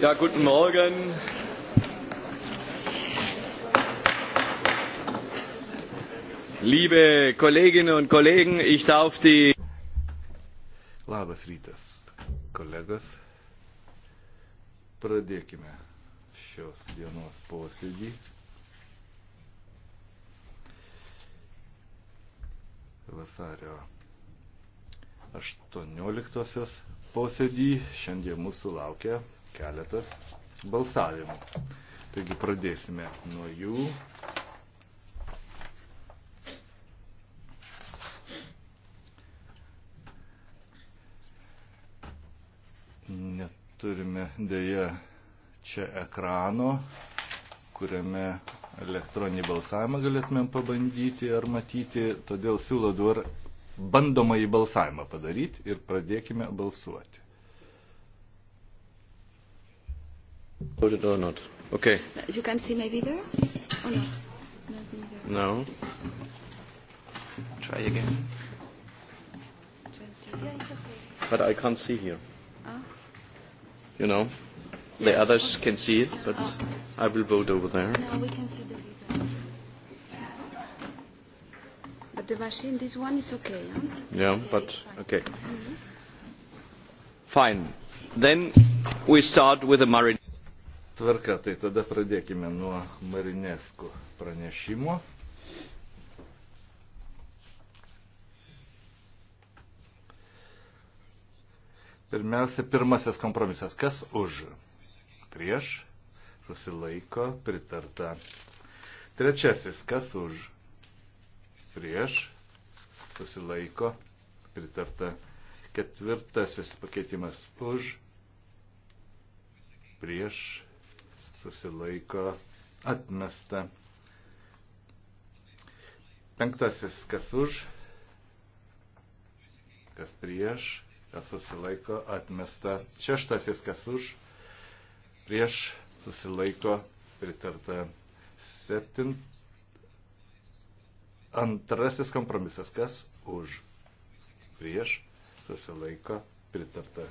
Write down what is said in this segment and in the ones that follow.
Ja, guten Morgen. Liebe Kolleginnen und Kollegen, ich darf die. Labas rytas, kolegos. Pradėkime šios dienos posėdį. Vasario 18 posėdį šiandien mūsų laukia keletas balsavimų. Taigi pradėsime nuo jų. Neturime dėja čia ekrano, kuriame elektroninį balsavimą galėtumėm pabandyti ar matyti, todėl siūlau dabar bandomąjį balsavimą padaryti ir pradėkime balsuoti. Voted or not? Okay. You can see maybe there or not? No. Try again. Yeah, it's okay. But I can't see here. Ah. You know, yes. the others can see it, but ah. I will vote over there. No, we can see this. Either. But the machine, this one is okay. Huh? Yeah, yeah, but okay. Mm -hmm. Fine. Then we start with the Murray tvarka, tai tada pradėkime nuo Marinesko pranešimo. Pirmiausia, pirmasis kompromisas. Kas už? Prieš? Susilaiko? Pritarta. Trečiasis. Kas už? Prieš? Susilaiko? Pritarta. Ketvirtasis pakeitimas. Už? Prieš? susilaiko atmesta. Penktasis, kas už, kas prieš, kas susilaiko atmesta. Šeštasis, kas už, prieš susilaiko pritarta. Septint. Antrasis kompromisas, kas už, prieš susilaiko pritarta.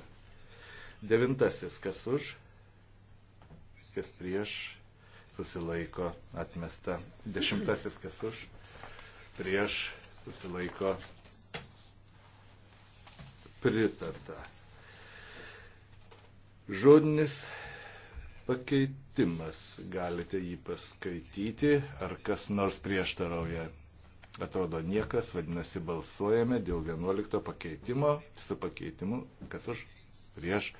Devintasis, kas už, kas prieš, susilaiko atmesta. Dešimtasis, kas už, prieš, susilaiko pritarta. Žodinis pakeitimas, galite jį paskaityti, ar kas nors prieštarauja. Atrodo niekas, vadinasi, balsuojame dėl 11 pakeitimo, su pakeitimu, kas už, prieš,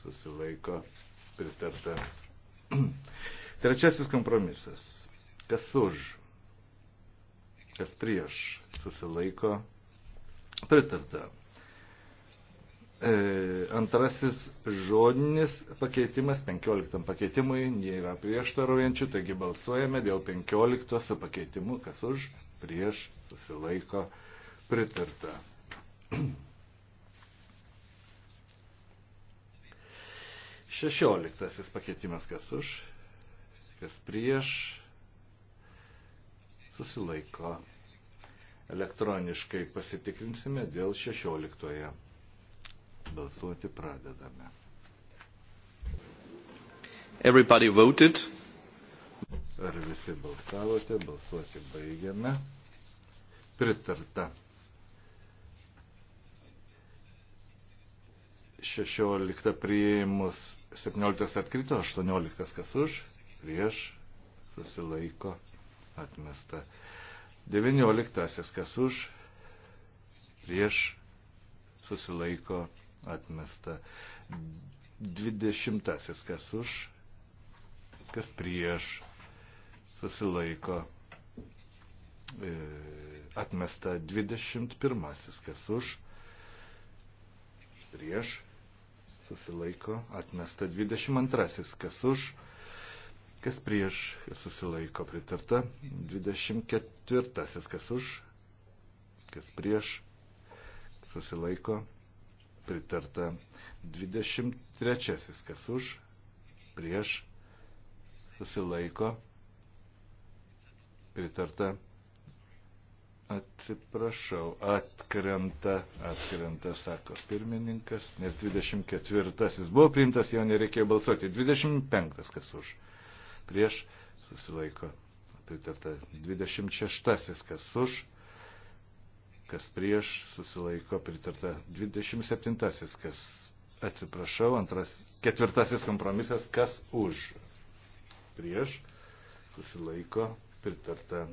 susilaiko pritarta. Trečiasis kompromisas. Kas už, kas prieš susilaiko pritarta. E, antrasis žodinis pakeitimas, 15 pakeitimui, nėra prieštaraujančių, taigi balsuojame dėl 15 su pakeitimu, kas už, prieš susilaiko pritarta. Šešioliktasis pakeitimas, kas už, kas prieš, susilaiko. Elektroniškai pasitikrinsime dėl šešioliktoje. Balsuoti pradedame. Everybody voted. Ar visi balsavote? Balsuoti baigiame. Pritarta. 16 prieimus 17 atkrito, 18 kas už, prieš, susilaiko, atmesta. 19 kas už, prieš, susilaiko, atmesta. 20 kas už, kas prieš, susilaiko, e, atmesta. 21 kas už, prieš, susilaiko, atmesta 22, kas už, kas prieš, kas susilaiko, pritarta 24, kas už, kas prieš, susilaiko, pritarta 23, kas už, prieš, susilaiko, pritarta Atsiprašau, atkrenta, atkrenta, sako pirmininkas, nes 24 buvo priimtas, jo nereikėjo balsuoti. 25 kas už. Prieš susilaiko. Pritarta 26 kas už. Kas prieš susilaiko. Pritarta 27 kas. Atsiprašau, antras, ketvirtasis kompromisas, kas už. Prieš susilaiko. Pritarta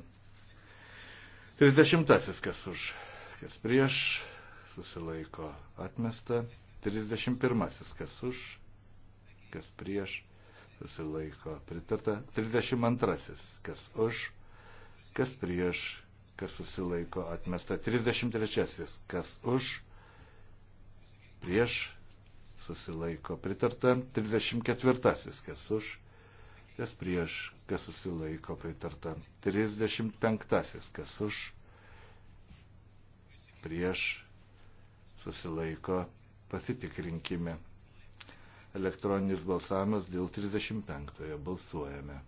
Trisdešimtasis, kas už, kas prieš, susilaiko atmesta. Trisdešimt pirmasis, kas už, kas prieš, susilaiko pritarta. Trisdešimt antrasis, kas už, kas prieš, kas susilaiko atmesta. Trisdešimt trečiasis, kas už, prieš, susilaiko pritarta. Trisdešimt ketvirtasis, kas už, kas prieš, kas susilaiko pritarta. 35. Kas už, prieš, susilaiko, pasitikrinkime. Elektroninis balsavimas dėl 35. Balsuojame.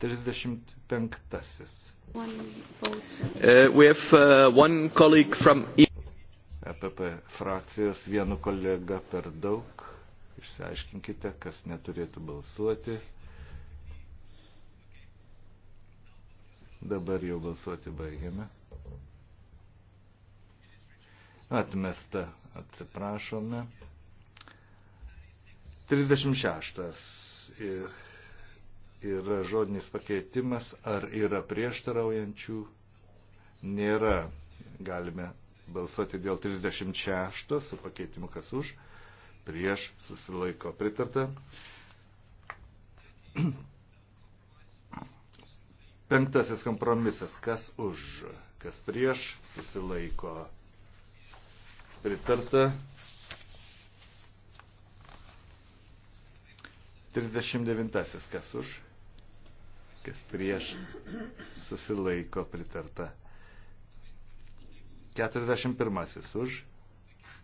35. Uh, we have uh, one colleague from EPP e frakcijos, vienu kolega per daug. Išsiaiškinkite, kas neturėtų balsuoti. Dabar jau balsuoti baigiame. Atmesta, atsiprašome. 36. Ir yra žodinis pakeitimas, ar yra prieštaraujančių, nėra. Galime balsuoti dėl 36 su pakeitimu kas už, prieš susilaiko pritarta. Penktasis kompromisas, kas už, kas prieš susilaiko pritarta. 39. Kas už, kas prieš susilaiko pritarta. 41. Už,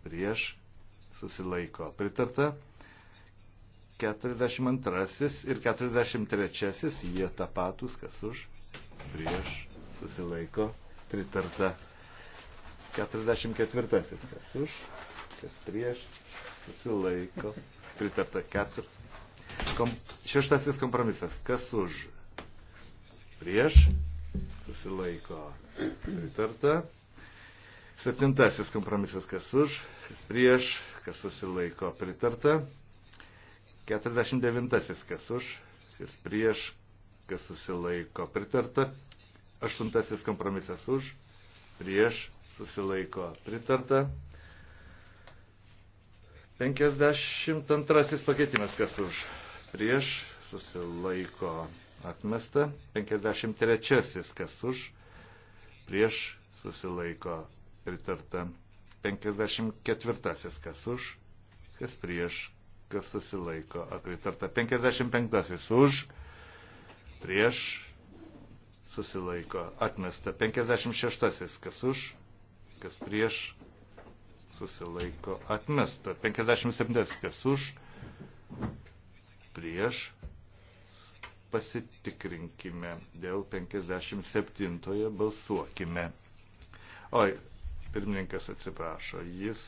prieš susilaiko pritarta. 42 ir 43 jie tapatus, kas už, prieš, susilaiko, pritarta. 44 kas už, kas prieš, susilaiko, pritarta. 4. Kom, šeštasis kompromisas, kas už, prieš, susilaiko, pritarta. Septintasis kompromisas, kas už, kas prieš, kas susilaiko pritarta. Keturiasdešimtdevintasis, kas už, kas prieš, kas susilaiko pritarta. Aštuntasis kompromisas už, prieš, susilaiko pritarta. 52 pakeitimas, kas už prieš, susilaiko atmesta. 53 kas už prieš, susilaiko pritarta. 54 kas už, kas prieš, kas susilaiko, pritarta. 55 už, prieš, susilaiko, atmesta. 56 kas už, kas prieš, susilaiko, atmesta. 57 kas už, prieš, pasitikrinkime dėl 57 balsuokime. Oi, Pirmininkas atsiprašo, jis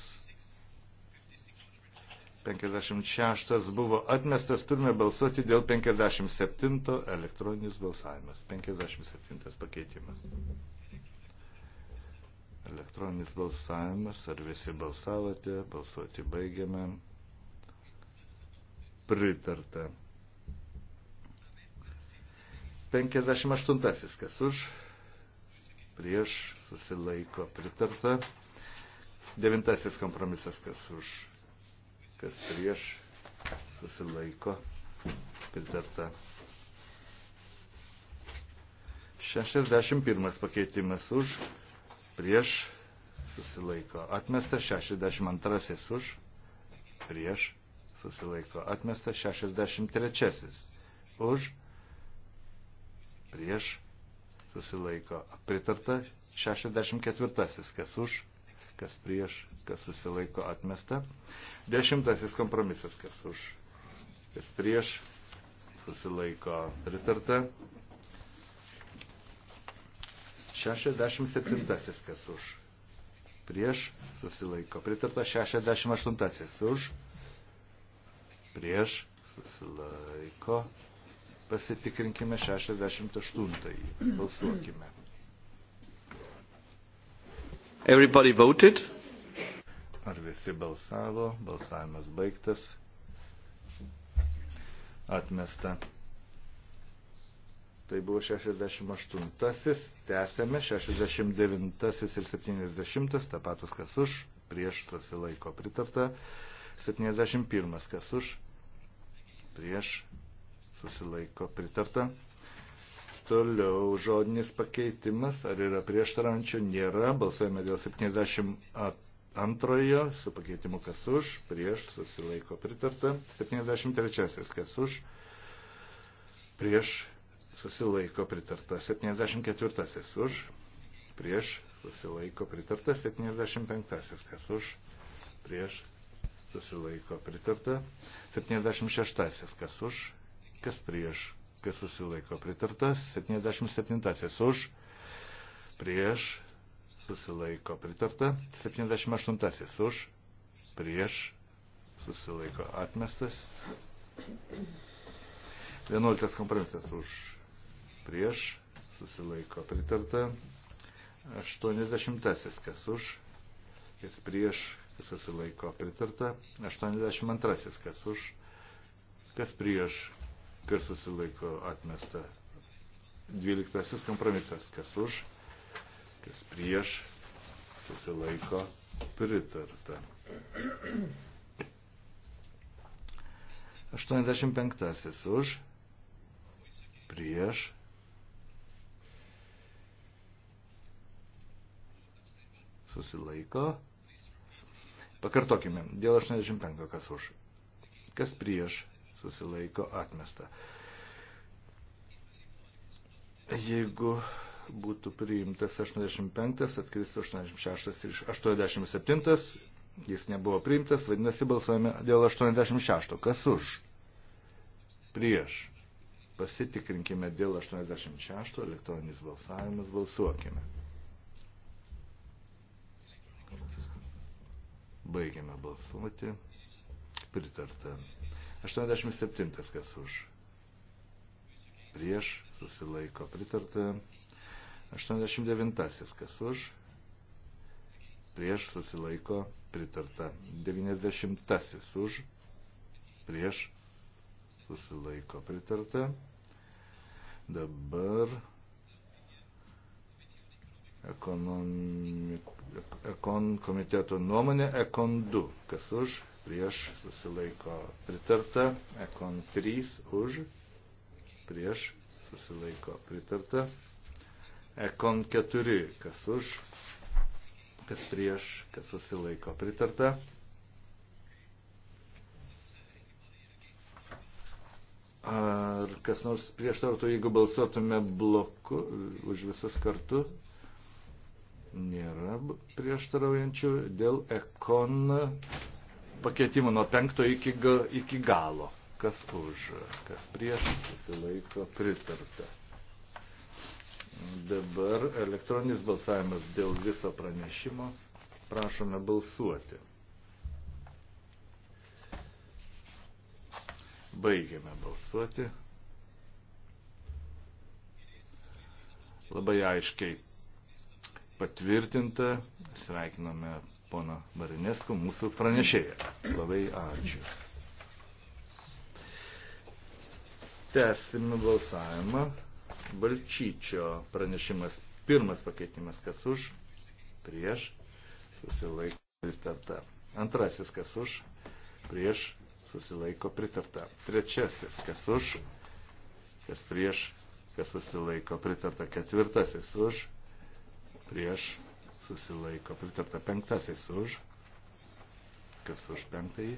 56 buvo atmestas, turime balsuoti dėl 57 elektroninis balsavimas. 57 pakeitimas. Elektroninis balsavimas, ar visi balsavote, balsuoti baigiame. Pritarta. 58 kas už, prieš susilaiko pritarta. Devintasis kompromisas, kas už, kas prieš, susilaiko pritarta. 61 pakeitimas už, prieš, susilaiko atmestas, 62 už, prieš, susilaiko atmestas, 63 už, prieš, susilaiko. Pritarta 64. Kas už, kas prieš, kas susilaiko atmesta. Dešimtasis kompromisas. Kas už, kas prieš, susilaiko. Pritarta. 67. Kas už, prieš, susilaiko. Pritarta 68. Už, prieš, susilaiko. Pasitikrinkime 68. Balsuokime. Everybody voted? Ar visi balsavo? Balsavimas baigtas. Atmesta. Tai buvo 68-asis, tęsėme 69-asis ir 70-as, tapatus kas už, prieš pasilaiko pritarta, 71-as kas už, prieš susilaiko pritarta. Toliau žodinis pakeitimas, ar yra prieštarančių, nėra. Balsuojame dėl 72 su pakeitimu kas už, prieš susilaiko pritarta. 73 kas už, prieš susilaiko pritarta. 74 už, prieš susilaiko pritarta. 75 kas už, prieš susilaiko pritarta. 76 kas už, kas prieš, kas susilaiko pritartas, 77 už, prieš, susilaiko pritarta, 78 už, prieš, susilaiko atmestas, 11 kompromisas už, prieš, susilaiko pritarta, 80 kas už, kas prieš, kas susilaiko pritarta, 82 kas už, kas prieš, kas susilaiko atmesta. Dvyliktasis kompromisas, kas už, kas prieš, susilaiko pritarta. 85 už, prieš, susilaiko. Pakartokime, dėl 85 kas už, kas prieš, susilaiko atmesta. Jeigu būtų priimtas 85, atkristų 86 ir 87, jis nebuvo priimtas, vadinasi balsuojame dėl 86. Kas už? Prieš. Pasitikrinkime dėl 86, elektroninis balsavimas, balsuokime. Baigiame balsuoti. Pritarta. 87 kas už. Prieš susilaiko pritarta. 89 kas už. Prieš susilaiko pritarta. 90 už. Prieš susilaiko pritarta. Dabar ekonomik, ekon komiteto nuomonė, ekon 2. Kas už? prieš susilaiko pritarta, ekon 3 už, prieš susilaiko pritarta, ekon 4 kas už, kas prieš, kas susilaiko pritarta. Ar kas nors prieštartų, jeigu balsuotume bloku už visus kartu, nėra prieštaraujančių dėl ekon pakeitimų nuo penkto iki, iki galo. Kas už, kas prieš, susilaiko pritarta. Dabar elektroninis balsavimas dėl viso pranešimo. Prašome balsuoti. Baigiame balsuoti. Labai aiškiai patvirtinta. Sveikiname pono Marinesko, mūsų pranešėją. Labai ačiū. Tęsim balsavimą. Balčyčio pranešimas pirmas pakeitimas, kas už, prieš, susilaiko pritarta. Antrasis, kas už, prieš, susilaiko pritarta. Trečiasis, kas už, kas prieš, kas susilaiko pritarta. Ketvirtasis už, prieš, susilaiko pritarta penktasis už, kas už penktąjį,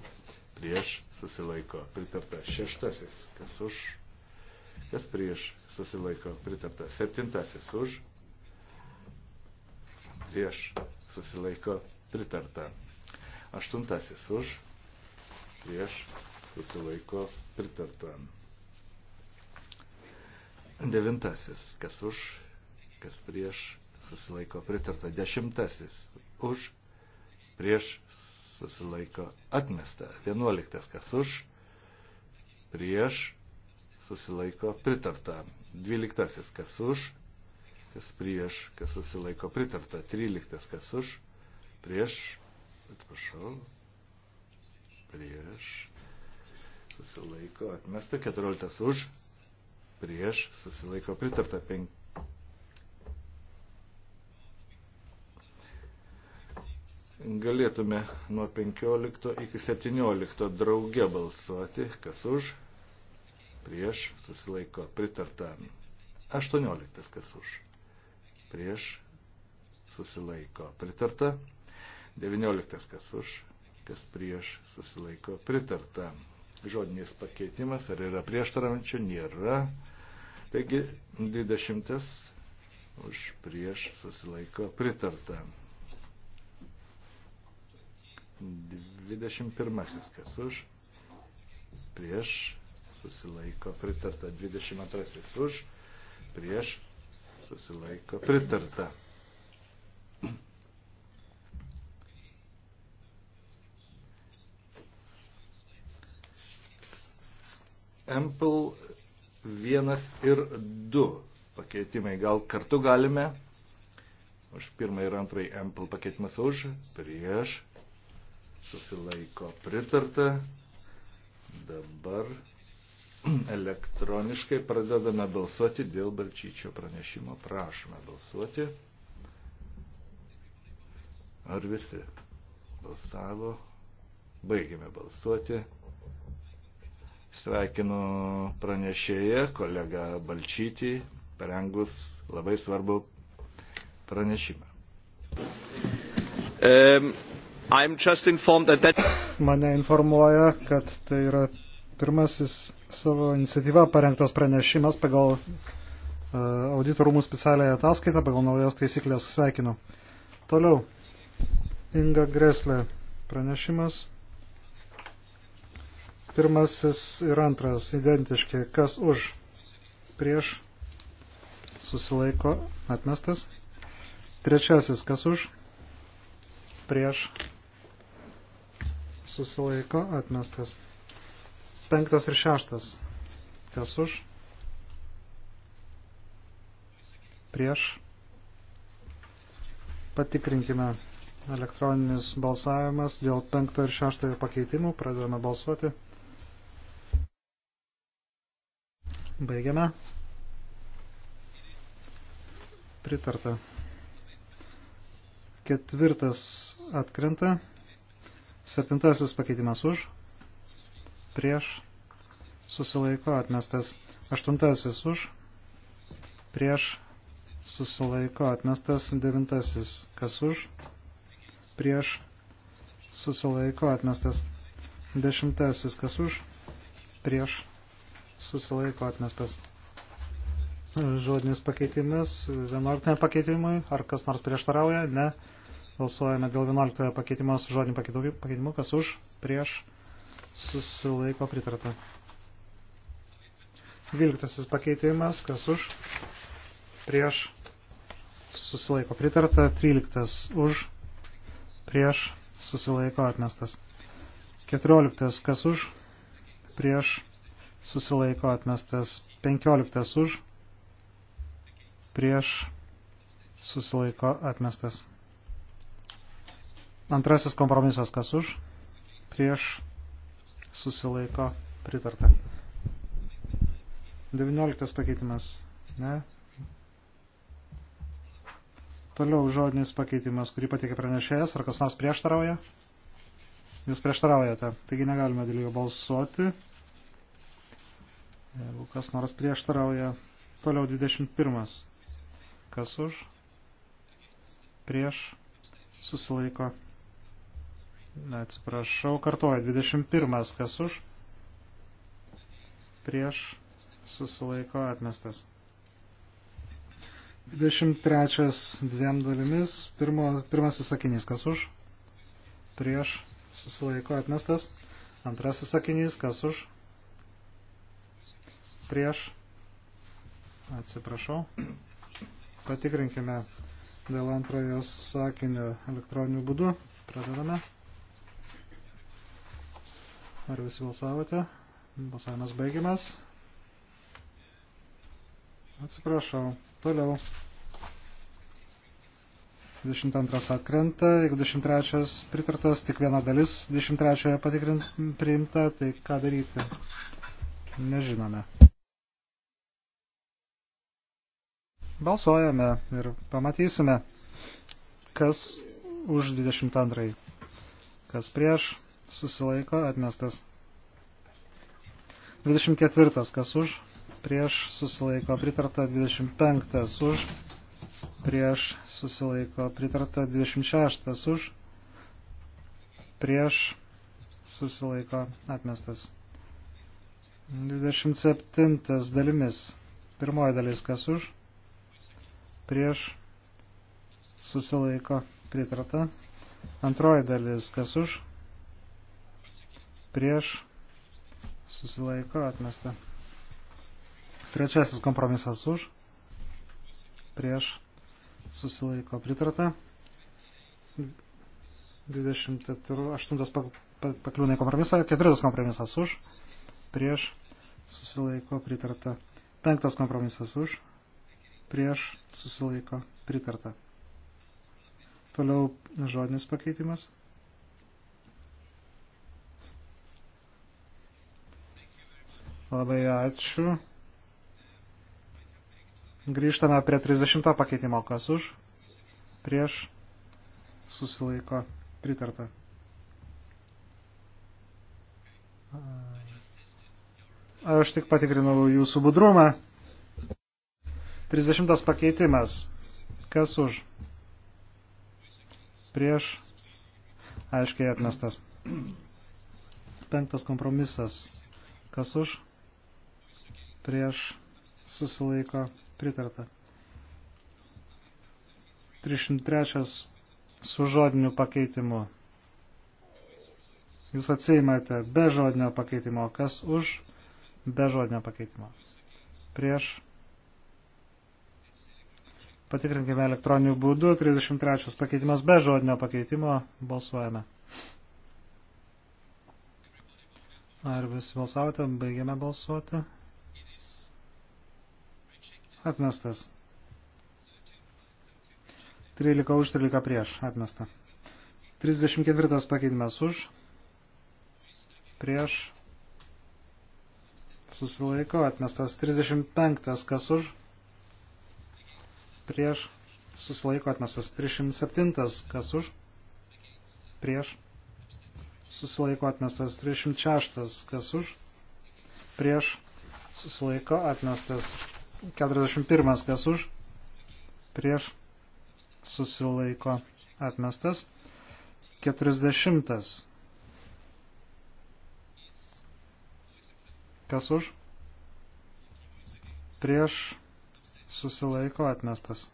prieš susilaiko pritarta šeštasis, kas už, kas prieš susilaiko pritarta septintasis už, prieš susilaiko pritarta aštuntasis už, prieš susilaiko pritarta. Devintasis, kas už, kas prieš susilaiko pritarta. Dešimtasis už, prieš susilaiko atmesta. Vienuoliktas kas už, prieš susilaiko pritarta. Dvyliktasis kas už, kas prieš, kas susilaiko pritarta. Tryliktas kas už, prieš, atprašau, prieš susilaiko atmesta. Keturioliktas už, prieš susilaiko pritarta. Penk galėtume nuo 15 iki 17 drauge balsuoti, kas už, prieš, susilaiko, pritarta. 18 kas už, prieš, susilaiko, pritarta. 19 kas už, kas prieš, susilaiko, pritarta. Žodinis pakeitimas, ar yra prieštarančių, nėra. Taigi 20 už prieš susilaiko pritarta. 21. Kas už? Prieš susilaiko pritarta. 22. Už? Prieš susilaiko pritarta. Ample 1 ir 2 pakeitimai. Gal kartu galime? Už pirmą ir antrąjį Ample pakeitimas už, prieš, susilaiko pritarta. Dabar elektroniškai pradedame balsuoti dėl Balčyčio pranešimo. Prašome balsuoti. Ar visi balsavo? Baigėme balsuoti. Sveikinu pranešėją, kolegą Balčytį, parengus labai svarbu pranešimą. Um. E That... Mane informuoja, kad tai yra pirmasis savo iniciatyva parengtas pranešimas pagal e, auditorumų specialiąją ataskaitą, pagal naujas taisyklės sveikinu. Toliau, Inga Greslė pranešimas. Pirmasis ir antras identiški. Kas už? Prieš? Susilaiko atmestas. Trečiasis. Kas už? Prieš? susilaiko atmestas. Penktas ir šeštas. Kas už? Prieš. Patikrinkime elektroninis balsavimas dėl penkto ir šeštojo pakeitimų. Pradedame balsuoti. Baigiame. Pritarta. Ketvirtas atkrenta. Septintasis pakeitimas už, prieš, susilaiko atmestas. Aštuntasis už, prieš, susilaiko atmestas. Devintasis, kas už, prieš, susilaiko atmestas. Dešimtasis, kas už, prieš, susilaiko atmestas. Žodinis pakeitimas, vienuoliktinė pakeitimui, ar kas nors prieštarauja, ne. Balsuojame dėl 11 pakeitimo su žodiniu pakeitimu, kas už, prieš, susilaiko pritarta. 12 pakeitimas, kas už, prieš, susilaiko pritarta. 13 už, prieš, susilaiko atmestas. 14 kas už, prieš, susilaiko atmestas. 15 už, prieš, susilaiko atmestas. Antrasis kompromisas kas už, prieš susilaiko pritarta. 19 pakeitimas, ne? Toliau žodinis pakeitimas, kurį patikė pranešėjas, ar kas nors prieštarauja? Jūs prieštaraujate, taigi negalime dėl jo balsuoti. Jeigu kas nors prieštarauja, toliau 21. Kas už? Prieš susilaiko Atsiprašau, kartuoju, 21. Kas už? Prieš susilaiko atmestas. 23. Dviem dalimis. Pirmo, pirmasis sakinys. Kas už? Prieš susilaiko atmestas. Antrasis sakinys. Kas už? Prieš. Atsiprašau. Patikrinkime dėl antrojo sakinio elektroniniu būdu. Pradedame. Ar visi balsavote? Balsavimas baigiamas. Atsiprašau. Toliau. 22 atkrenta, jeigu 23 pritartas, tik viena dalis 23 patikrint priimta, tai ką daryti? Nežinome. Balsuojame ir pamatysime, kas už 22, kas prieš susilaiko atmestas. 24. Kas už? Prieš susilaiko pritarta 25. Už. Prieš susilaiko pritarta 26. Už. Prieš susilaiko atmestas. 27. Dalimis. Pirmoji dalis. Kas už? Prieš susilaiko pritarta. Antroji dalis. Kas už? prieš susilaiko atmesta. Trečiasis kompromisas už prieš susilaiko pritarta. 28 pakliūna į kompromisą, ketvirtas kompromisas už, prieš susilaiko pritarta. Penktas kompromisas už, prieš susilaiko pritarta. Toliau žodinis pakeitimas. Labai ačiū. Grįžtame prie 30 pakeitimo. Kas už? Prieš susilaiko pritarta. Aš tik patikrinau jūsų budrumą. 30 pakeitimas. Kas už? Prieš. Aiškiai atmestas. Penktas kompromisas. Kas už? prieš susilaiko pritarta. 303 su žodiniu pakeitimu. Jūs atsiimate be žodinio pakeitimo. Kas už be žodinio pakeitimo? Prieš. Patikrinkime elektroniniu būdu. 33 pakeitimas be žodinio pakeitimo. Balsuojame. Ar visi balsavote? Baigiame balsuoti. Atmestas. 13 už, 13 prieš. Atmesta. 34 pakeitimas už. Prieš. Susilaiko. Atmestas. 35 kas už. Prieš. Susilaiko. Atmestas. 37 kas už. Prieš. Susilaiko. Atmestas. 36 kas už. Prieš. Susilaiko. Atmestas. 41 kas už, prieš susilaiko atmestas. 40 kas už, prieš susilaiko atmestas.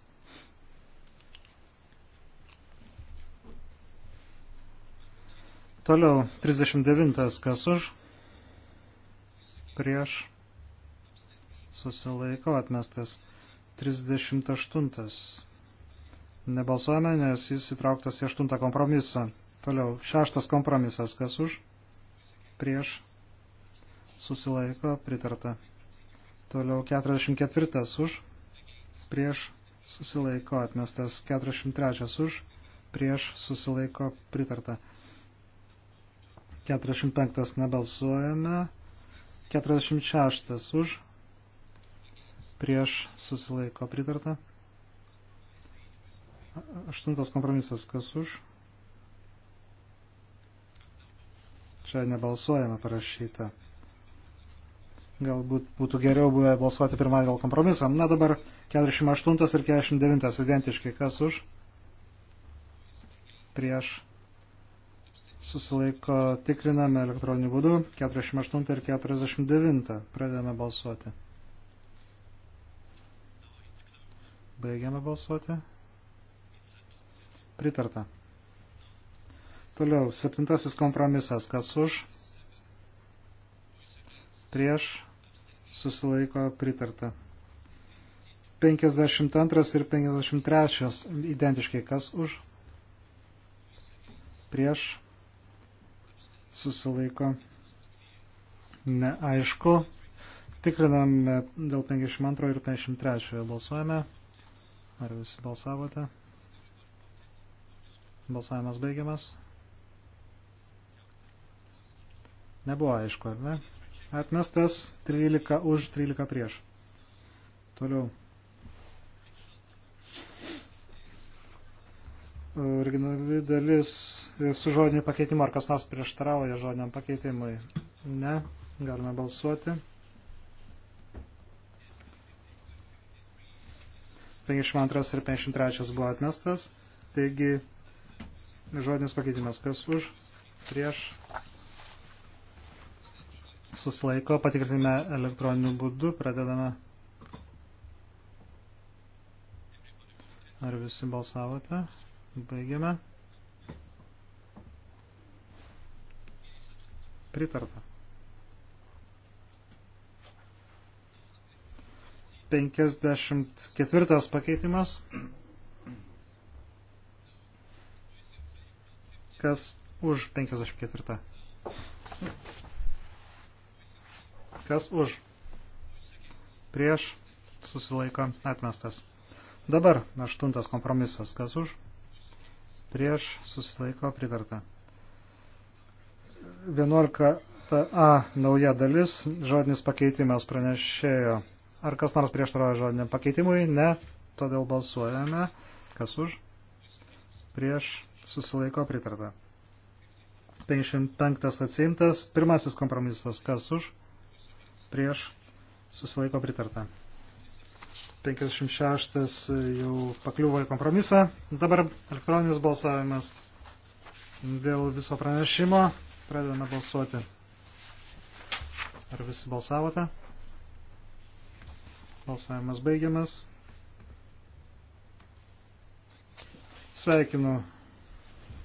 Toliau 39 kas už, prieš susilaiko atmestas 38. Nebalsuojame, nes jis įtrauktas į 8 kompromisą. Toliau, 6 kompromisas, kas už, prieš, susilaiko, pritarta. Toliau, 44 už, prieš, susilaiko, atmestas 43 už, prieš, susilaiko, pritarta. 45 nebalsuojame. 46 už, prieš susilaiko pritarta. Aštuntas kompromisas, kas už. Čia nebalsuojame parašyta. Galbūt būtų geriau buvę balsuoti pirmą dėl kompromisą. Na dabar 48 ir 49 identiškai, kas už. Prieš susilaiko tikriname elektroniniu būdu 48 ir 49. Pradedame balsuoti. Baigiame balsuoti. Pritarta. Toliau, septintasis kompromisas. Kas už? Prieš susilaiko pritarta. 52 ir 53 identiškai. Kas už? Prieš susilaiko neaišku. Tikriname dėl 52 ir 53 balsuojame. Ar visi balsavote? Balsavimas baigiamas. Nebuvo aišku, ar ne? Atmestas 13 už, 13 prieš. Toliau. Originali dalis su žodiniu pakeitimu. Ar kas nors prieštarauja žodiniam pakeitimui? Ne. Galime balsuoti. 52 ir 53 buvo atmestas. Taigi, žodinis pakeitimas, kas už, prieš, susilaiko, patikrinime elektroniniu būdu, pradedame. Ar visi balsavote? Baigiame. Pritarta. 54 pakeitimas. Kas už 54? Kas už? Prieš susilaiko atmestas. Dabar aštuntas kompromisas. Kas už? Prieš susilaiko pritarta. 11a nauja dalis, žodinis pakeitimas pranešėjo Ar kas nors prieštarauja žodiniam pakeitimui? Ne. Todėl balsuojame. Kas už? Prieš susilaiko pritarta. 55 atsiimtas. Pirmasis kompromisas. Kas už? Prieš susilaiko pritarta. 56 jau pakliuvo į kompromisą. Dabar elektroninis balsavimas dėl viso pranešimo. Pradedame balsuoti. Ar visi balsavote? Balsavimas baigiamas. Sveikinu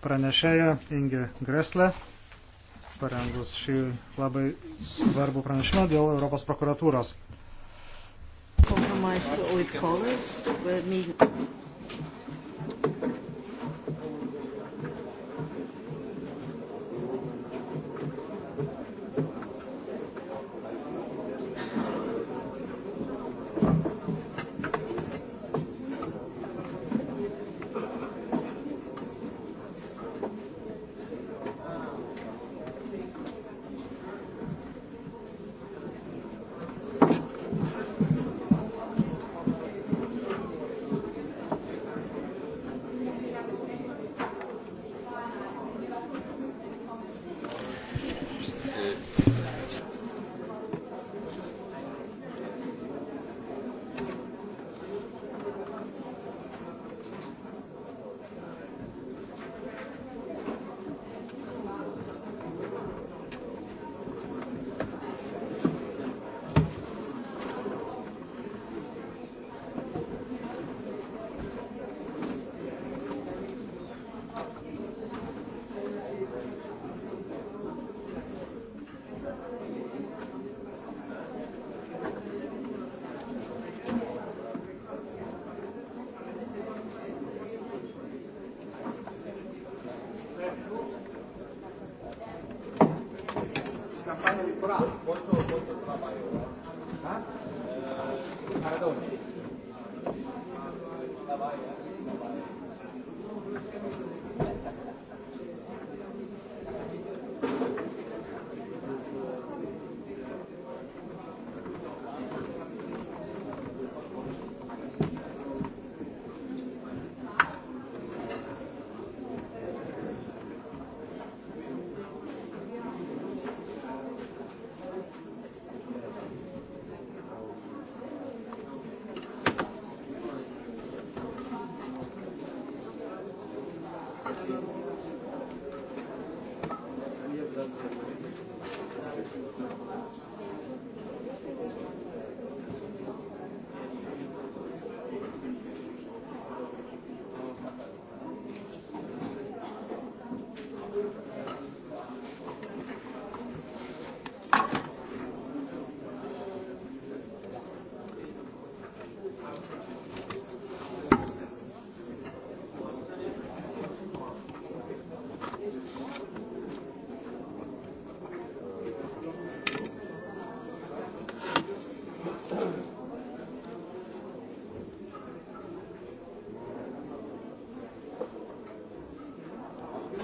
pranešėją Inge Greslę, parengus šį labai svarbų pranešimą dėl Europos prokuratūros. Compromise with colors, with me.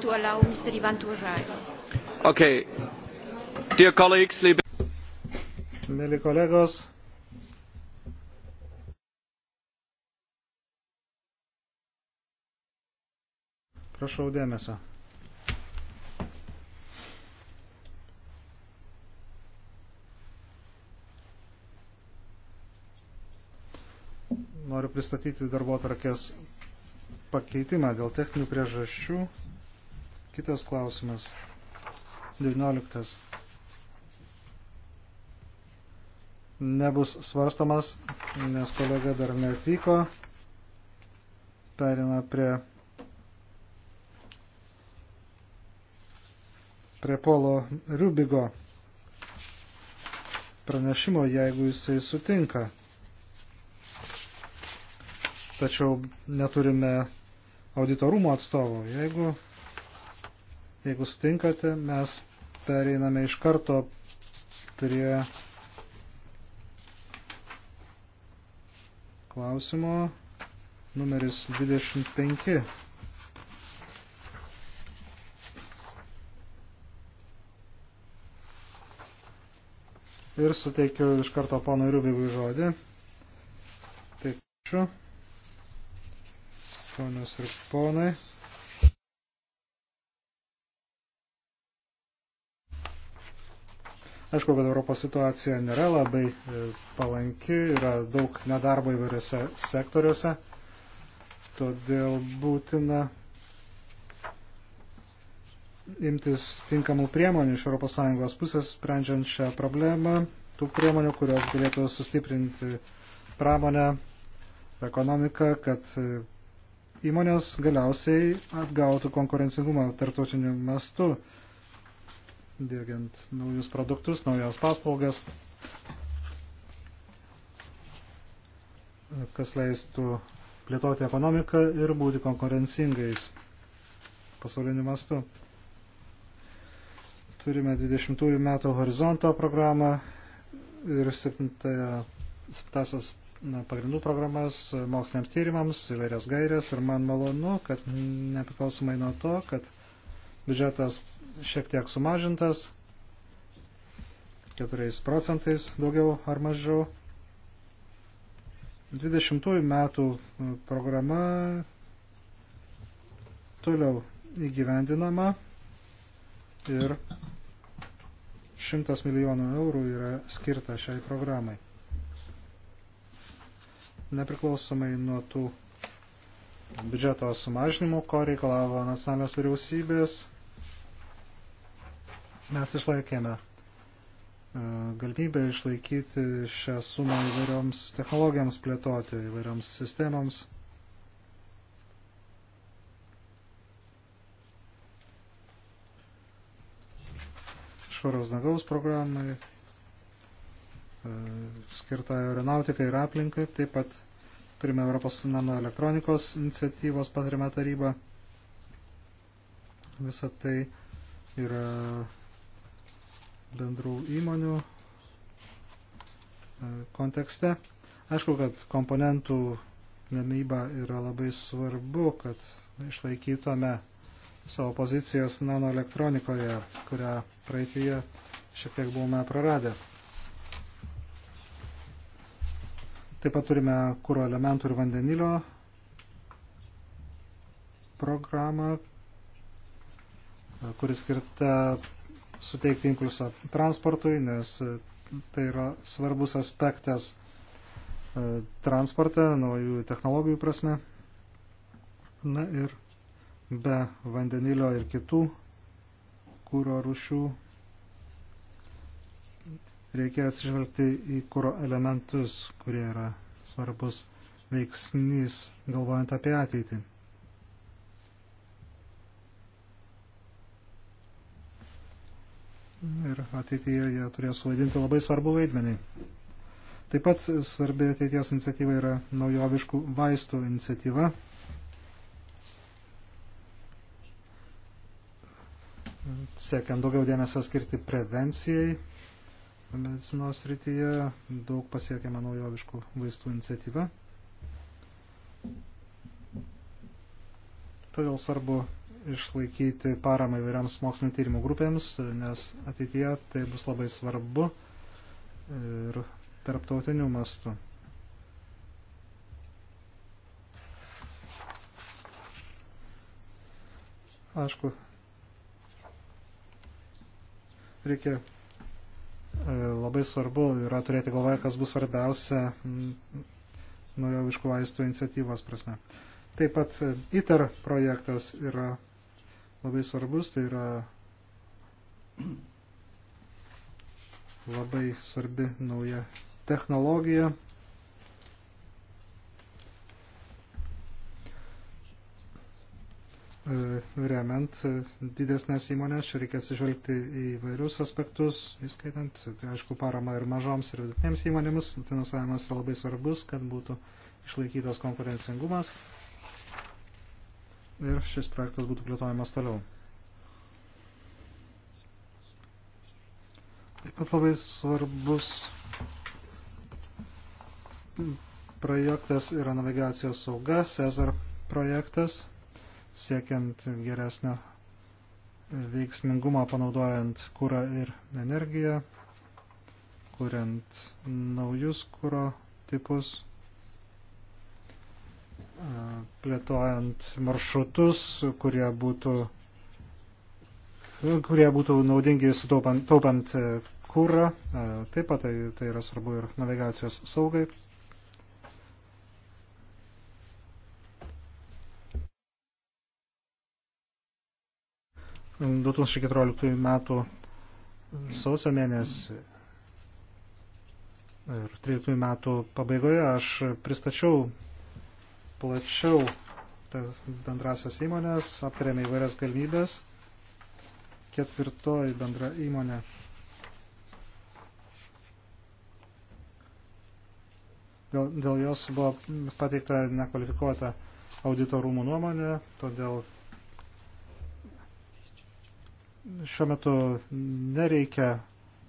to allow Mr. Ivan to arrive. Okay. Dear colleagues, liebe... Mėly kolegos, prašau dėmesio. noriu pristatyti darbo tarkės pakeitimą dėl techninių priežasčių Kitas klausimas. 19. Nebus svarstamas, nes kolega dar neatvyko. Perina prie, prie Polo Rubigo pranešimo, jeigu jisai sutinka. Tačiau neturime auditorumo atstovo. Jeigu Jeigu sutinkate, mes pereiname iš karto prie klausimo numeris 25. Ir suteikiu iš karto pono Riubigui žodį. Taip, ačiū. Ponios ir ponai. Aišku, kad Europos situacija nėra labai e, palanki, yra daug nedarbo įvairiose sektoriuose, todėl būtina imtis tinkamų priemonių iš ES pusės, sprendžiant šią problemą, tų priemonių, kurios galėtų sustiprinti pramonę, ekonomiką, kad e, įmonės galiausiai atgautų konkurencingumą tarptautiniu mastu dėgiant naujus produktus, naujas paslaugas, kas leistų plėtoti ekonomiką ir būti konkurencingais pasauliniu mastu. Turime 20 metų horizonto programą ir 7 pagrindų programas moksliniams tyrimams, įvairias gairias ir man malonu, kad nepriklausomai nuo to, kad biudžetas šiek tiek sumažintas, 4 procentais daugiau ar mažiau. 20 metų programa toliau įgyvendinama ir 100 milijonų eurų yra skirta šiai programai. Nepriklausomai nuo tų biudžeto sumažinimų, ko reikalavo nacionalinės vyriausybės, Mes išlaikėme e, galimybę išlaikyti šią sumą įvairioms technologijoms plėtoti, įvairioms sistemoms. Švaros dangaus programai, e, skirta aeronautikai ir aplinkai, taip pat turime Europos nano elektronikos iniciatyvos patarimo tarybą. Visą tai yra bendrų įmonių e, kontekste. Aišku, kad komponentų gamyba yra labai svarbu, kad išlaikytume savo pozicijas nanoelektronikoje, kurią praeitie šiek tiek buvome praradę. Taip pat turime kūro elementų ir vandenilio programą, kuris skirta suteikti impulsą transportui, nes e, tai yra svarbus aspektas e, transporte, naujų technologijų prasme. Na ir be vandenilio ir kitų kūro rušių reikia atsižvelgti į kūro elementus, kurie yra svarbus veiksnys, galvojant apie ateitį. ir ateityje jie turės suvaidinti labai svarbu vaidmenį. Taip pat svarbi ateities iniciatyva yra naujoviškų vaistų iniciatyva. Siekiant daugiau dėmesio skirti prevencijai medicinos rytyje, daug pasiekiama naujoviškų vaistų iniciatyva. Todėl svarbu išlaikyti paramą įvairiams mokslinio tyrimų grupėms, nes ateityje tai bus labai svarbu ir tarptautiniu mastu. Aišku, reikia e, labai svarbu yra turėti galvoje, kas bus svarbiausia mm, naujoviškų vaistų iniciatyvos prasme. Taip pat e, ITER projektas yra labai svarbus, tai yra labai svarbi nauja technologija. E, remiant didesnės įmonės, čia reikia atsižvelgti į vairius aspektus, įskaitant, tai aišku, parama ir mažoms ir vidutinėms įmonėms, finansavimas yra labai svarbus, kad būtų išlaikytas konkurencingumas ir šis projektas būtų plėtojamas toliau. Taip pat labai svarbus projektas yra navigacijos sauga, Cezar projektas, siekiant geresnio veiksmingumą panaudojant kūrą ir energiją, kuriant naujus kūro tipus plėtojant maršrutus, kurie būtų, kurie būtų naudingi sutaupant taupant e, kūrą. E, taip pat tai, tai yra svarbu ir navigacijos saugai. M. 2014 metų sausio mėnesį ir 13 metų pabaigoje aš pristačiau plačiau bendrasias įmonės, aptarėme įvairias galimybės. Ketvirtoji bendra įmonė. Dėl, dėl jos buvo pateikta nekvalifikuota auditorumų nuomonė, todėl šiuo metu nereikia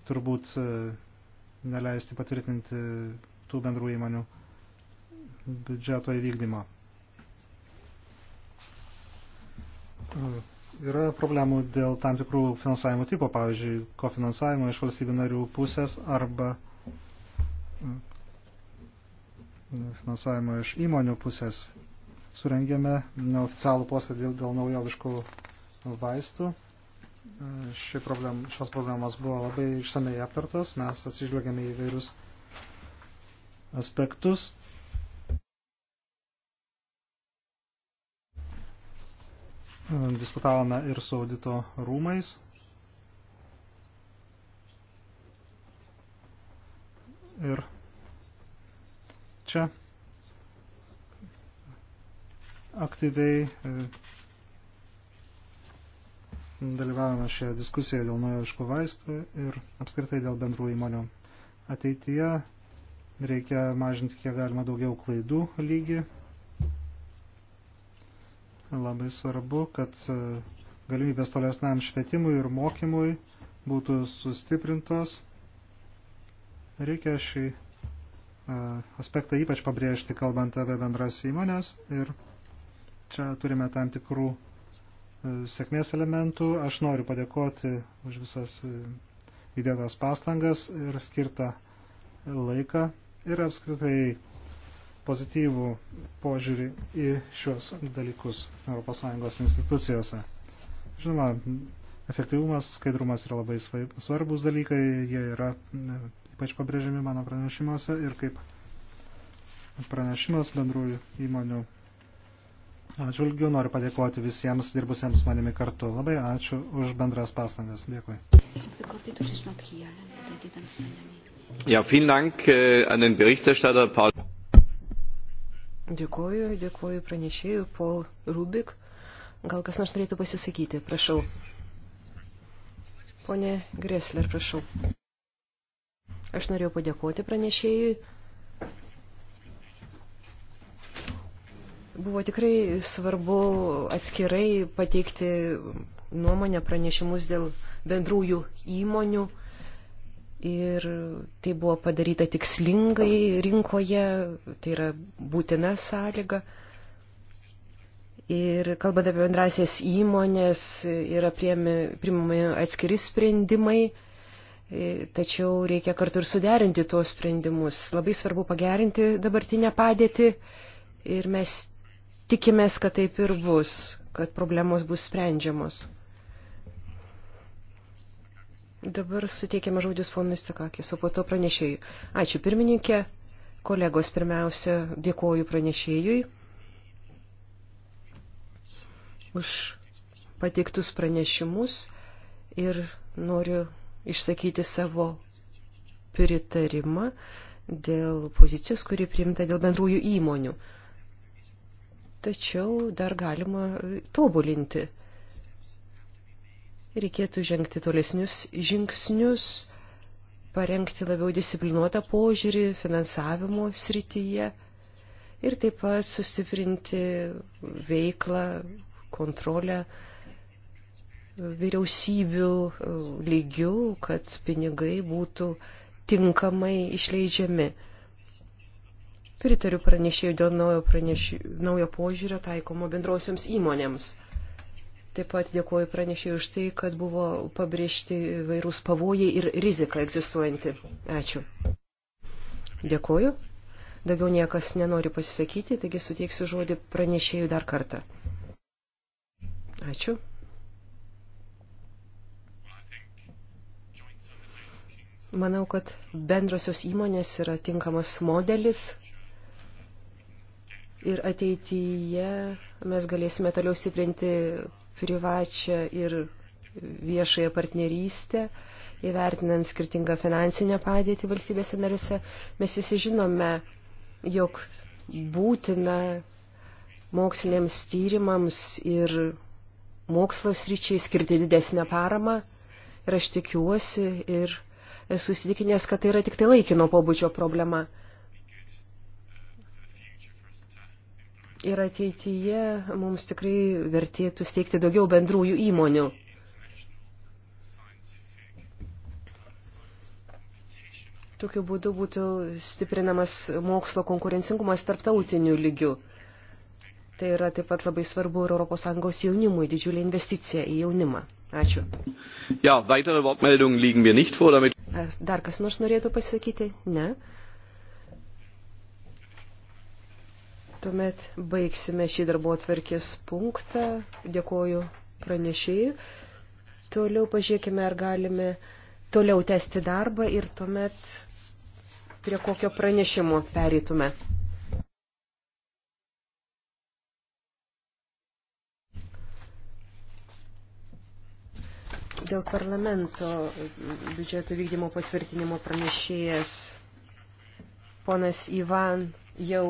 turbūt e, neleisti patvirtinti tų bendrų įmonių biudžeto įvykdymo. E, yra problemų dėl tam tikrų finansavimo tipo, pavyzdžiui, kofinansavimo iš valstybių narių pusės arba e, finansavimo iš įmonių pusės. Surengėme neoficialų posėdį dėl naujoviškų vaistų. E, ši problem, šios problemos buvo labai išsamei aptartos, mes atsižvelgėme į vairius aspektus diskutavome ir su audito rūmais. Ir čia aktyviai e, dalyvavome šioje diskusijoje dėl naujoviškų vaistų ir apskritai dėl bendrų įmonių. Ateityje reikia mažinti kiek galima daugiau klaidų lygį Labai svarbu, kad e, galimybės tolesniam švietimui ir mokymui būtų sustiprintos. Reikia šį e, aspektą ypač pabrėžti, kalbant apie bendras įmonės. Ir čia turime tam tikrų e, sėkmės elementų. Aš noriu padėkoti už visas įdėtas pastangas ir skirtą laiką ir apskritai pozityvų požiūrį į šios dalykus ES institucijose. Žinoma, efektyvumas, skaidrumas yra labai svarbus dalykai, jie yra ypač pabrėžiami mano pranešimuose ir kaip pranešimas bendrųjų įmonių atžvilgių noriu padėkoti visiems dirbusiems manimi kartu. Labai ačiū už bendras pastangas. Dėkui. Ja, vielen Dank äh, an den Berichterstatter Paul. Dėkuoju, dėkuoju pranešėjui Paul Rubik. Gal kas nors norėtų pasisakyti, prašau. Pone Gresler, prašau. Aš norėjau padėkoti pranešėjui. Buvo tikrai svarbu atskirai pateikti nuomonę pranešimus dėl bendrųjų įmonių Ir tai buvo padaryta tikslingai rinkoje, tai yra būtina sąlyga. Ir kalbant apie bendrasias įmonės, yra priimami atskiri sprendimai, e, tačiau reikia kartu ir suderinti tuos sprendimus. Labai svarbu pagerinti dabartinę padėtį ir mes tikimės, kad taip ir bus, kad problemos bus sprendžiamos. Dabar suteikiame žodis ponui Stakakis, o po to pranešėjui. Ačiū pirmininkė, kolegos pirmiausia, dėkoju pranešėjui už pateiktus pranešimus ir noriu išsakyti savo pritarimą dėl pozicijos, kuri priimta dėl bendrųjų įmonių. Tačiau dar galima tobulinti reikėtų žengti tolesnius žingsnius, parengti labiau disciplinuotą požiūrį finansavimo srityje ir taip pat sustiprinti veiklą, kontrolę vyriausybių e, lygių, kad pinigai būtų tinkamai išleidžiami. Pritariu pranešėjų dėl naujo, pranešėjų, naujo požiūrio taikomo bendrosiams įmonėms. Taip pat dėkuoju pranešėjai už tai, kad buvo pabrėžti vairūs pavojai ir rizika egzistuojanti. Ačiū. Dėkuoju. Daugiau niekas nenori pasisakyti, taigi suteiksiu žodį pranešėjui dar kartą. Ačiū. Manau, kad bendrosios įmonės yra tinkamas modelis ir ateityje mes galėsime toliau stiprinti privačią ir viešąją partnerystę, įvertinant skirtingą finansinę padėtį valstybėse narėse, mes visi žinome, jog būtina moksliniams tyrimams ir mokslo sryčiai skirti didesnę paramą ir aš tikiuosi ir esu įsitikinęs, kad tai yra tik tai laikino pobūdžio problema. Ir ateityje mums tikrai vertėtų steigti daugiau bendrųjų įmonių. Tokiu būdu būtų stiprinamas mokslo konkurencingumas tarptautiniu lygiu. Tai yra taip pat labai svarbu ir ES jaunimui, didžiulė investicija į jaunimą. Ačiū. Ja, weitere Wortmeldungen liegen mir nicht vor, damit... Ar dar kas nors norėtų pasakyti? Ne. Tuomet baigsime šį darbo atverkės punktą. Dėkoju pranešėjai. Toliau pažiūrėkime, ar galime toliau tęsti darbą ir tuomet prie kokio pranešimo pereitume. Dėl parlamento biudžeto vykdymo patvirtinimo pranešėjas ponas Ivan jau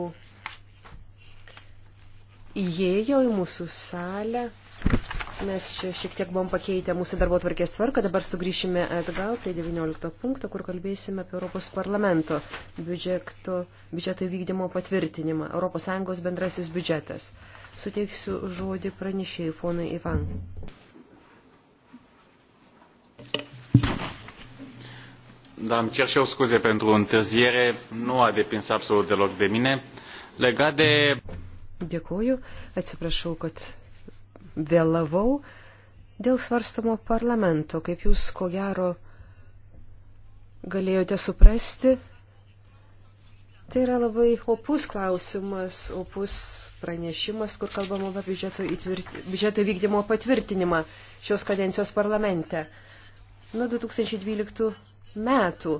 įėjo į mūsų salę. Mes čia šiek tiek buvom pakeitę mūsų darbo tvarkės tvarką, dabar sugrįšime atgal prie 19 punkto, kur kalbėsime apie Europos parlamento biudžeto, biudžeto vykdymo patvirtinimą, ES bendrasis biudžetas. Suteiksiu žodį pranešėjai ponui Ivan. Da, îmi cer și eu scuze pentru întârziere, nu a depins absolut deloc de mine. Legat de Dėkuoju, atsiprašau, kad vėlavau dėl svarstamo parlamento, kaip jūs ko gero galėjote suprasti. Tai yra labai opus klausimas, opus pranešimas, kur kalbama apie biudžeto, įtvirti, biudžeto vykdymo patvirtinimą šios kadencijos parlamente. Nuo 2012 metų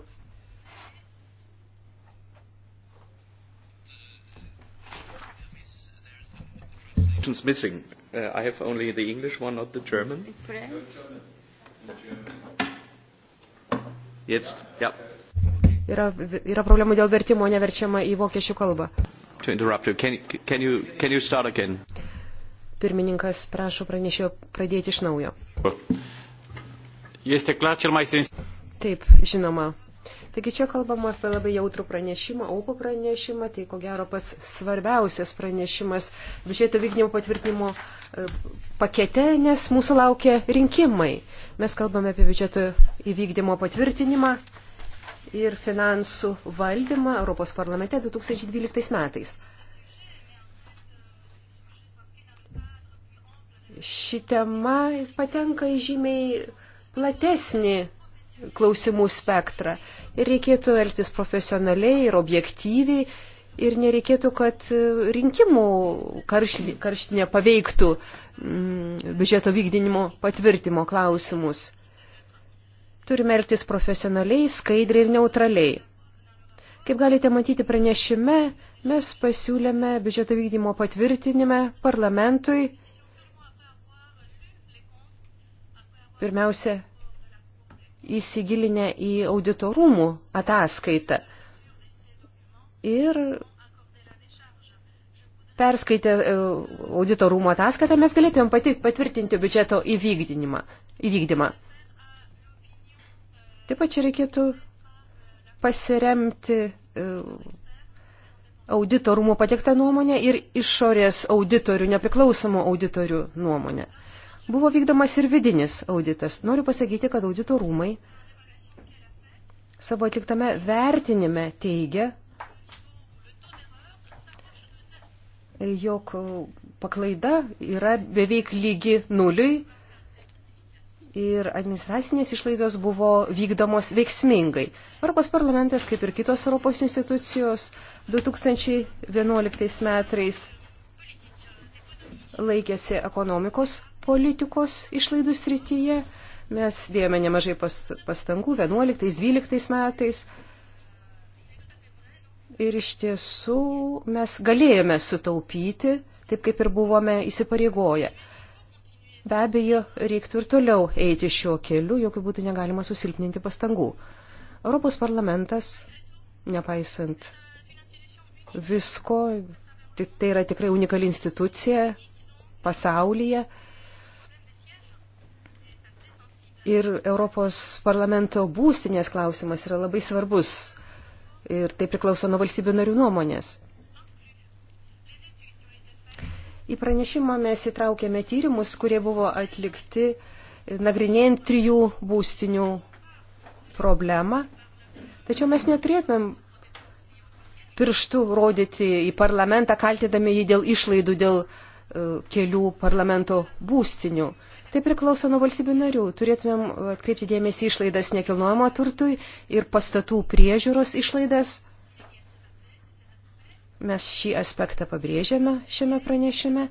translation's missing. Uh, I have only the English one, not the German. In French? Jetzt, ja. Yra, yra problemų dėl vertimo, neverčiama į vokiečių kalbą. To interrupt you, can, can you, can you start again? Pirmininkas prašo pranešėjo pradėti iš naujo. Este clar cel mai sensibil. Taip, žinoma, Taigi čia kalbama apie labai jautrų pranešimą, aukų pranešimą, tai ko gero pas svarbiausias pranešimas biudžeto vykdymo patvirtinimo e, pakete, nes mūsų laukia rinkimai. Mes kalbame apie biudžeto įvykdymo patvirtinimą ir finansų valdymą Europos parlamente 2012 metais. Ši tema patenka į žymiai platesnį klausimų spektrą. Ir reikėtų elgtis profesionaliai ir objektyviai ir nereikėtų, kad e, rinkimų karštinė, karštinė paveiktų mm, biudžeto vykdinimo patvirtimo klausimus. Turime elgtis profesionaliai, skaidriai ir neutraliai. Kaip galite matyti pranešime, mes pasiūlėme biudžeto vykdymo patvirtinime parlamentui pirmiausia įsigilinę į auditorumų ataskaitą ir perskaitę e, auditorumo ataskaitą mes galėtumėm patvirtinti biudžeto įvykdinimą, įvykdymą. Taip pat čia reikėtų pasiremti e, auditorumo patiektą nuomonę ir išorės auditorių, nepriklausomų auditorių nuomonę. Buvo vykdomas ir vidinis auditas. Noriu pasakyti, kad audito rūmai savo atliktame vertinime teigia, jog paklaida yra beveik lygi nuliui ir administracinės išlaidos buvo vykdomos veiksmingai. Europos parlamentas, kaip ir kitos Europos institucijos, 2011 metais laikėsi ekonomikos politikos išlaidų srityje. Mes dėjome nemažai pastangų 11-12 metais. Ir iš tiesų mes galėjome sutaupyti, taip kaip ir buvome įsipareigoję. Be abejo, reiktų ir toliau eiti šiuo keliu, jokių būtų negalima susilpninti pastangų. Europos parlamentas, nepaisant visko, tai, tai yra tikrai unikali institucija pasaulyje, Ir Europos parlamento būstinės klausimas yra labai svarbus. Ir tai priklauso nuo valstybių narių nuomonės. Į pranešimą mes įtraukėme tyrimus, kurie buvo atlikti nagrinėjant trijų būstinių problemą. Tačiau mes neturėtumėm pirštų rodyti į parlamentą, kaltidami jį dėl išlaidų, dėl e, kelių parlamento būstinių. Tai priklauso nuo valstybių narių. Turėtumėm atkreipti dėmesį išlaidas nekilnojamo turtui ir pastatų priežiūros išlaidas. Mes šį aspektą pabrėžiame šiame pranešime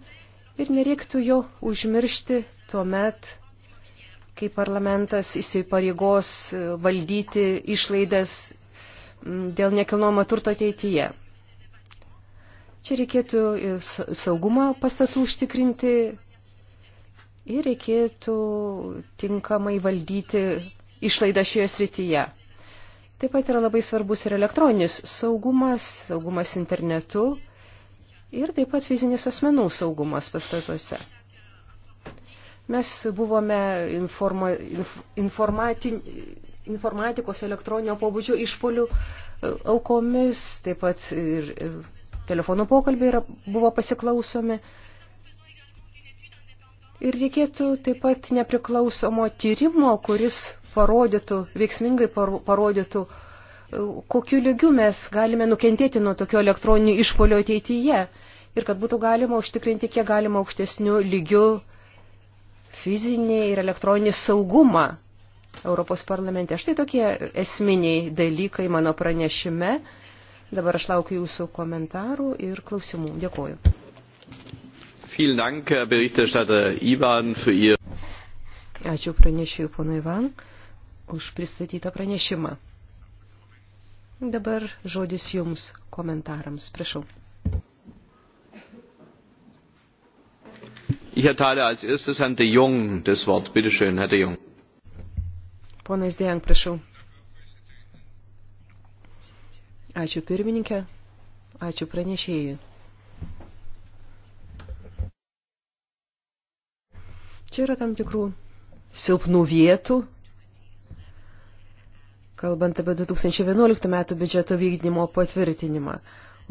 ir nereiktų jo užmiršti tuo met, kai parlamentas įsipareigos valdyti išlaidas mm, dėl nekilnojamo turto ateityje. Čia reikėtų e, saugumą pastatų užtikrinti ir reikėtų tinkamai valdyti išlaidą šioje srityje. Taip pat yra labai svarbus ir elektroninis saugumas, saugumas internetu ir taip pat fizinis asmenų saugumas pastatuose. Mes buvome informa, inf, informati, informatikos elektroninio pobūdžio išpolių e, aukomis, taip pat ir, ir e, telefonų pokalbiai yra, buvo pasiklausomi. Ir reikėtų taip pat nepriklausomo tyrimo, kuris parodytų, veiksmingai parodytų, kokiu lygiu mes galime nukentėti nuo tokio elektroninių išpolio ateityje ir kad būtų galima užtikrinti kiek galima aukštesnių lygių fizinį ir elektroninį saugumą Europos parlamente. Štai tokie esminiai dalykai mano pranešime. Dabar aš laukiu jūsų komentarų ir klausimų. Dėkuoju. Vielen Dank, Berichterstatter Ivan, für Ihr. Ačiū pranešėjų pono Ivan už pristatytą pranešimą. Dabar žodis jums komentarams. Prašau. Ich erteile als erstes Herrn de Jong das Wort. Bitte schön, Herr de Jong. Ponas de Jong, prašau. Ačiū pirmininkė, ačiū pranešėjui. Čia yra tam tikrų silpnų vietų, kalbant apie 2011 metų biudžeto vykdymo patvirtinimą.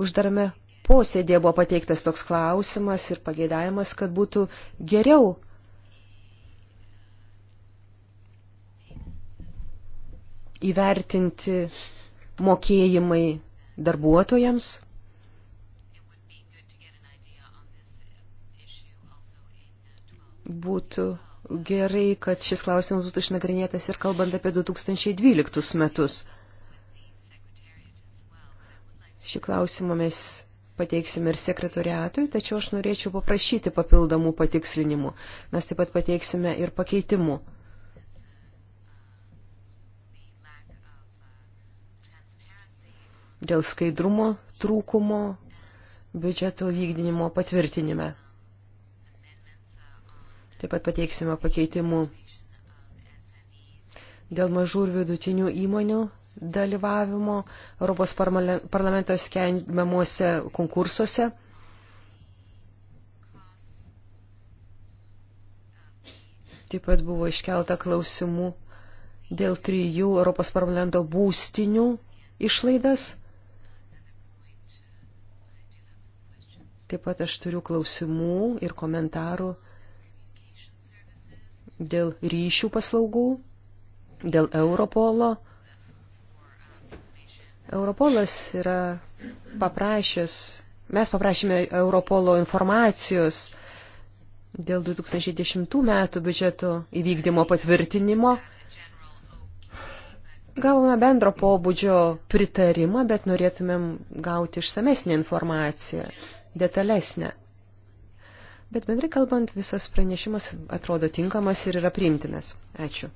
Uždarame posėdėje buvo pateiktas toks klausimas ir pageidavimas, kad būtų geriau įvertinti mokėjimai darbuotojams būtų gerai, kad šis klausimas būtų išnagrinėtas ir kalbant apie 2012 metus. Šį klausimą mes pateiksime ir sekretoriatui, tačiau aš norėčiau paprašyti papildomų patikslinimų. Mes taip pat pateiksime ir pakeitimų. Dėl skaidrumo trūkumo biudžeto vykdinimo patvirtinime. Taip pat pateiksime pakeitimų dėl mažų ir vidutinių įmonių dalyvavimo Europos parlamento skelbiamuose konkursuose. Taip pat buvo iškelta klausimų dėl trijų Europos parlamento būstinių išlaidas. Taip pat aš turiu klausimų ir komentarų dėl ryšių paslaugų, dėl Europolo. Europolas yra paprašęs, mes paprašėme Europolo informacijos dėl 2010 metų biudžeto įvykdymo patvirtinimo. Gavome bendro pobūdžio pritarimą, bet norėtumėm gauti išsamesnį informaciją, detalesnę bet bendrai kalbant visas pranešimas atrodo tinkamas ir yra priimtinas. Ačiū.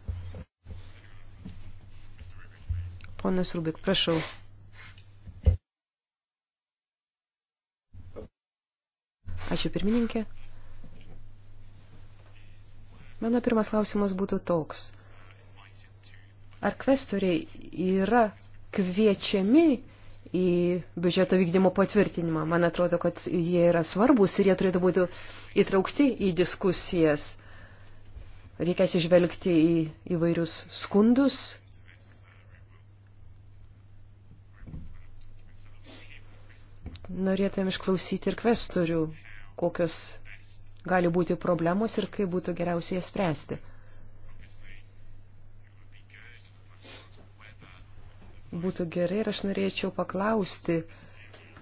Ponas Rubik, prašau. Ačiū pirmininkė. Mano pirmas klausimas būtų toks. Ar kvestoriai yra kviečiami į biudžeto vykdymo patvirtinimą. Man atrodo, kad jie yra svarbus ir jie turėtų būti įtraukti į diskusijas. Reikia atsižvelgti į įvairius skundus. Norėtum išklausyti ir kvestorių, kokios gali būti problemos ir kaip būtų geriausiai jas spręsti. būtų gerai ir aš norėčiau paklausti,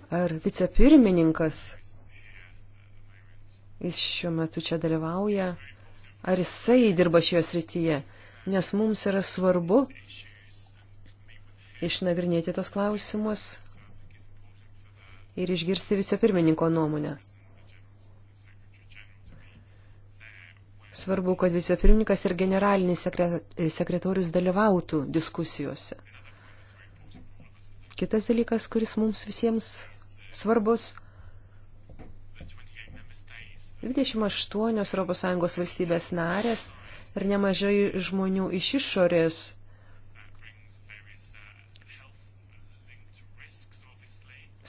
ar vicepirmininkas, jis šiuo metu čia dalyvauja, ar jisai dirba šioje srityje, nes mums yra svarbu išnagrinėti tos klausimus ir išgirsti vicepirmininko nuomonę. Svarbu, kad vicepirmininkas ir generalinis sekretorius dalyvautų diskusijose. Kitas dalykas, kuris mums visiems svarbus. 28 ES valstybės narės ir nemažai žmonių iš išorės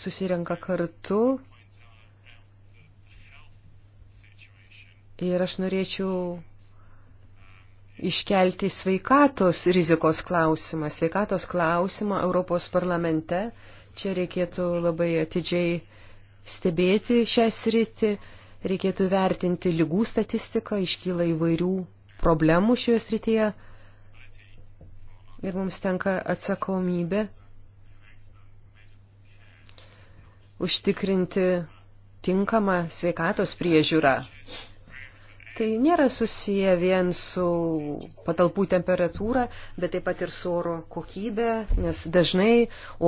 susirenka kartu. Ir aš norėčiau iškelti sveikatos rizikos klausimą, sveikatos klausimą Europos parlamente. Čia reikėtų labai atidžiai stebėti šią sritį, reikėtų vertinti lygų statistiką, iškyla įvairių problemų šioje srityje ir mums tenka atsakomybė užtikrinti tinkamą sveikatos priežiūrą. Tai nėra susiję vien su patalpų temperatūra, bet taip pat ir su oro kokybė, nes dažnai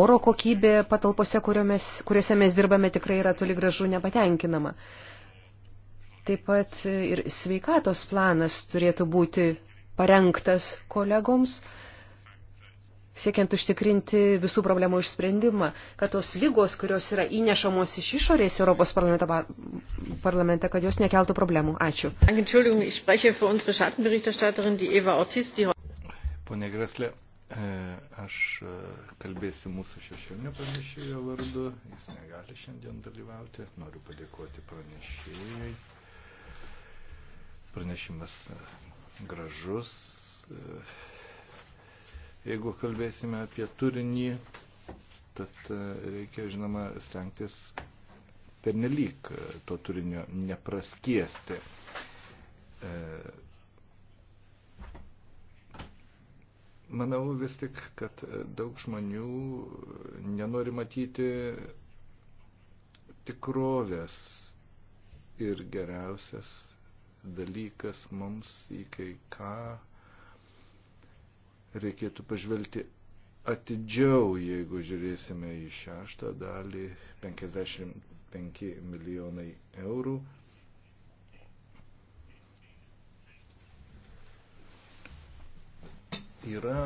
oro kokybė patalpose, kuriomis, kuriuose mes dirbame, tikrai yra toli gražu nepatenkinama. Taip pat ir sveikatos planas turėtų būti parengtas kolegoms, siekiant užtikrinti visų problemų išsprendimą, kad tos lygos, kurios yra įnešamos iš išorės Europos parlamente, parlamente kad jos nekeltų problemų. Ačiū. Pone Greslė, e, aš e, kalbėsiu mūsų šešėlinio pranešėjo vardu, jis negali šiandien dalyvauti, noriu padėkoti pranešėjai. Pranešimas e, gražus. E, jeigu kalbėsime apie turinį, tad e, reikia, žinoma, stengtis pernelyg e, to turinio nepraskiesti. E, manau vis tik, kad daug žmonių nenori matyti tikrovės ir geriausias dalykas mums į kai ką reikėtų pažvelgti atidžiau, jeigu žiūrėsime į šeštą dalį 55 milijonai eurų. Yra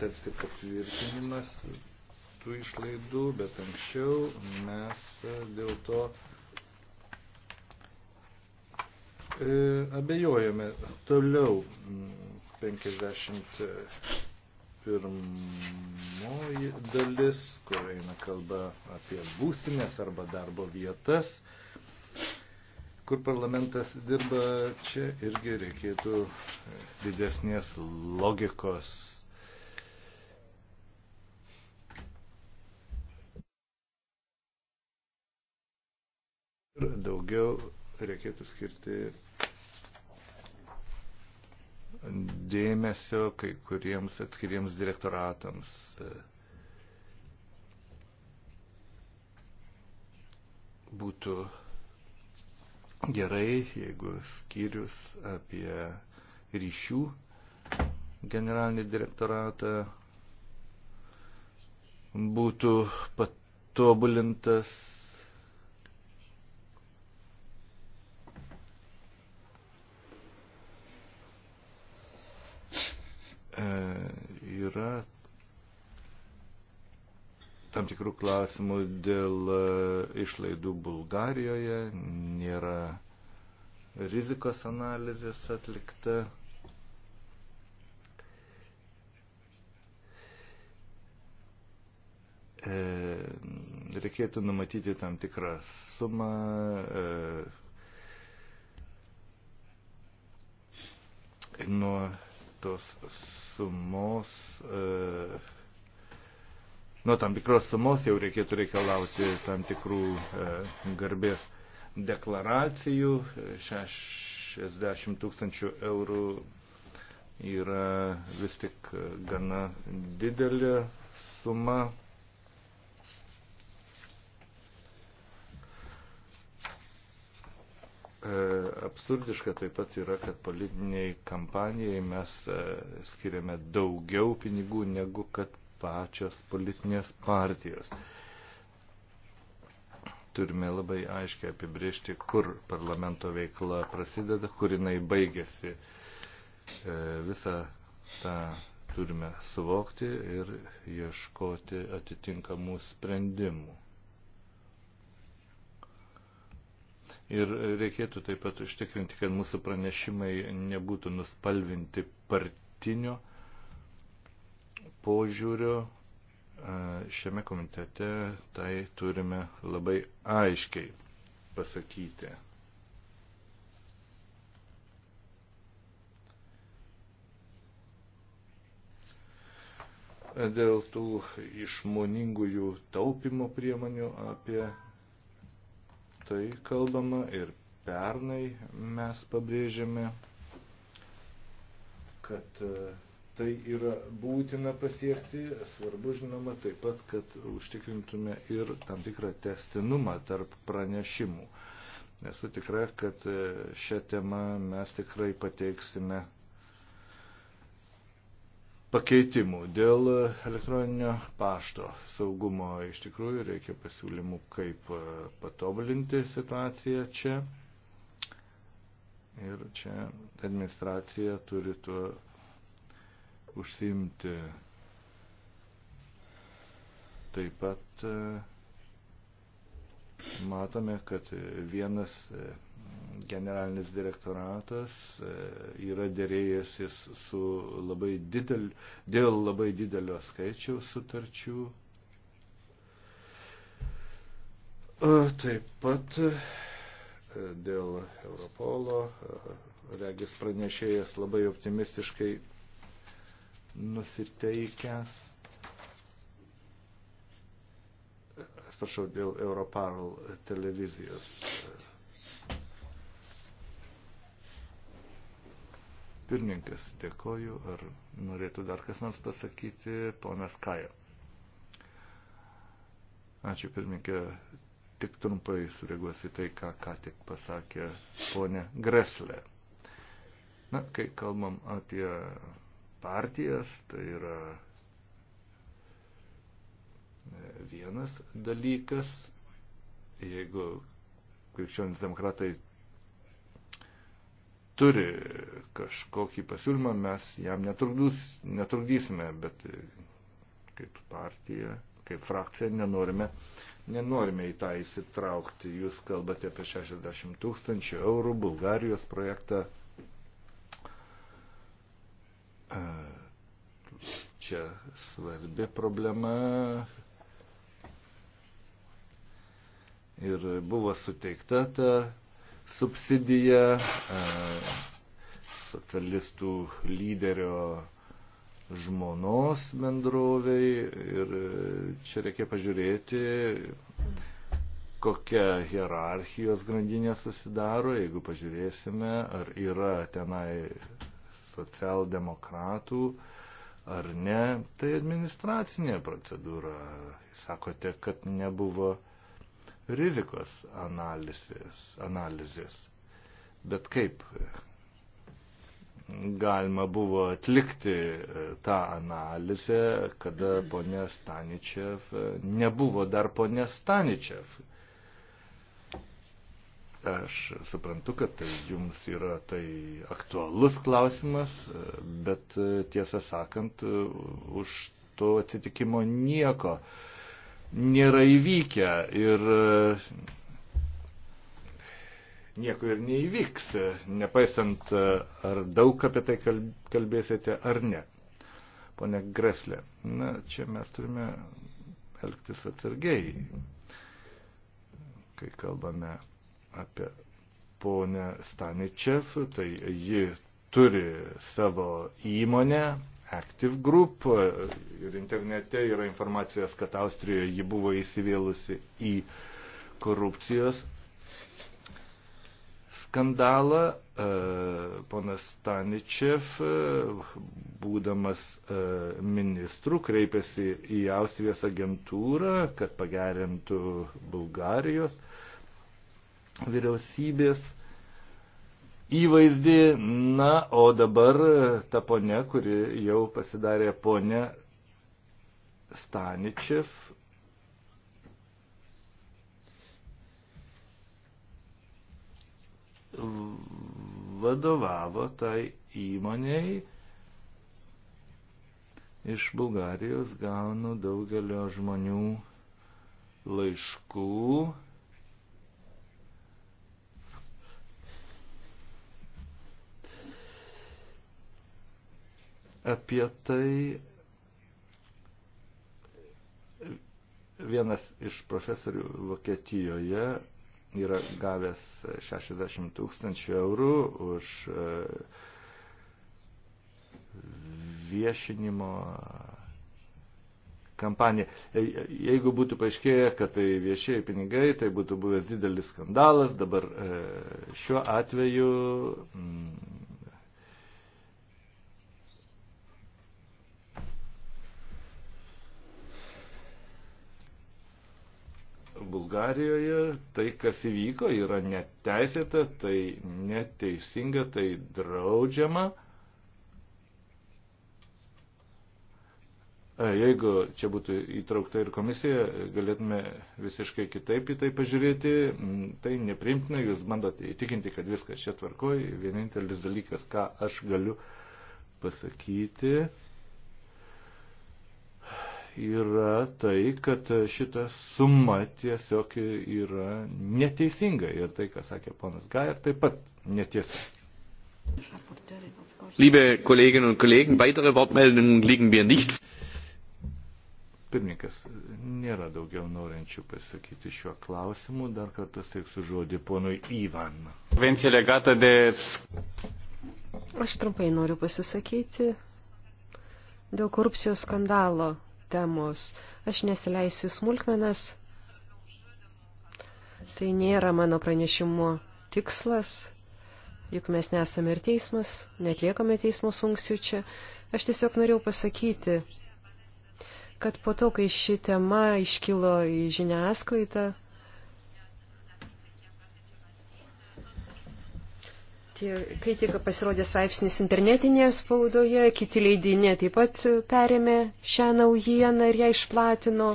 tarsi patvirtinimas tų išlaidų, bet anksčiau mes dėl to e, abejojame. Toliau 51 dalis, kur eina kalba apie būstinės arba darbo vietas, kur parlamentas dirba, čia irgi reikėtų didesnės logikos. Ir daugiau reikėtų skirti dėmesio kai kuriems atskiriems direktoratams. Būtų gerai, jeigu skyrius apie ryšių generalinį direktoratą būtų patobulintas E, yra tam tikrų klausimų dėl e, išlaidų Bulgarijoje, nėra rizikos analizės atlikta. E, reikėtų numatyti tam tikrą sumą. Nuo tos sumos, e, nuo tam tikros sumos jau reikėtų reikalauti tam tikrų e, garbės deklaracijų. 60 tūkstančių eurų yra vis tik e, gana didelė suma E, absurdiška taip pat yra, kad politiniai kampanijai mes e, skiriame daugiau pinigų negu kad pačios politinės partijos. Turime labai aiškiai apibriežti, kur parlamento veikla prasideda, kur jinai baigėsi. E, visą tą turime suvokti ir ieškoti atitinkamų sprendimų. Ir reikėtų taip pat užtikrinti, kad mūsų pranešimai nebūtų nuspalvinti partinio požiūrio. Šiame komitete tai turime labai aiškiai pasakyti. Dėl tų išmoningųjų taupimo priemonių apie tai kalbama ir pernai mes pabrėžėme, kad e, tai yra būtina pasiekti, svarbu žinoma taip pat, kad užtikrintume ir tam tikrą testinumą tarp pranešimų. Esu tikra, kad e, šią temą mes tikrai pateiksime pakeitimų dėl elektroninio pašto saugumo. Iš tikrųjų reikia pasiūlymų, kaip e, patobulinti situaciją čia. Ir čia administracija turi tuo užsiimti. Taip pat e, matome, kad vienas e, generalinis direktoratas e, yra dėrėjęsis su labai didel, dėl labai didelio skaičiaus sutarčių. E, taip pat e, dėl Europolo regis pranešėjas labai optimistiškai nusiteikęs. Atsiprašau, dėl Europarl televizijos Pirmininkas, dėkoju. Ar norėtų dar kas nors pasakyti, ponas Kaja? Ačiū, pirmininkė. Tik trumpai sureaguosiu tai, ką ką tik pasakė ponė Greslė. Na, kai kalbam apie partijas, tai yra vienas dalykas, jeigu krikščionis demokratai turi kažkokį pasiūlymą, mes jam netrukdus, netrukdysime, bet kaip partija, kaip frakcija nenorime, nenorime į tą įsitraukti. Jūs kalbate apie 60 tūkstančių eurų Bulgarijos projektą. E, čia svarbi problema. Ir buvo suteikta ta subsidiją e, socialistų lyderio žmonos bendroviai ir e, čia reikia pažiūrėti, kokia hierarchijos grandinė susidaro, jeigu pažiūrėsime, ar yra tenai socialdemokratų ar ne, tai administracinė procedūra. Sakote, kad nebuvo rizikos analizės. analizės. Bet kaip galima buvo atlikti e, tą analizę, kada ponė Staničev e, nebuvo dar ponė Staničev. Aš suprantu, kad tai jums yra tai aktualus klausimas, e, bet tiesą sakant, už to atsitikimo nieko. Uh, nėra įvykę ir e, nieko ir neįvyks, nepaisant e, ar daug apie tai kalbėsite ar ne. Pone Greslė, na, čia mes turime elgtis atsargiai, kai kalbame apie ponę Staničev, tai ji turi savo įmonę, Active Group e, ir internete yra informacijos, kad Austrijoje ji buvo įsivėlusi į korupcijos skandalą. E, ponas Staničev, e, būdamas ministru, kreipėsi į Austrijos agentūrą, kad pagerintų Bulgarijos vyriausybės įvaizdį. Na, o dabar e, ta ponia, kuri jau pasidarė ponia Staničev. vadovavo tai įmoniai. Iš Bulgarijos gaunu daugelio žmonių laiškų apie tai vienas iš profesorių Vokietijoje yra gavęs 60 tūkstančių eurų už e, viešinimo kampaniją. Jeigu būtų paaiškėję, kad tai viešieji pinigai, tai būtų buvęs didelis skandalas. Dabar e, šiuo atveju mm, Bulgarijoje tai, kas įvyko, yra neteisėta, tai neteisinga, tai draudžiama. E, jeigu čia būtų įtraukta ir komisija, galėtume visiškai kitaip į tai pažiūrėti. Mm, tai neprimtina, jūs bandote įtikinti, kad viskas čia tvarkoj. Vienintelis dalykas, ką aš galiu pasakyti, yra tai, kad šita suma tiesiog yra neteisinga. Ir tai, ką sakė ponas Gajer, taip pat netiesa. Liebe Kolleginnen und Kollegen, weitere Wortmeldungen liegen mir nicht. Pirmininkas, nėra daugiau norinčių pasakyti šiuo klausimu. Dar kartą steiksiu žodį ponui Ivan. Aš trumpai noriu pasisakyti dėl korupcijos skandalo temos. Aš nesileisiu smulkmenas. Tai nėra mano pranešimo tikslas, juk mes nesame ir teismas, netliekame teismo funkcijų čia. Aš tiesiog norėjau pasakyti, kad po to, kai ši tema iškilo į žiniasklaidą, kai tik pasirodė straipsnis internetinėje spaudoje, kiti leidinė taip pat perėmė šią naujieną ir ją išplatino.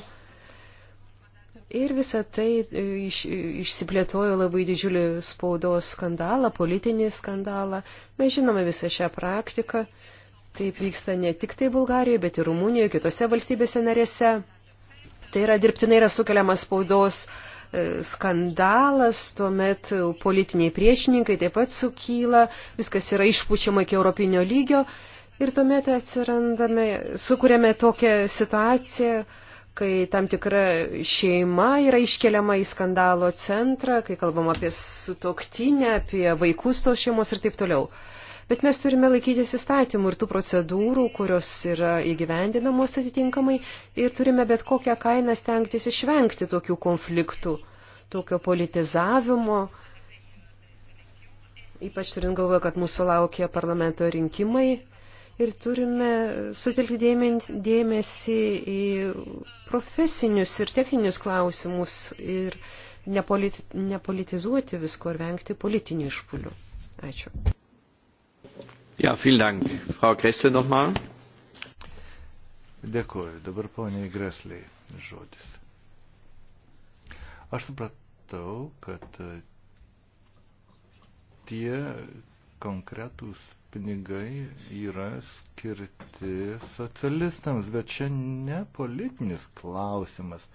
Ir visa tai e, iš, išsiplėtojo labai didžiulį spaudos skandalą, politinį skandalą. Mes žinome visą šią praktiką. Taip vyksta ne tik tai Bulgarijoje, bet ir Rumunijoje, kitose valstybėse narėse. Tai yra dirbtinai yra sukeliamas spaudos uh, E, skandalas, tuomet politiniai priešininkai taip pat sukyla, viskas yra išpučiama iki europinio lygio ir tuomet atsirandame, sukūrėme tokią situaciją, kai tam tikra šeima yra iškeliama į skandalo centrą, kai kalbam apie sutoktinę, apie vaikus tos šeimos ir taip toliau. Bet mes turime laikytis įstatymų ir tų procedūrų, kurios yra įgyvendinamos atitinkamai ir turime bet kokią kainą stengtis išvengti tokių konfliktų, tokio politizavimo. Ypač turint galvoje, kad mūsų laukia parlamento rinkimai ir turime sutelkti dėmesį į profesinius ir techninius klausimus ir nepolitizuoti visko ir vengti politinių išpulių. Ačiū. Ja, vielen Dank. Frau Gressle nochmal. Dėkuoju. Dabar poniai Gresliai žodis. Aš supratau, kad e, tie konkretūs pinigai yra skirti socialistams, bet čia ne politinis klausimas.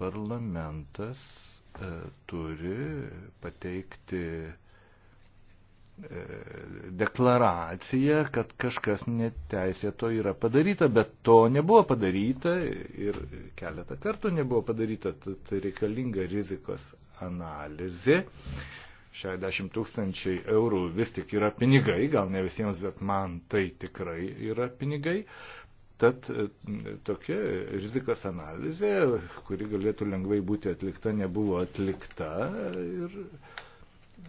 Parlamentas e, turi pateikti e, deklaraciją, kad kažkas neteisėto yra padaryta, bet to nebuvo padaryta ir keletą kartų nebuvo padaryta, tad reikalinga rizikos analizė. 60 tūkstančiai eurų vis tik yra pinigai, gal ne visiems, bet man tai tikrai yra pinigai. Tad e, tokia rizikos analizė, kuri galėtų lengvai būti atlikta, nebuvo atlikta ir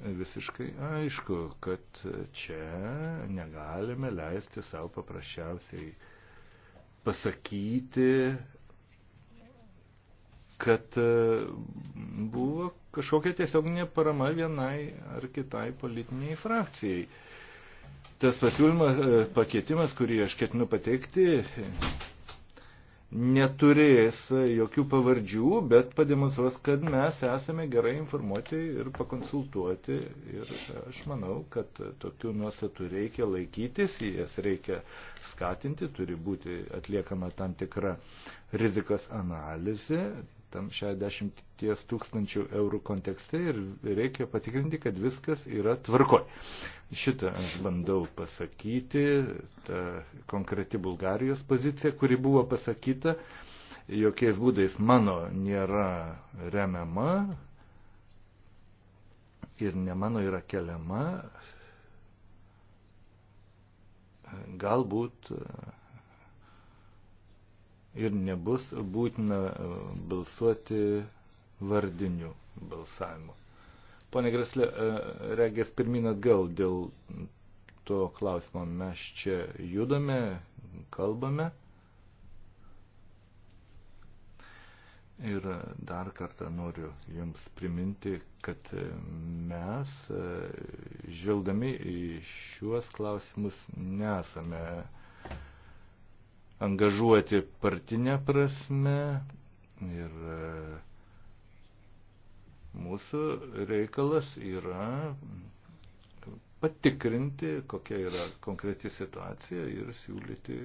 visiškai aišku, kad čia negalime leisti savo paprasčiausiai pasakyti, kad e, buvo kažkokia tiesioginė parama vienai ar kitai politiniai frakcijai. Tas pasiūlymas, e, pakeitimas, kurį aš ketinu pateikti, neturės jokių pavardžių, bet pademonstruos, kad mes esame gerai informuoti ir pakonsultuoti. Ir aš manau, kad tokių nuostatų reikia laikytis, jas reikia skatinti, turi būti atliekama tam tikra rizikos analizė, tam 60 tūkstančių eurų kontekste ir reikia patikrinti, kad viskas yra tvarkoj. Šitą aš bandau pasakyti, ta konkreti Bulgarijos pozicija, kuri buvo pasakyta, jokiais būdais mano nėra remiama ir ne mano yra keliama. Galbūt ir nebus būtina e, balsuoti vardiniu balsavimu. Pone Greslė, e, regės pirmin atgal dėl to klausimo. Mes čia judame, kalbame. Ir dar kartą noriu Jums priminti, kad mes, e, žvelgdami į šiuos klausimus, nesame angažuoti partinę prasme ir e, mūsų reikalas yra patikrinti, kokia yra konkreti situacija ir siūlyti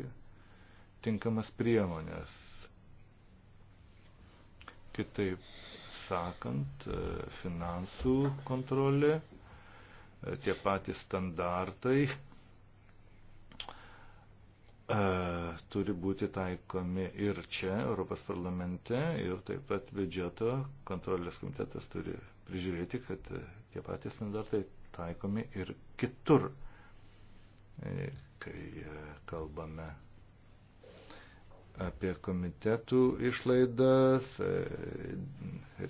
tinkamas priemonės. Kitaip sakant, e, finansų kontrolė, e, tie patys standartai E, turi būti taikomi ir čia, Europos parlamente, ir taip pat biudžeto kontrolės komitetas turi prižiūrėti, kad tie patys standartai taikomi ir kitur, e, kai e, kalbame apie komitetų išlaidas,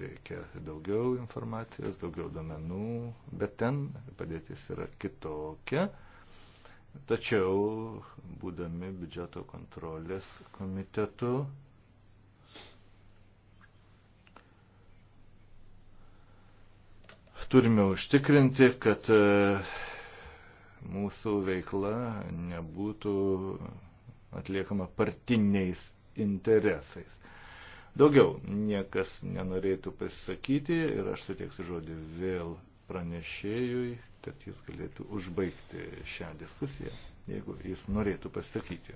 reikia daugiau informacijos, daugiau domenų, bet ten padėtis yra kitokia. Tačiau, būdami biudžeto kontrolės komitetu, turime užtikrinti, kad e, mūsų veikla nebūtų atliekama partiniais interesais. Daugiau niekas nenorėtų pasisakyti ir aš suteiksiu žodį vėl pranešėjui, kad jis galėtų užbaigti šią diskusiją, jeigu jis norėtų pasakyti.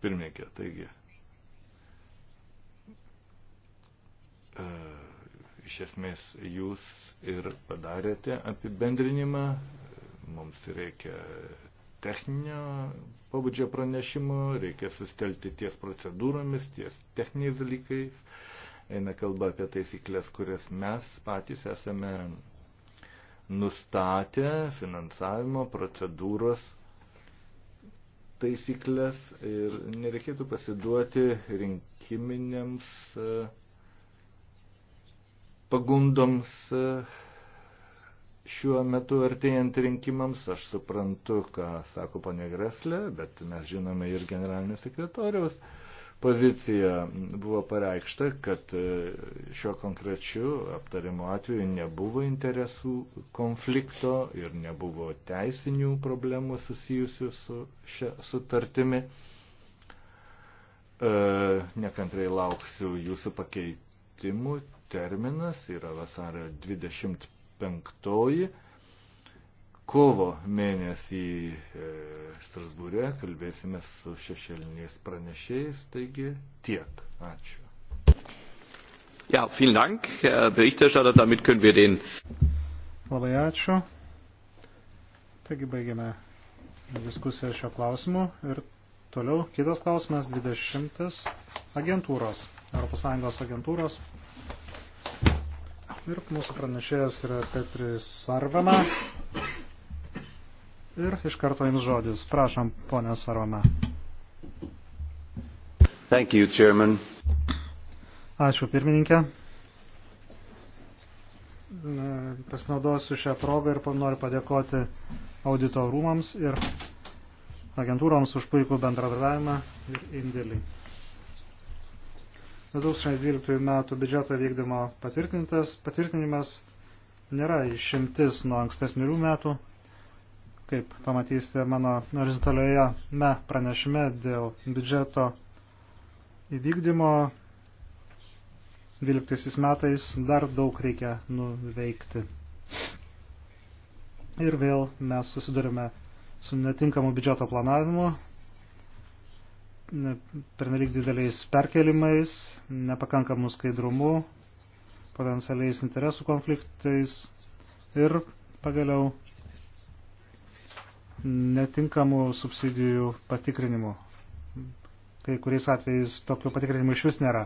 Pirmininkė, taigi, e, iš esmės jūs ir padarėte apibendrinimą, mums reikia techninio pabudžio pranešimo, reikia sustelti ties procedūromis, ties techniniais dalykais. Eina kalba apie taisyklės, kurias mes patys esame nustatę finansavimo procedūros taisyklės ir nereikėtų pasiduoti rinkiminiams e, pagundoms e, šiuo metu artėjant rinkimams. Aš suprantu, ką sako ponė Greslė, bet mes žinome ir generalinio sekretoriaus pozicija buvo pareikšta, kad e, šiuo konkrečiu aptarimu atveju nebuvo interesų konflikto ir nebuvo teisinių problemų susijusių su šia sutartimi. E, Nekantrai lauksiu jūsų pakeitimų. Terminas yra vasario 25 5. Kovo mėnesį e, Strasbūre kalbėsime su šešėliniais pranešėjais, taigi tiek. Ačiū. Ja, vielen Dank, Herr Berichterstatter. Damit können wir den. Labai ačiū. Taigi baigiame diskusiją šio klausimu. Ir toliau kitas klausimas, 20. agentūros, ES agentūros. Ir mūsų pranešėjas yra Petris Sarvama. Ir iš karto jums žodis. Prašom, ponė Sarvama. Thank you, Chairman. Ačiū, pirmininkė. Pasinaudosiu šią progą ir noriu padėkoti audito rūmams ir agentūroms už puikų bendradarbiavimą ir indėlį. 2012 metų biudžeto vykdymo patvirtinimas nėra išimtis nuo ankstesnių metų, kaip pamatysite mano horizontalioje me pranešime dėl biudžeto įvykdymo 12 metais dar daug reikia nuveikti. Ir vėl mes susidurime su netinkamu biudžeto planavimu, pernelyg dideliais perkelimais, nepakankamu skaidrumu, potencialiais interesų konfliktais ir pagaliau netinkamų subsidijų patikrinimų. Kai kuriais atvejais tokių patikrinimų iš vis nėra.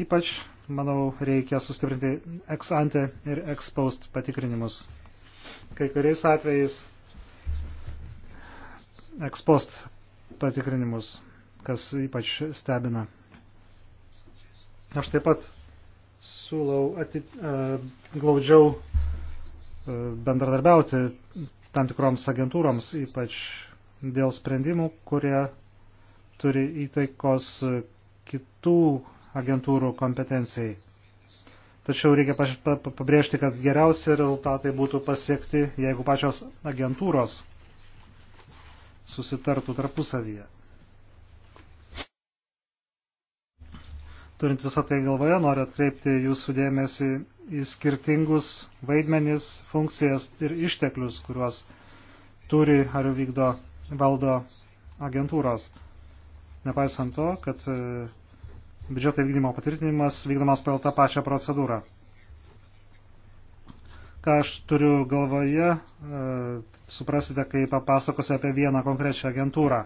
Ypač, manau, reikia sustiprinti ex ante ir ex post patikrinimus. Kai kuriais atvejais ex post patikrinimus, kas ypač stebina. Aš taip pat siūlau atit, uh, glaudžiau uh, bendradarbiauti tam tikroms agentūroms, ypač dėl sprendimų, kurie turi įtaikos kitų agentūrų kompetencijai. Tačiau reikia pabrėžti, kad geriausi rezultatai būtų pasiekti, jeigu pačios agentūros susitartų tarpusavyje. Turint visą tai galvoje, noriu atkreipti jūsų dėmesį į skirtingus vaidmenis, funkcijas ir išteklius, kuriuos turi ar vykdo valdo agentūros. Nepaisant to, kad e, biudžeto vykdymo patvirtinimas vykdomas pagal tą pačią procedūrą ką aš turiu galvoje, e, suprasite, kai papasakosiu apie vieną konkrečią agentūrą.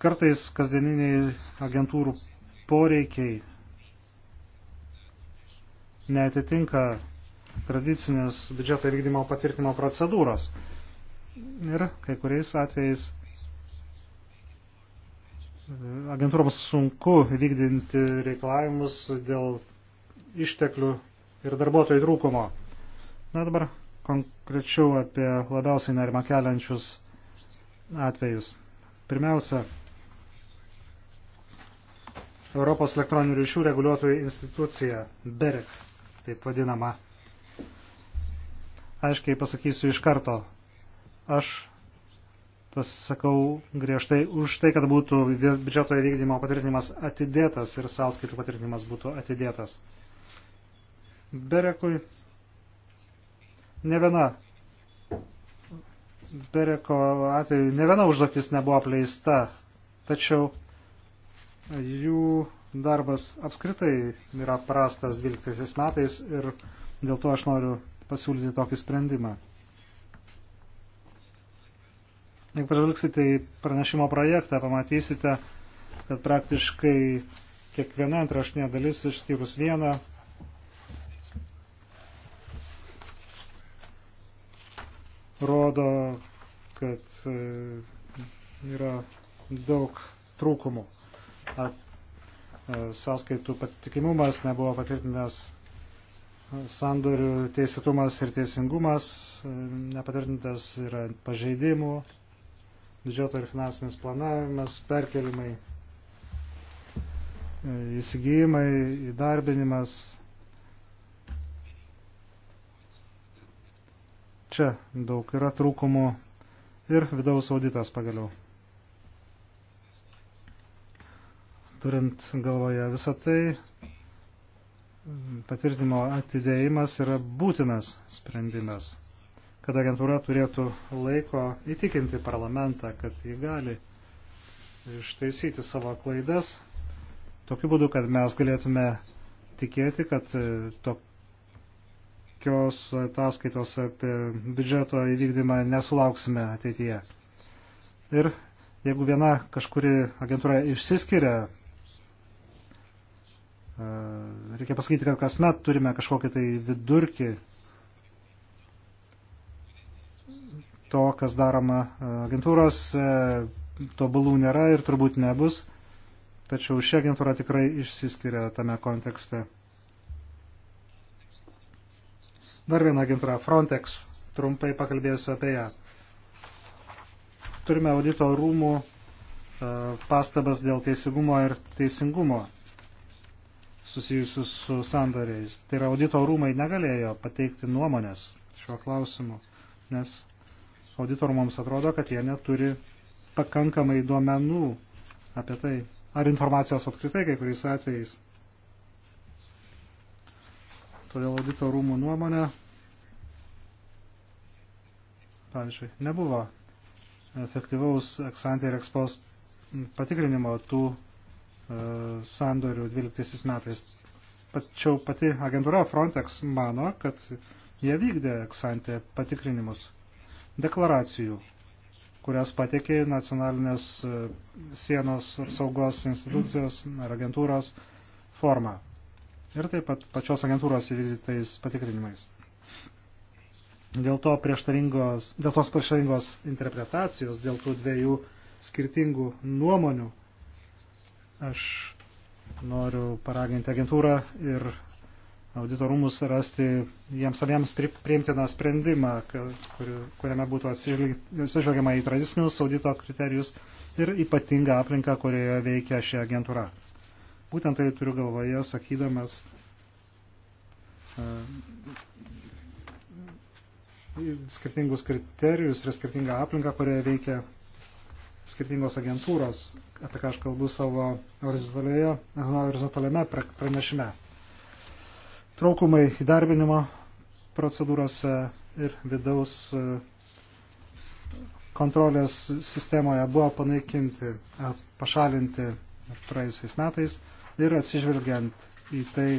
Kartais kasdieniniai agentūrų poreikiai neatitinka tradicinės biudžeto vykdymo patvirtinimo procedūros. Ir kai kuriais atvejais e, agentūroms sunku vykdinti reikalavimus dėl išteklių ir darbuotojų trūkumo. Na dabar konkrečiau apie labiausiai nerimą keliančius atvejus. Pirmiausia, Europos elektroninių ryšių reguliuotojų institucija, BEREK, taip vadinama. Aiškiai pasakysiu iš karto, aš pasisakau griežtai už tai, kad būtų biudžeto įvykdymo patvirtinimas atidėtas ir sąskaitų patvirtinimas būtų atidėtas. Berekui ne viena Bereko atveju ne viena užduotis nebuvo apleista, tačiau jų darbas apskritai yra prastas 12 metais ir dėl to aš noriu pasiūlyti tokį sprendimą. Jeigu pažvelgsite į pranešimo projektą, pamatysite, kad praktiškai kiekviena antrašinė dalis išskyrus vieną rodo, kad e, yra daug trūkumų. At, e, sąskaitų patikimumas nebuvo patvirtinęs sandorių teisėtumas ir teisingumas, e, nepatvirtintas yra pažeidimų, biudžeto ir finansinis planavimas, perkelimai, įsigijimai, įdarbinimas Čia daug yra trūkumų ir vidaus auditas pagaliau. Turint galvoje visą tai, patvirtinimo atidėjimas yra būtinas sprendimas, kad agentūra turėtų laiko įtikinti parlamentą, kad jį gali ištaisyti savo klaidas, tokiu būdu, kad mes galėtume tikėti, kad to jokios ataskaitos apie biudžeto įvykdymą nesulauksime ateityje. Ir jeigu viena kažkuri agentūra išsiskiria, e, reikia pasakyti, kad kasmet turime kažkokį tai vidurkį to, kas daroma e, agentūros, e, tobulų nėra ir turbūt nebus, tačiau ši agentūra tikrai išsiskiria tame kontekste. Dar viena agentūra Frontex. Trumpai pakalbėsiu apie ją. Turime audito rūmų e, pastabas dėl teisingumo ir teisingumo susijusius su sandoriais. Tai yra audito rūmai negalėjo pateikti nuomonės šiuo klausimu, nes auditorumams atrodo, kad jie neturi pakankamai duomenų apie tai, ar informacijos apskritai kai kuriais atvejais. Todėl audito rūmų nuomonė, pavyzdžiui, nebuvo efektyvaus eksantė ir ekspos patikrinimo tų e, sandorių 12 metais. Tačiau pati agentūra Frontex mano, kad jie vykdė eksantė patikrinimus deklaracijų, kurias patikė nacionalinės e, sienos apsaugos institucijos ar agentūros forma ir taip pat pačios agentūros įvykdytais patikrinimais. Dėl, to prieštaringos, dėl tos prieštaringos interpretacijos, dėl tų dviejų skirtingų nuomonių, aš noriu paraginti agentūrą ir auditorumus rasti jiems abiems priimtiną sprendimą, kuriame būtų atsižvelgiama į tradicinius audito kriterijus ir ypatingą aplinką, kurioje veikia ši agentūra. Būtent tai turiu galvoje, sakydamas, e, skirtingus kriterijus ir skirtingą aplinką, kurioje veikia skirtingos agentūros, apie ką aš kalbu savo horizontaliame pranešime. Traukumai įdarbinimo procedūrose ir vidaus e, kontrolės sistemoje buvo panaikinti, e, pašalinti praėjusiais metais ir atsižvelgiant į tai,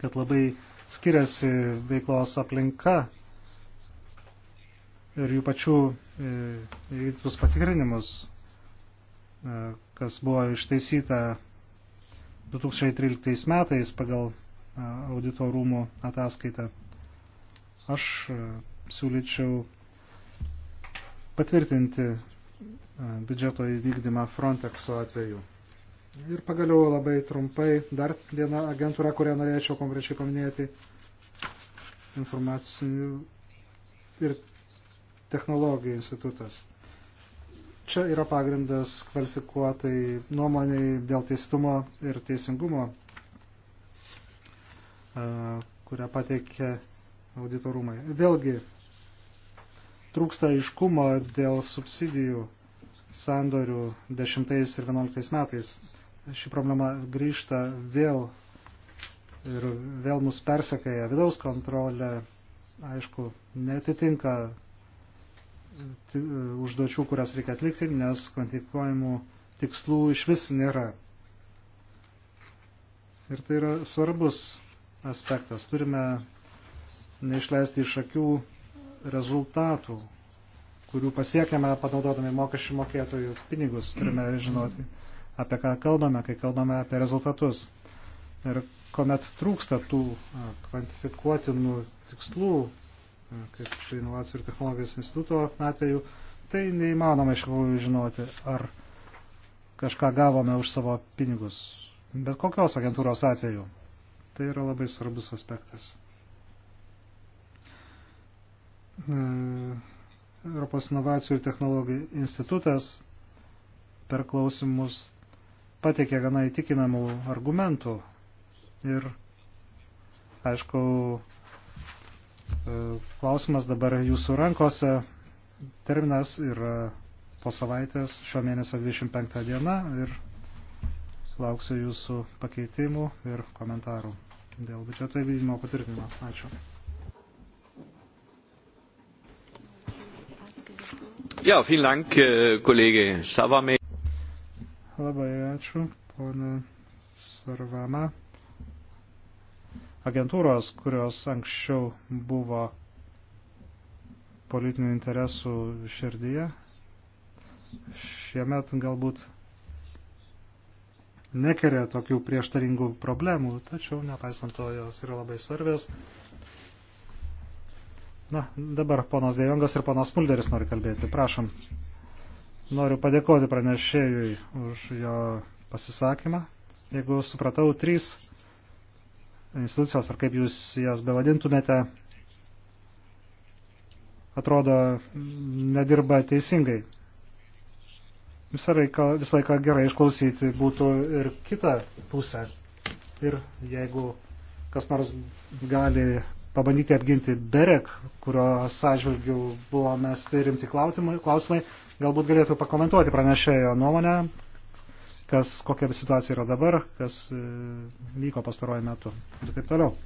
kad labai skiriasi veiklos aplinka ir jų pačių įvykdytus e, patikrinimus, e, kas buvo ištaisyta 2013 metais pagal e, audito rūmų ataskaitą. Aš siūlyčiau patvirtinti biudžeto įvykdymą Frontexo atveju. Ir pagaliau labai trumpai dar viena agentūra, kurią norėčiau konkrečiai paminėti - informacinių ir technologijų institutas. Čia yra pagrindas kvalifikuotai nuomoniai dėl teistumo ir teisingumo, kurią pateikė auditorumai. Vėlgi, trūksta aiškumo dėl subsidijų sandorių 10 ir 11 metais ši problema grįžta vėl ir vėl mus persekėja vidaus kontrolė, aišku, netitinka užduočių, kurias reikia atlikti, nes kvantifikuojimų tikslų iš vis nėra. Ir tai yra svarbus aspektas. Turime neišleisti iš akių rezultatų, kurių pasiekiame panaudodami mokesčių mokėtojų pinigus, turime žinoti. Mm apie ką kalbame, kai kalbame apie rezultatus. Ir kuomet trūksta tų kvantifikuotinų tikslų, kaip inovacijų ir technologijos instituto atveju, tai neįmanoma iš tikrųjų žinoti, ar kažką gavome už savo pinigus. Bet kokios agentūros atveju. Tai yra labai svarbus aspektas. E, Europos inovacijų ir technologijų institutas per klausimus pateikė gana įtikinamų argumentų ir, aišku, e, klausimas dabar jūsų rankose. Terminas yra po savaitės, šio mėnesio 25 diena ir lauksiu jūsų pakeitimų ir komentarų dėl biudžeto įvykdymo patvirtinimo. Ačiū. Ja, vielen Dank, äh, Kollege Savame. Labai ačiū, pona Sarvama. Agentūros, kurios anksčiau buvo politinių interesų širdyje, šiemet galbūt nekeria tokių prieštaringų problemų, tačiau nepaisant to jos yra labai svarbios. Na, dabar ponas Dejongas ir ponas Mulderis nori kalbėti. Prašom. Noriu padėkoti pranešėjui už jo pasisakymą. Jeigu supratau, trys institucijos, ar kaip jūs jas bevadintumėte, atrodo, nedirba teisingai. Visą, reiką, visą laiką gerai išklausyti būtų ir kitą pusę. Ir jeigu kas nors gali pabandyti apginti Berek, kurio sąžvilgių buvo mesti rimti klausimai, Galbūt galėtų pakomentuoti pranešėjo nuomonę, kas, kokia situacija yra dabar, kas e, vyko pastaruoju metu ir taip toliau.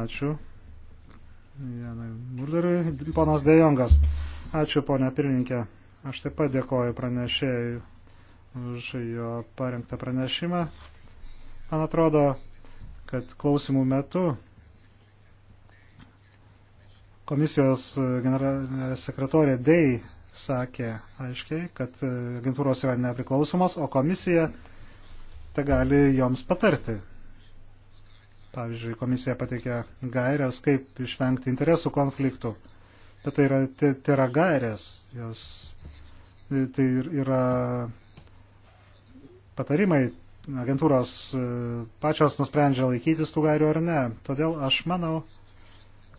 Ačiū. Janai Mulderiui, ponas Dejongas. Ačiū, ponia pirmininkė. Aš taip pat dėkoju pranešėjui už jo parengtą pranešimą. Man atrodo, kad klausimų metu Komisijos e, generalinė sekretorė Dei sakė aiškiai, kad e, agentūros yra nepriklausomos, o komisija te gali joms patarti. Pavyzdžiui, komisija pateikė gairias, kaip išvengti interesų konfliktų. Bet tai yra, tai, tai yra gairės, jos, e, tai yra patarimai, agentūros pačios nusprendžia laikytis tų gairių ar ne. Todėl aš manau,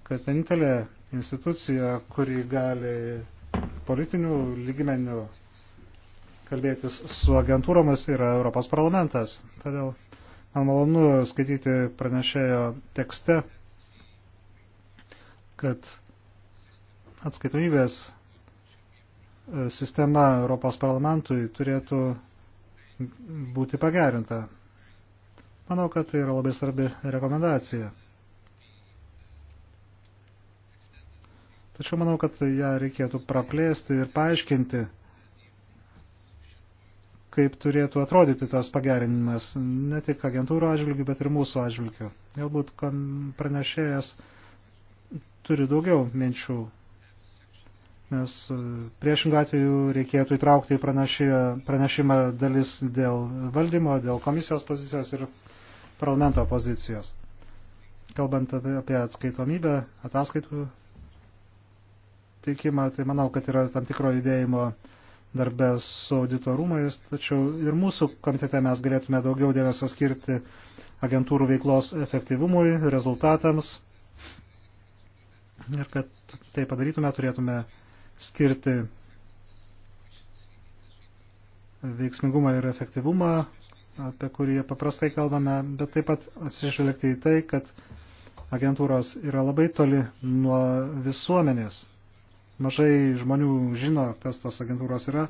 kad vienintelė institucija, kuri gali politinių lygmenių kalbėtis su agentūromis, yra Europos parlamentas. Todėl man malonu skaityti pranešėjo tekste, kad atskaitomybės e, sistema Europos parlamentui turėtų būti pagerinta. Manau, kad tai yra labai svarbi rekomendacija. Tačiau manau, kad ją reikėtų praplėsti ir paaiškinti, kaip turėtų atrodyti tas pagerinimas, ne tik agentūrų atžvilgių, bet ir mūsų atžvilgių. Galbūt pranešėjas turi daugiau minčių, nes e, priešingų atveju reikėtų įtraukti į pranešimą dalis dėl valdymo, dėl komisijos pozicijos ir parlamento pozicijos. Kalbant apie atskaitomybę, ataskaitų teikimą, tai manau, kad yra tam tikro judėjimo darbę su auditorumais, tačiau ir mūsų komitete mes galėtume daugiau dėmesio skirti agentūrų veiklos efektyvumui, rezultatams. Ir kad tai padarytume, turėtume skirti veiksmingumą ir efektyvumą, apie kurį paprastai kalbame, bet taip pat atsižvelgti į tai, kad agentūros yra labai toli nuo visuomenės mažai žmonių žino, kas tos agentūros yra.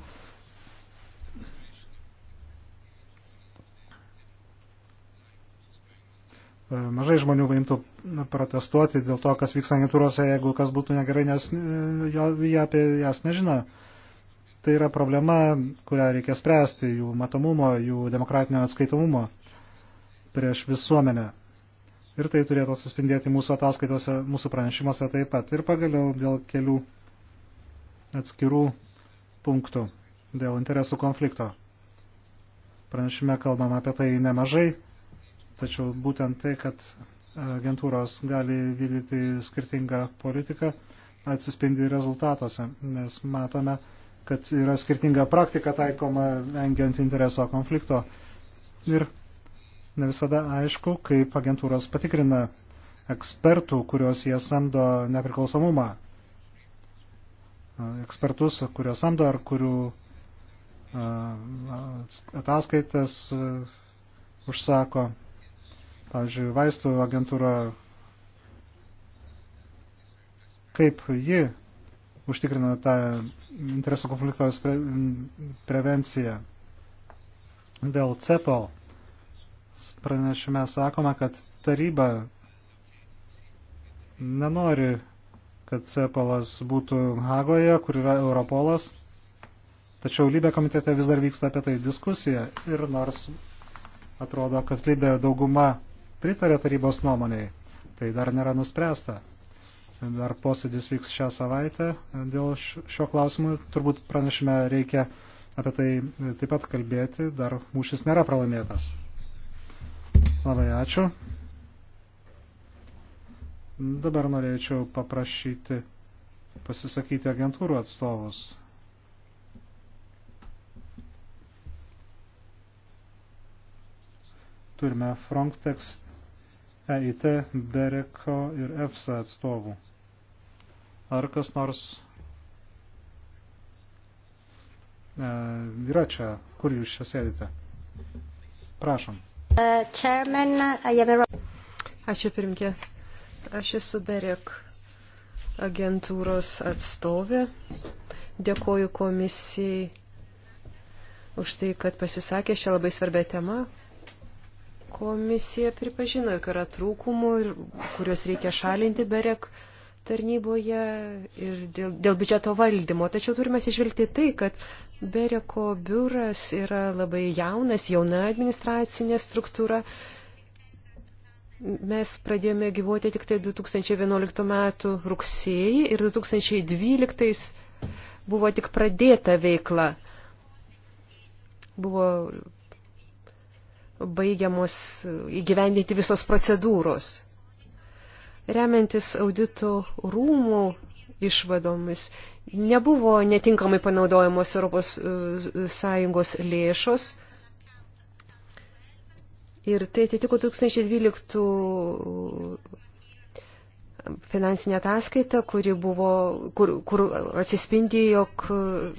Mažai žmonių vaimtų protestuoti dėl to, kas vyksta agentūrose, jeigu kas būtų negerai, nes e, jie apie jas nežino. Tai yra problema, kurią reikia spręsti, jų matomumo, jų demokratinio atskaitomumo prieš visuomenę. Ir tai turėtų atsispindėti mūsų ataskaitose, mūsų pranešimuose taip pat. Ir pagaliau dėl kelių atskirų punktų dėl interesų konflikto. Pranešime kalbam apie tai nemažai, tačiau būtent tai, kad agentūros gali vykdyti skirtingą politiką, atsispindi rezultatuose, nes matome, kad yra skirtinga praktika taikoma vengiant intereso konflikto. Ir ne visada aišku, kaip agentūros patikrina ekspertų, kuriuos jie samdo nepriklausomumą ekspertus, kurios samdo ar kurių ataskaitas užsako. Pavyzdžiui, vaistų agentūra, kaip ji užtikrina tą interesų konflikto prevenciją. Dėl CEPO pranešime sakoma, kad taryba nenori kad Cepolas būtų Hagoje, kur yra Europolas. Tačiau Lybė komitete vis dar vyksta apie tai diskusija ir nors atrodo, kad Lybė dauguma pritarė tarybos nuomonėjai, tai dar nėra nuspręsta. Dar posėdis vyks šią savaitę dėl šio klausimo. Turbūt pranešime reikia apie tai taip pat kalbėti, dar mūšis nėra pralaimėtas. Labai ačiū. Dabar norėčiau paprašyti pasisakyti agentūrų atstovus. Turime Frontex, EIT, Bereko ir EFSA atstovų. Ar kas nors e, yra čia? Kur jūs čia sėdite? Prašom. Uh, chairman, uh, Ačiū pirmkė. Aš esu Berek agentūros atstovė. Dėkoju komisijai už tai, kad pasisakė šią labai svarbę temą. Komisija pripažino, jog yra trūkumų, kuriuos reikia šalinti Berek tarnyboje ir dėl, dėl biudžeto valdymo. Tačiau turime sižvelgti tai, kad Bereko biuras yra labai jaunas, jauna administracinė struktūra Mes pradėjome gyvuoti tik tai 2011 metų rugsėjį ir 2012 buvo tik pradėta veikla. Buvo baigiamos įgyvendinti visos procedūros. Remiantis audito rūmų išvadomis, nebuvo netinkamai panaudojamos Europos e, Sąjungos lėšos – Ir tai atitiko 2012 finansinė ataskaita, kuri buvo, kur, kur atsispindi, jog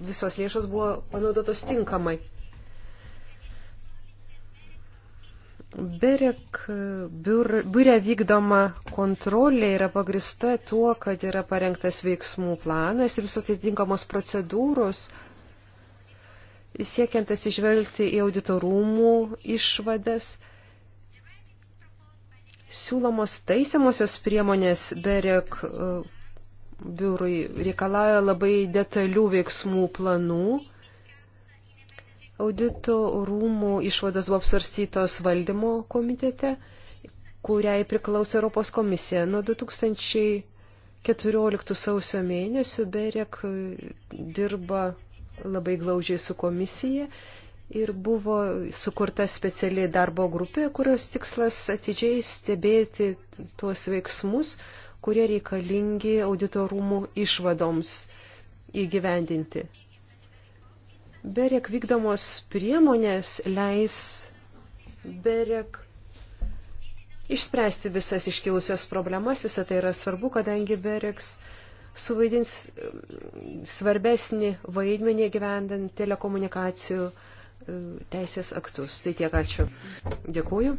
visos lėšos buvo panaudotos tinkamai. Berek biure vykdoma kontrolė yra pagrista tuo, kad yra parengtas veiksmų planas ir visos atitinkamos procedūros, siekiant atsižvelgti į auditorumų išvadas Siūlomos taisiamosios priemonės BEREK e, biurui reikalauja labai detalių veiksmų planų. Audito rūmų išvados buvo apsvarstytos valdymo komitete, kuriai priklauso Europos komisija. Nuo 2014 sausio mėnesių BEREK e, dirba labai glaudžiai su komisija ir buvo sukurta speciali darbo grupė, kurios tikslas atidžiai stebėti tuos veiksmus, kurie reikalingi auditorumų išvadoms įgyvendinti. Berek vykdomos priemonės leis Berek išspręsti visas iškilusios problemas, visą tai yra svarbu, kadangi Bereks suvaidins mm, svarbesnį vaidmenį gyvendant telekomunikacijų teisės aktus. Tai tiek ačiū. Dėkuoju.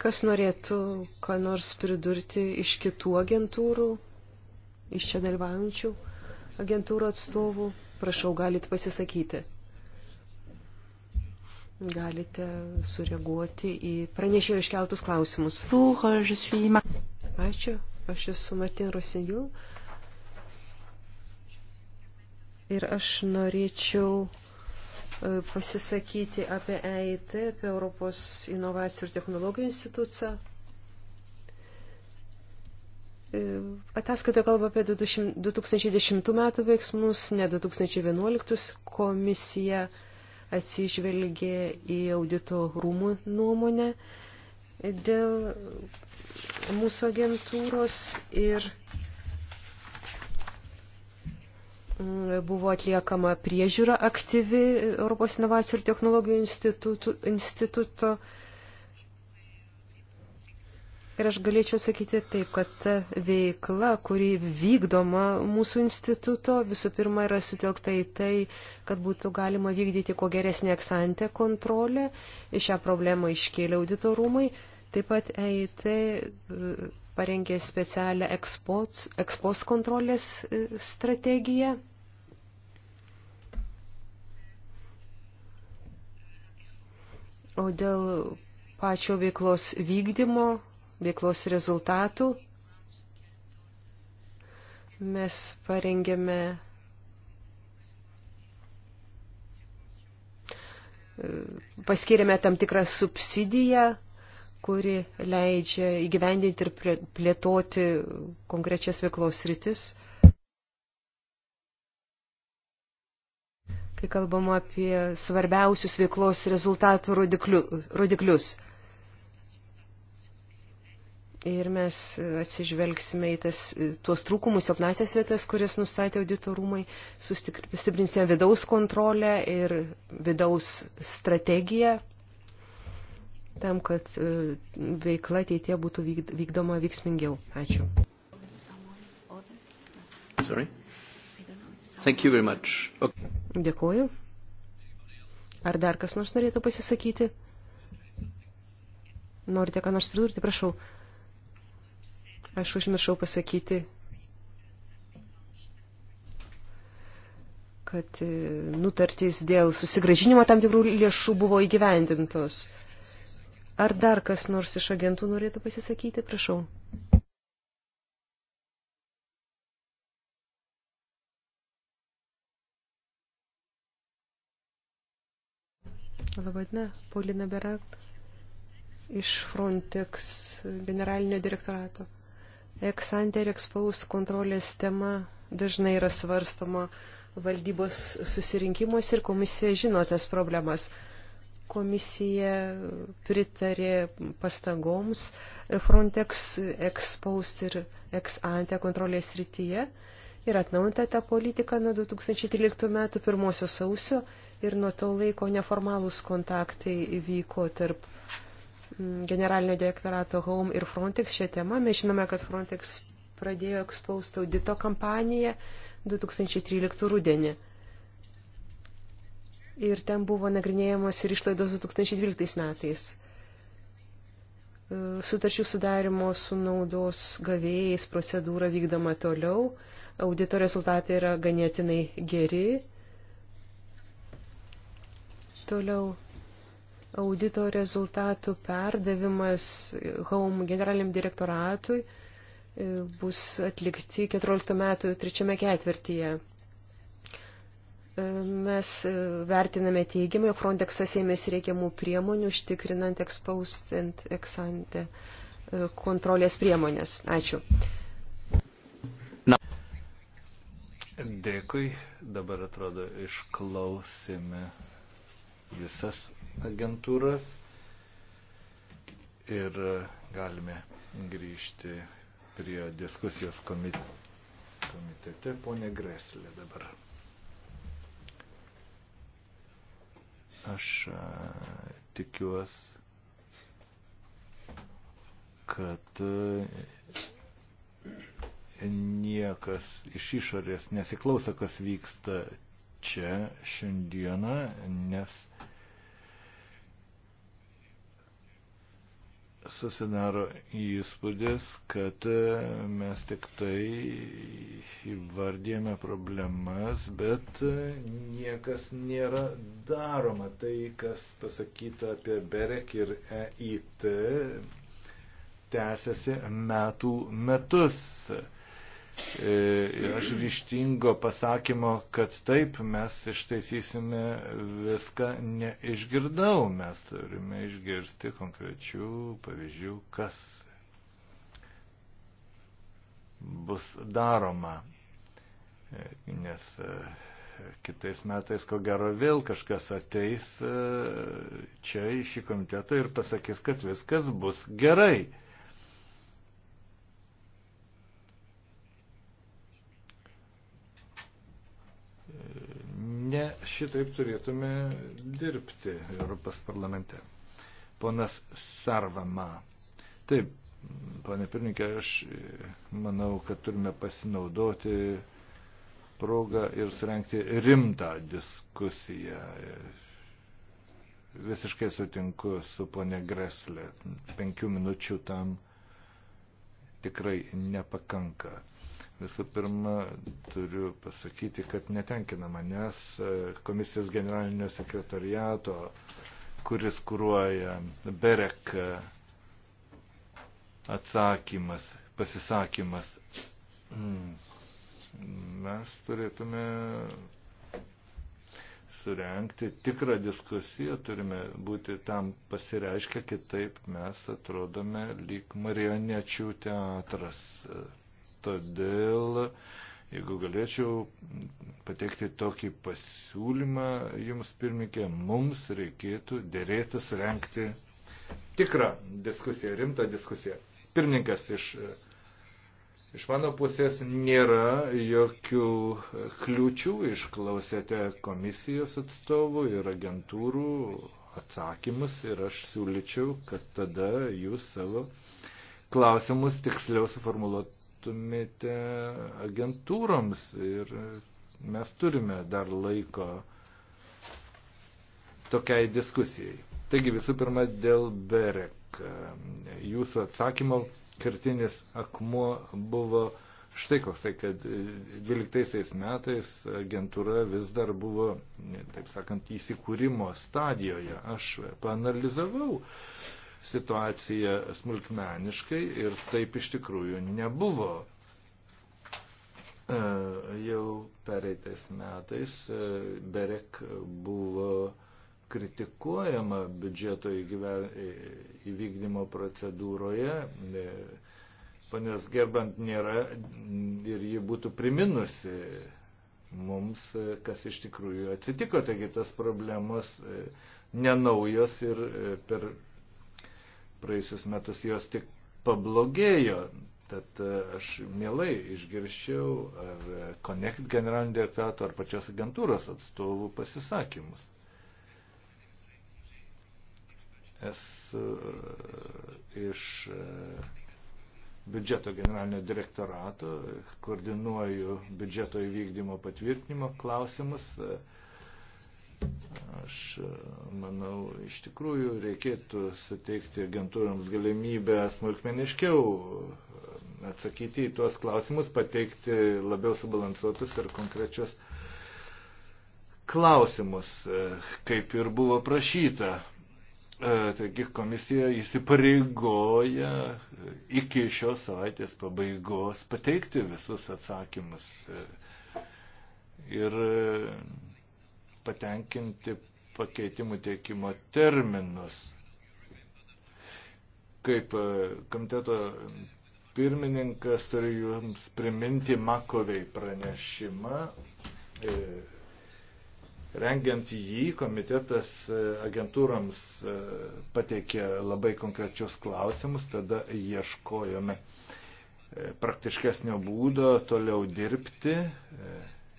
Kas norėtų, ką nors pridurti iš kitų agentūrų, iš čia dalyvaujančių agentūrų atstovų, prašau, galit pasisakyti. Galite sureaguoti į pranešėjo iškeltus klausimus. Euh, ačiū, aš esu Matin Rosinjul Ir aš norėčiau e, pasisakyti apie EIT, apie Europos inovacijų ir technologijų instituciją. E, ataskaita kalba apie 2010 metų veiksmus, ne 2011 komisija atsižvelgė į audito rūmų nuomonę dėl mūsų agentūros ir Mm, buvo atliekama priežiūra aktyvi Europos inovacijų ir technologijų instituto, instituto. Ir aš galėčiau sakyti taip, kad ta veikla, kuri vykdoma mūsų instituto, visų pirma yra sutelkta į tai, kad būtų galima vykdyti kuo geresnį eksantę kontrolę. Šią problemą iškėlė auditorumai. Taip pat EIT mm, parengė specialią ekspos, ekspos kontrolės e, strategiją. O dėl pačio veiklos vykdymo, veiklos rezultatų mes parengėme e, paskirėme tam tikrą subsidiją, kuri leidžia įgyvendinti ir plėtoti konkrečias veiklos rytis. kai kalbama apie svarbiausius veiklos rezultatų rodiklius. Ir mes atsižvelgsime į tas, tuos trūkumus, silpnasias vietas, kurias nustatė auditorumai, sustiprinsime vidaus kontrolę ir vidaus strategiją tam, kad e, veikla ateitie būtų vykdoma veiksmingiau. Ačiū. Sorry. Thank you very much. Okay. Dėkuoju. Ar dar kas nors norėtų pasisakyti? Norite ką nors pridurti, prašau. Aš užmiršau pasakyti, kad e, nutartys dėl susigražinimo tam tikrų lėšų buvo įgyvendintos. Ar dar kas nors iš agentų norėtų pasisakyti, prašau. Labadiena, Paulina Berak iš Frontex generalinio direktorato. Eksanter ekspaus kontrolės tema dažnai yra svarstoma valdybos susirinkimuose ir komisija žino tas problemas. Komisija pritarė pastangoms Frontex ekspaus ir eksante kontrolės rytyje ir atnaujinta tą politiką nuo 2013 metų pirmosios sausio ir nuo to laiko neformalūs kontaktai vyko tarp mm, generalinio direktorato Home ir Frontex šią temą. Mes žinome, kad Frontex pradėjo ekspaust audito kampaniją 2013 rudenį. Ir ten buvo nagrinėjamos ir išlaidos 2012 metais. E, sutarčių sudarimo su naudos gavėjais procedūra vykdoma toliau. Audito rezultatai yra ganėtinai geri Toliau audito rezultatų perdavimas Home generaliniam direktoratui e, bus atlikti 14 metų trečiame ketvirtyje. E, mes e, vertiname teigiamai, Frontexas ėmėsi reikiamų priemonių, užtikrinant exposed and exante kontrolės priemonės. Ačiū. Na. Dėkui, dabar atrodo išklausime visas agentūras ir galime grįžti prie diskusijos komitete. Pone Greslė dabar. Aš tikiuosi, kad niekas iš išorės nesiklauso, kas vyksta čia šiandieną, nes susidaro įspūdis, kad e, mes tik tai įvardėjame problemas, bet e, niekas nėra daroma. Tai, kas pasakyta apie BEREK ir EIT, tęsiasi metų metus. E, ir aš ryštingo pasakymo, kad taip mes ištaisysime viską, neišgirdau. Mes turime išgirsti konkrečių pavyzdžių, kas bus daroma. E, nes e, kitais metais, ko gero, vėl kažkas ateis čia į šį komitetą ir pasakys, kad viskas bus gerai. Šitaip turėtume dirbti Europos parlamente. Ponas Sarvama. Taip, Pane pirmininkė, aš e, manau, kad turime pasinaudoti progą ir surenkti rimtą diskusiją. E, visiškai sutinku su ponė Greslė. Penkių minučių tam tikrai nepakanka. Visų pirma, turiu pasakyti, kad netenkina manęs e, komisijos generalinio sekretariato, kuris kūruoja Berek e, atsakymas, pasisakymas. Mm. Mes turėtume surenkti tikrą diskusiją, turime būti tam pasireiškę, kitaip mes atrodome lyg marionečių teatras. Todėl, jeigu galėčiau pateikti tokį pasiūlymą jums pirmikė, mums reikėtų dėrėtų surenkti tikrą diskusiją, rimtą diskusiją. Pirmininkas iš Iš mano pusės nėra jokių kliūčių, išklausėte komisijos atstovų ir agentūrų atsakymus ir aš siūlyčiau, kad tada jūs savo klausimus tiksliau suformuluot, leistumėte agentūroms ir mes turime dar laiko tokiai diskusijai. Taigi visų pirma dėl Berek. Jūsų atsakymo kertinis akmuo buvo štai koks tai, kad 12 metais agentūra vis dar buvo, taip sakant, įsikūrimo stadijoje. Aš panalizavau situaciją smulkmeniškai ir taip iš tikrųjų nebuvo. E, jau pereitais metais e, Berek buvo kritikuojama biudžeto e, įvykdymo procedūroje. Panės gerbant nėra ir ji būtų priminusi mums, kas iš tikrųjų atsitiko, taigi tas problemos nenaujos ir per praėjusius metus jos tik pablogėjo. Tad e, aš mielai išgirščiau ar Connect generalinio direktorato ar pačios agentūros atstovų pasisakymus. Esu e, iš e, biudžeto generalinio direktorato, koordinuoju biudžeto įvykdymo patvirtinimo klausimus. E, Aš e, manau, iš tikrųjų reikėtų suteikti agentūrams galimybę smulkmeniškiau e, atsakyti į tuos klausimus, pateikti labiau subalansuotus ir konkrečius klausimus, e, kaip ir buvo prašyta. Taigi komisija įsipareigoja iki šios savaitės pabaigos pateikti visus atsakymus. Ir patenkinti pakeitimų teikimo terminus. Kaip e, komiteto pirmininkas turiu Jums priminti Makoviai pranešimą. E, rengiant jį, komitetas e, agentūrams pateikė labai konkrečius klausimus, tada ieškojome praktiškesnio būdo toliau dirbti,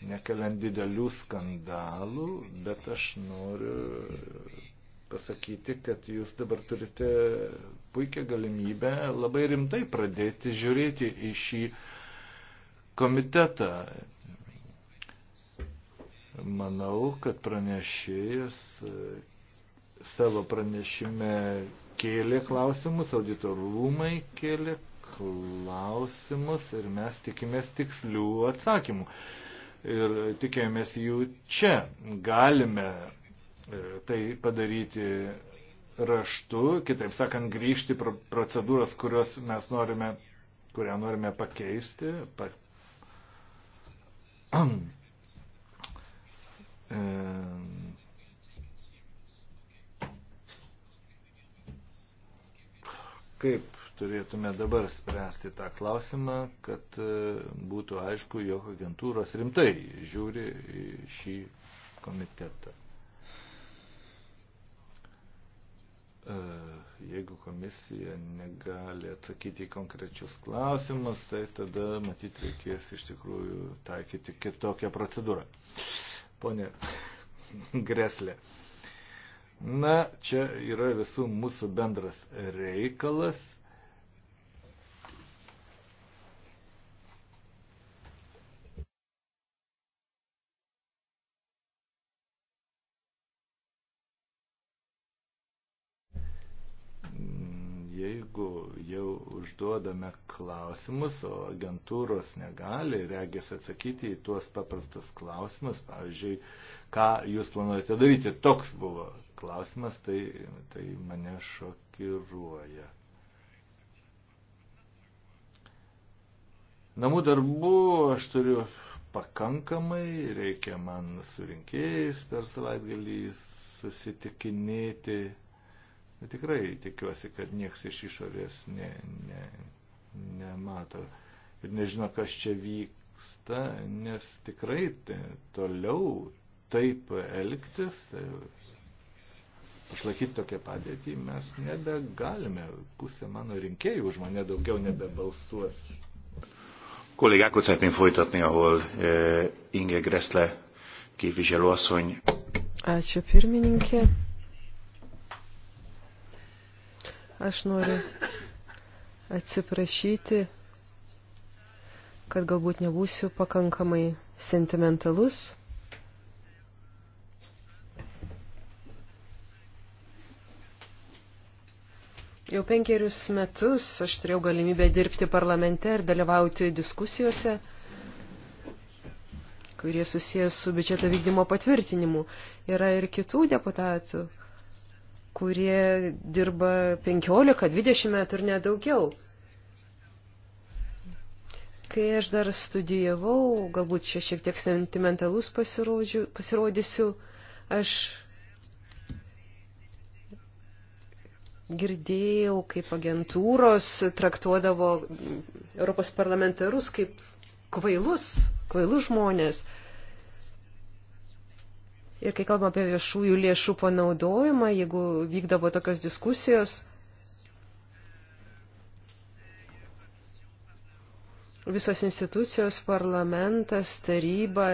nekeliant didelių skandalų, bet aš noriu pasakyti, kad jūs dabar turite puikią galimybę labai rimtai pradėti žiūrėti į šį komitetą. Manau, kad pranešėjas savo pranešime kėlė klausimus, auditorumai kėlė klausimus ir mes tikimės tikslių atsakymų ir tikėjomės jų čia. Galime e, tai padaryti raštu, kitaip sakant, grįžti procedūras, kurios mes norime, kurią norime pakeisti. Pa... E, kaip turėtume dabar spręsti tą klausimą, kad e, būtų aišku, jog agentūros rimtai žiūri šį komitetą. E, jeigu komisija negali atsakyti į konkrečius klausimus, tai tada matyt reikės iš tikrųjų taikyti kitokią procedūrą. Pone Greslė. Na, čia yra visų mūsų bendras reikalas jeigu jau užduodame klausimus, o agentūros negali, regės atsakyti į tuos paprastus klausimus, pavyzdžiui, ką jūs planuojate daryti, toks buvo klausimas, tai, tai mane šokiruoja. Namų darbų aš turiu pakankamai, reikia man su rinkėjais per savaitgalį susitikinėti. Tikrai tikiuosi, kad nieks iš išorės ne, ne, nemato ir nežino, kas čia vyksta, nes tikrai toliau taip elgtis, išlaikyti tokią padėtį mes nebegalime. Pusė mano rinkėjų už mane daugiau nebebalsuos. Kollégákat szeretném folytatni, ahol e, Inge Gressle képviselőasszony. Ačiū pirmininkė. Aš noriu atsiprašyti, kad galbūt nebūsiu pakankamai sentimentalus. Jau penkerius metus aš turėjau galimybę dirbti parlamente ir dalyvauti diskusijose, kurie susijęs su biudžeto vykdymo patvirtinimu. Yra ir kitų deputatų, kurie dirba 15-20 metų ir nedaugiau. Kai aš dar studijavau, galbūt čia šiek tiek sentimentalus pasirodysiu, aš girdėjau, kaip agentūros traktuodavo Europos parlamentarus kaip kvailus, kvailus žmonės. Ir kai kalbam apie viešųjų lėšų panaudojimą, jeigu vykdavo tokios diskusijos, visos institucijos, parlamentas, taryba,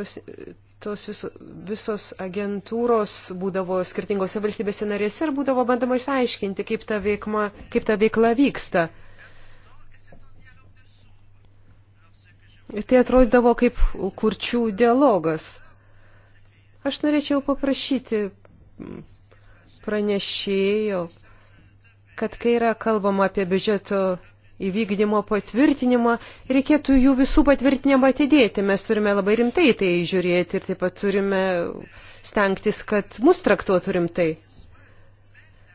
tos, tos viso, visos agentūros būdavo skirtingose valstybėse narėse ir būdavo bandama išsiaiškinti, kaip ta, veikma, kaip ta veikla vyksta. Tai atrodydavo kaip kurčių dialogas. Aš norėčiau paprašyti pranešėjo, kad kai yra kalbama apie biudžeto įvykdymo patvirtinimą, reikėtų jų visų patvirtinimą atidėti. Mes turime labai rimtai tai žiūrėti ir taip pat turime stengtis, kad mus traktuotų rimtai.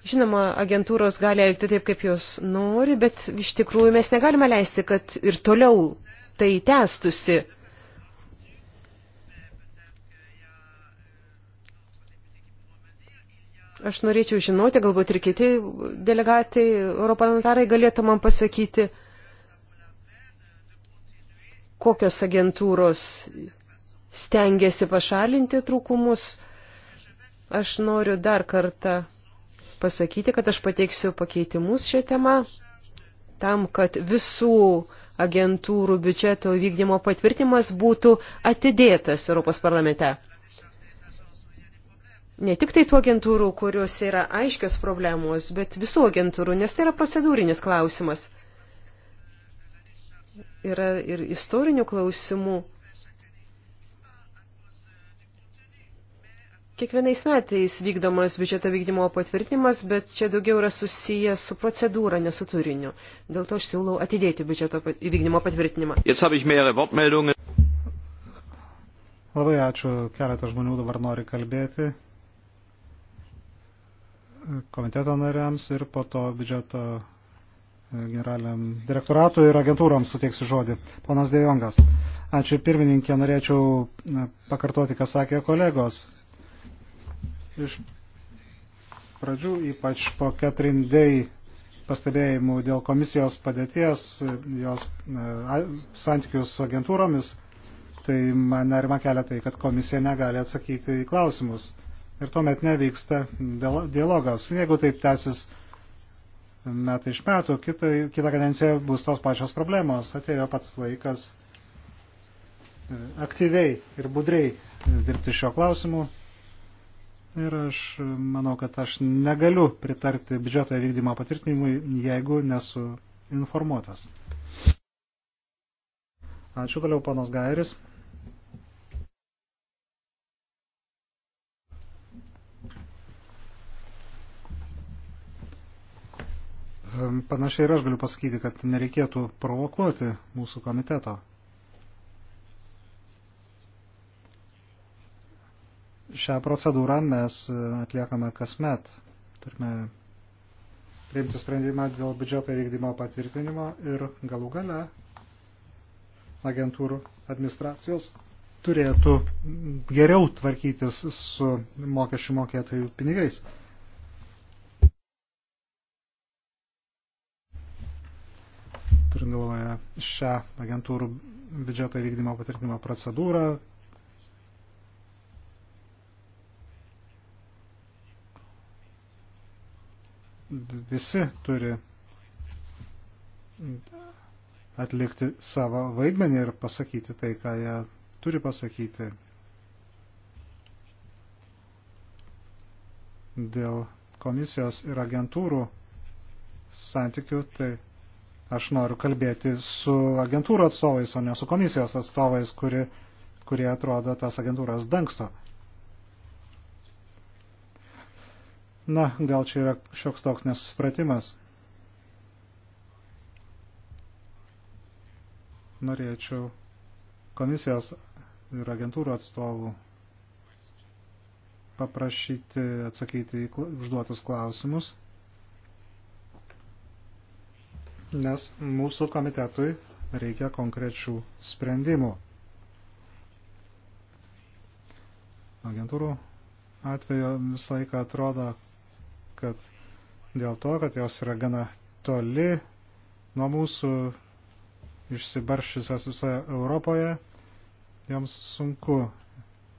Žinoma, agentūros gali elgti taip, kaip jos nori, bet iš tikrųjų mes negalime leisti, kad ir toliau tai tęstusi. Aš norėčiau žinoti, galbūt ir kiti delegatai, europarlamentarai galėtų man pasakyti, kokios agentūros stengiasi pašalinti trūkumus. Aš noriu dar kartą pasakyti, kad aš pateiksiu pakeitimus šią temą, tam, kad visų agentūrų biudžeto vykdymo patvirtimas būtų atidėtas Europos parlamente. Ne tik tai tų agentūrų, kurios yra aiškios problemos, bet visų agentūrų, nes tai yra procedūrinis klausimas. Yra ir istorinių klausimų Kiekvienais metais vykdomas biudžeto vykdymo patvirtinimas, bet čia daugiau yra susiję su procedūra, nesu turiniu. Dėl to aš siūlau atidėti biudžeto vykdymo patvirtinimą. Labai ačiū, keletą žmonių dabar nori kalbėti komiteto nariams ir po to biudžeto e, generaliniam direktoratui ir agentūroms suteiksiu žodį. Ponas Dejongas. Ačiū pirmininkė, norėčiau e, pakartoti, ką sakė kolegos iš pradžių, ypač po Katrin Day pastebėjimų dėl komisijos padėties, jos e, santykių su agentūromis, tai man nerima kelia tai, kad komisija negali atsakyti į klausimus. Ir tuomet nevyksta dialogas. Jeigu taip tęsis metai iš metų, kitą, kitą kadenciją bus tos pačios problemos. Atėjo pats laikas e, aktyviai ir budriai dirbti šio klausimu Ir aš manau, kad aš negaliu pritarti biudžeto vykdymo patvirtinimui, jeigu nesu informuotas. Ačiū toliau, panas Gairis. Ehm, panašiai ir aš galiu pasakyti, kad nereikėtų provokuoti mūsų komiteto. Šią procedūrą mes atliekame kasmet. Turime priimti sprendimą dėl biudžeto įvykdymo patvirtinimo ir galų gale agentūrų administracijos turėtų geriau tvarkytis su mokesčių mokėtojų pinigais. Turim galvoje šią agentūrų biudžeto įvykdymo patvirtinimo procedūrą, visi turi atlikti savo vaidmenį ir pasakyti tai, ką jie turi pasakyti dėl komisijos ir agentūrų santykių, tai aš noriu kalbėti su agentūrų atstovais, o ne su komisijos atstovais, kuri, kurie atrodo tas agentūras dangsto. Na, gal čia yra šioks toks nesusipratimas. Norėčiau komisijos ir agentūrų atstovų paprašyti atsakyti į užduotus klausimus, nes mūsų komitetui reikia konkrečių sprendimų. Agentūrų atveju visą laiką atrodo, kad dėl to, kad jos yra gana toli nuo mūsų išsibaršysios visoje Europoje, joms sunku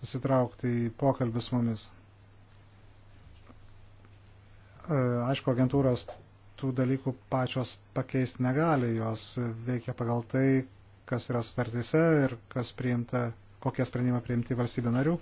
įsitraukti į pokalbius mumis. E, aišku, agentūros tų dalykų pačios pakeisti negali, jos veikia pagal tai, kas yra sutartyse ir kas priimta, kokie sprendimai priimti valstybė narių.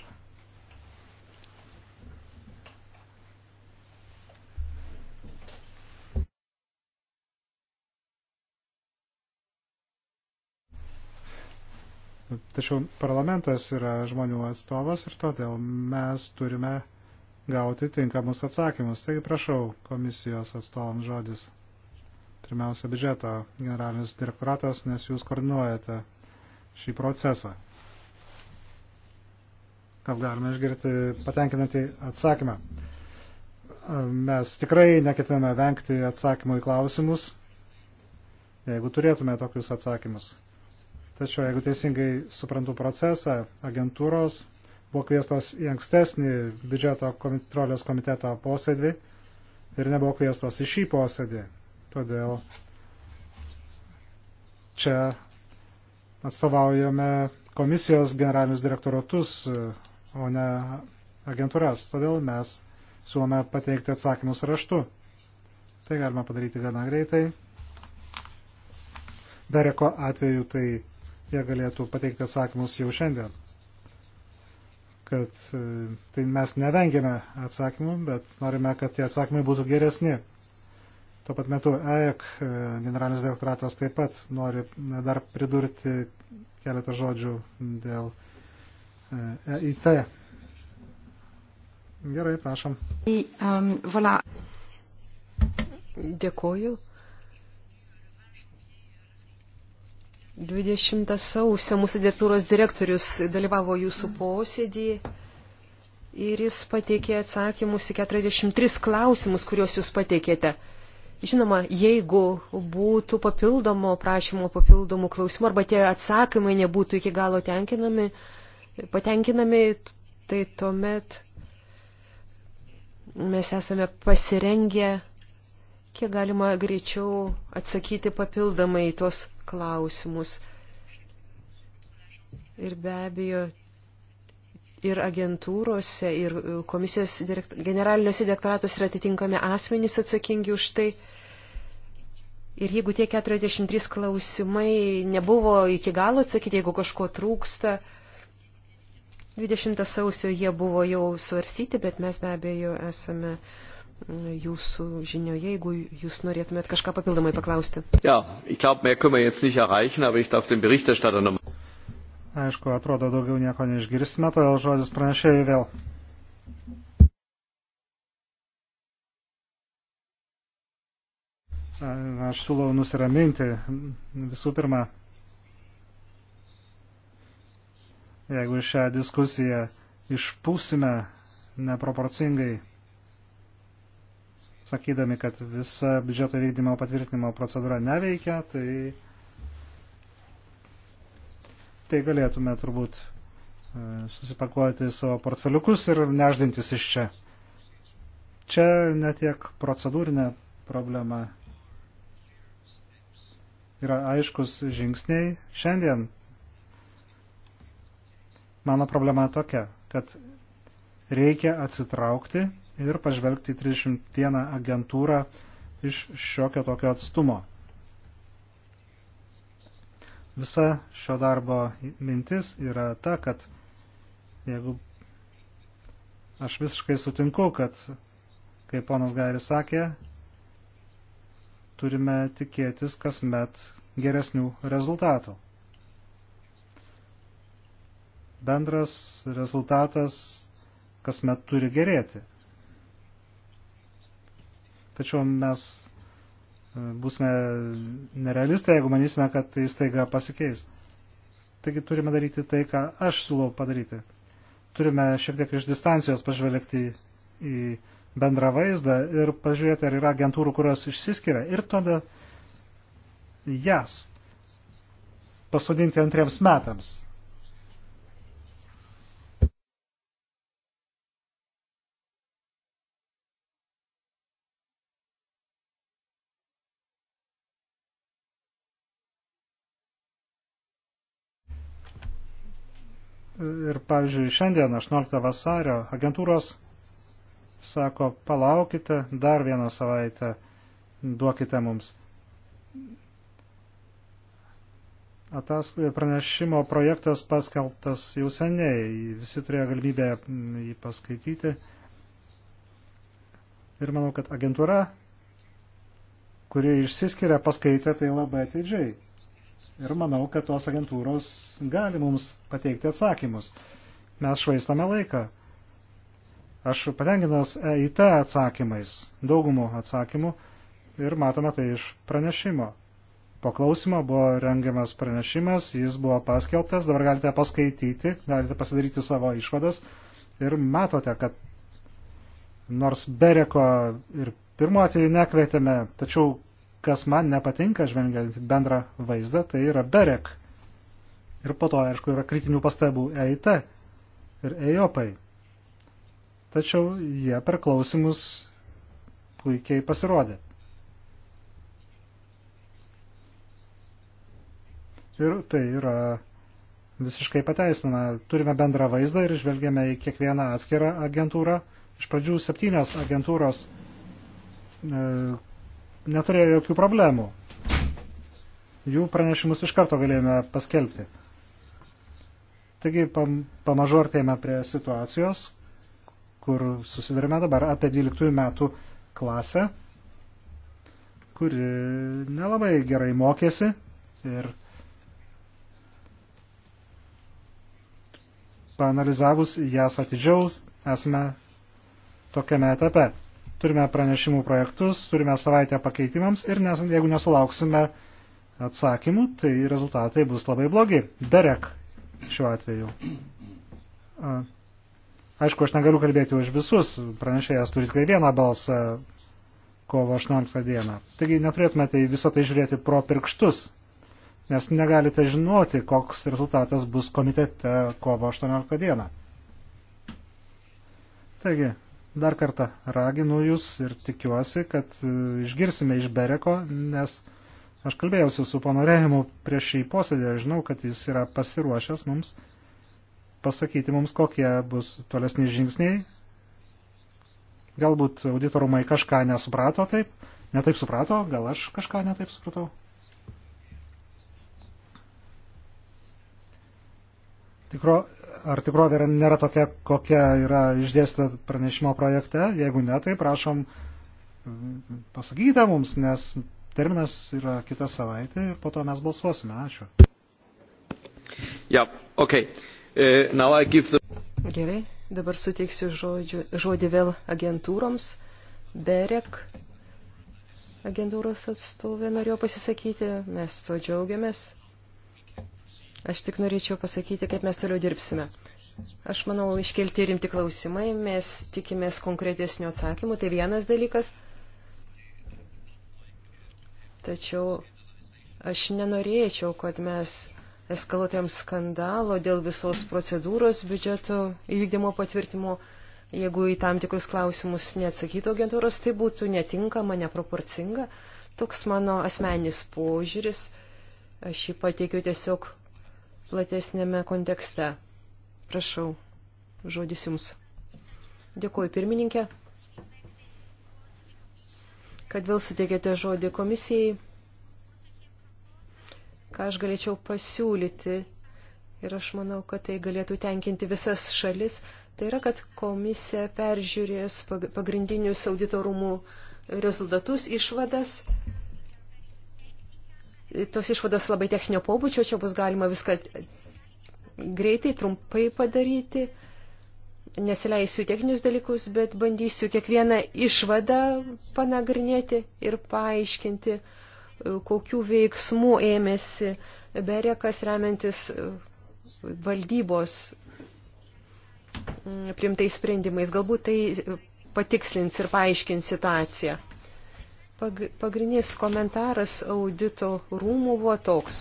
Tačiau parlamentas yra žmonių atstovas ir todėl mes turime gauti tinkamus atsakymus. Taigi prašau komisijos atstovams žodis. Pirmiausia, biudžeto generalinis direktoratas, nes jūs koordinuojate šį procesą. Gal galime išgirti patenkinantį atsakymą. Mes tikrai neketiname vengti atsakymų į klausimus, jeigu turėtume tokius atsakymus. Tačiau, jeigu teisingai suprantu procesą, agentūros buvo kviestos į ankstesnį biudžeto kontrolės komiteto posėdį ir nebuvo kviestos į šį posėdį. Todėl čia atstovaujame komisijos generalinius direktoratus, o ne agentūras. Todėl mes siūlome pateikti atsakymus raštu. Tai galima padaryti gana greitai. Dareko atveju tai jie galėtų pateikti atsakymus jau šiandien. Kad e, tai mes nevengėme atsakymų, bet norime, kad tie atsakymai būtų geresni. Tuo pat metu EEC generalinis direktoratas taip pat nori dar pridurti keletą žodžių dėl EIT. E Gerai, prašom. Dėkuoju. 20 sausio mūsų dėtūros direktorius dalyvavo jūsų posėdį ir jis pateikė atsakymus į 43 klausimus, kuriuos jūs pateikėte. Žinoma, jeigu būtų papildomo prašymo, papildomų klausimų arba tie atsakymai nebūtų iki galo tenkinami, patenkinami, tai tuomet mes esame pasirengę kiek galima greičiau atsakyti papildomai į tuos klausimus. Ir be abejo, ir agentūrose, ir komisijos direkt, generaliniuose direktoratus yra atitinkami asmenys atsakingi už tai. Ir jeigu tie 43 klausimai nebuvo iki galo atsakyti, jeigu kažko trūksta, 20 sausio jie buvo jau svarstyti, bet mes be abejo esame uh, jūsų žinioje, jeigu jūs norėtumėt kažką papildomai paklausti. Ja, ich glaube, mehr können wir jetzt nicht erreichen, aber ich darf den Berichterstatter nochmal. Aišku, atrodo, daugiau nieko neišgirsime, todėl žodis pranešėjai vėl. Aš siūlau nusiraminti visų pirma, jeigu šią diskusiją išpūsime neproporcingai sakydami, kad visa biudžeto vykdymo patvirtinimo procedūra neveikia, tai, tai galėtume turbūt e, susipakuoti savo portfeliukus ir neždintis iš čia. Čia netiek procedūrinė problema. Yra aiškus žingsniai šiandien. Mano problema tokia, kad reikia atsitraukti ir pažvelgti 31 agentūrą iš šiokio tokio atstumo. Visa šio darbo mintis yra ta, kad jeigu aš visiškai sutinku, kad, kaip ponas Gairis sakė, turime tikėtis kasmet geresnių rezultatų. Bendras rezultatas kasmet turi gerėti tačiau mes e, būsime nerealistai, jeigu manysime, kad tai staiga pasikeis. Taigi turime daryti tai, ką aš siūlau padaryti. Turime šiek tiek iš distancijos pažvelgti į bendrą vaizdą ir pažiūrėti, ar yra agentūrų, kurios išsiskiria. Ir tada jas pasodinti antriems metams. Ir pavyzdžiui, šiandien 18 vasario agentūros sako, palaukite dar vieną savaitę, duokite mums. Atas pranešimo projektas paskelbtas jau seniai, visi turėjo galimybę jį paskaityti. Ir manau, kad agentūra, kuri išsiskiria, paskaitė tai labai atidžiai. Ir manau, kad tos agentūros gali mums pateikti atsakymus. Mes švaistame laiką. Aš patenkinas EIT atsakymais, daugumų atsakymų ir matome tai iš pranešimo. Po klausimo buvo rengiamas pranešimas, jis buvo paskelbtas, dabar galite paskaityti, galite pasidaryti savo išvadas ir matote, kad nors Bereko ir pirmo atveju nekvietėme, tačiau kas man nepatinka, žvelgiant bendrą vaizdą, tai yra BEREK. Ir po to, aišku, yra kritinių pastabų EIT ir EIOPAI. Tačiau jie per klausimus puikiai pasirodė. Ir tai yra visiškai pateisinama. Turime bendrą vaizdą ir žvelgiame į kiekvieną atskirą agentūrą. Iš pradžių septynios agentūros e, neturėjo jokių problemų. Jų pranešimus iš karto galėjome paskelbti. Taigi pamažu artėjame prie situacijos, kur susidarėme dabar apie 12 metų klasę, kuri nelabai gerai mokėsi ir paanalizavus jas atidžiau esame tokiame etape turime pranešimų projektus, turime savaitę pakeitimams ir nes, jeigu nesulauksime atsakymų, tai rezultatai bus labai blogi. Berek šiuo atveju. Aišku, aš negaliu kalbėti už visus, pranešėjas turi tik vieną balsą kovo 18 dieną. Taigi neturėtume tai visą tai žiūrėti pro pirkštus, nes negalite žinoti, koks rezultatas bus komitete kovo 18 dieną. Taigi, Dar kartą raginu Jūs ir tikiuosi, kad e, išgirsime iš Bereko, nes aš kalbėjausi su panorėjimu prieš šį posėdį, aš žinau, kad jis yra pasiruošęs mums pasakyti mums, kokie bus tolesni žingsniai. Galbūt auditorumai kažką nesuprato taip, netaip suprato, gal aš kažką netaip supratau. Tikro, ar tikrovė nėra tokia, kokia yra išdėstyta pranešimo projekte. Jeigu ne, tai prašom mm, pasakykite mums, nes terminas yra kitą savaitę ir po to mes balsuosime. Ačiū. Yeah, okay. uh, the... Gerai, dabar suteiksiu žodžiu, žodį vėl agentūroms. Berek agentūros atstovė norėjo pasisakyti, mes to džiaugiamės. Aš tik norėčiau pasakyti, kaip mes toliau dirbsime. Aš manau, iškelti rimti klausimai, mes tikimės konkretesnių atsakymų, tai vienas dalykas. Tačiau aš nenorėčiau, kad mes eskaluotėm skandalo dėl visos procedūros biudžeto įvykdymo patvirtimo. Jeigu į tam tikrus klausimus neatsakytų agentūros, tai būtų netinkama, neproporcinga. Toks mano asmenis požiūris. Aš jį pateikiu tiesiog platesnėme kontekste. Prašau, žodis Jums. Dėkuoju, pirmininkė, kad vėl suteikėte žodį komisijai. Ką aš galėčiau pasiūlyti ir aš manau, kad tai galėtų tenkinti visas šalis, tai yra, kad komisija peržiūrės pagrindinius auditorumų rezultatus, išvadas tos išvados labai techninio pobūdžio, čia bus galima viską greitai, trumpai padaryti. Nesileisiu techninius dalykus, bet bandysiu kiekvieną išvadą panagrinėti ir paaiškinti, kokių veiksmų ėmėsi Berekas remiantis valdybos primtais sprendimais. Galbūt tai patikslins ir paaiškins situaciją. Pagrindinis komentaras audito rūmų buvo toks.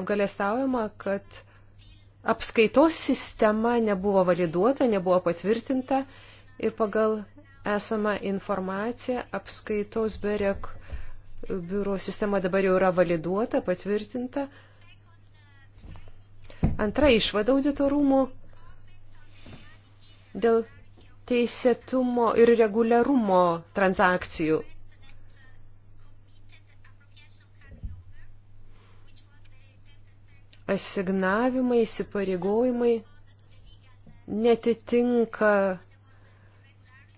Apgalėstaujama, kad apskaitos sistema nebuvo validuota, nebuvo patvirtinta ir pagal esamą informaciją apskaitos berek biuro sistema dabar jau yra validuota, patvirtinta. Antra išvada auditorumų dėl teisėtumo ir reguliarumo transakcijų asignavimai, įsipareigojimai netitinka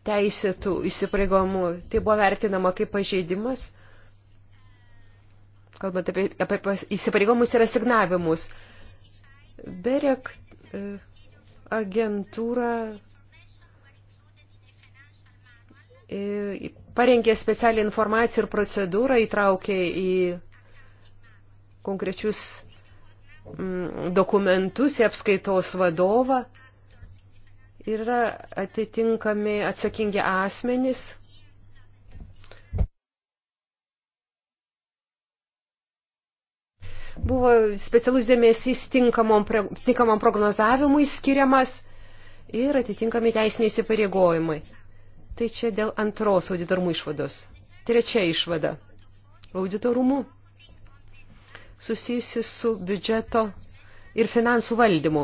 teisėtų įsipareigojimų. Tai buvo vertinama kaip pažeidimas, kalbant apie, apie įsipareigojimus ir asignavimus. Berek e, agentūra e, parengė specialią informaciją ir procedūrą, įtraukė į konkrečius Mm, dokumentus į apskaitos vadovą. Ir yra atitinkami atsakingi asmenys. Buvo specialus dėmesys tinkamam, tinkamam prognozavimui skiriamas ir atitinkami teisiniai įsipareigojimai. Tai čia dėl antros auditorumų išvados. Trečia išvada. Auditorumų susijusi su biudžeto ir finansų valdymu.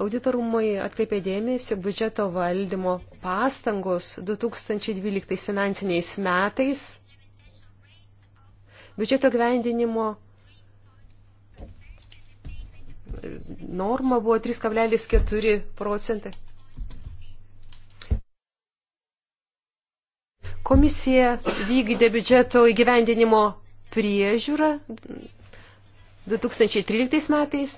Auditorumai atkreipė dėmesį biudžeto valdymo pastangos 2012 finansiniais metais. Biudžeto gyvendinimo norma buvo 3,4 procentai. Komisija vykdė biudžeto įgyvendinimo priežiūrą 2013 metais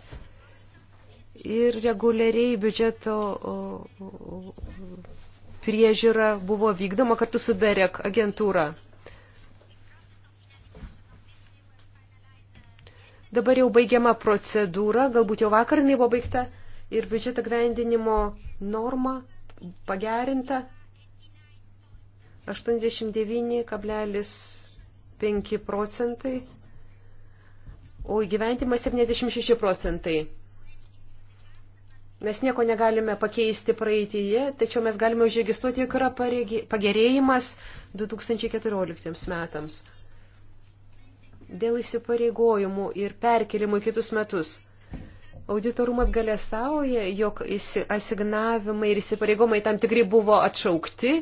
ir reguliariai biudžeto priežiūra buvo vykdoma kartu su BEREK agentūra. Dabar jau baigiama procedūra, galbūt jau vakar jinai buvo baigta ir biudžeto gyvendinimo norma pagerinta 89,5 5 procentai, o įgyventimas 76 procentai. Mes nieko negalime pakeisti praeitėje, tačiau mes galime užregistruoti, jog yra pagerėjimas 2014 metams. Dėl įsipareigojimų ir perkelimų į kitus metus. Auditorum apgalėstauja, jog asignavimai ir įsipareigomai tam tikrai buvo atšaukti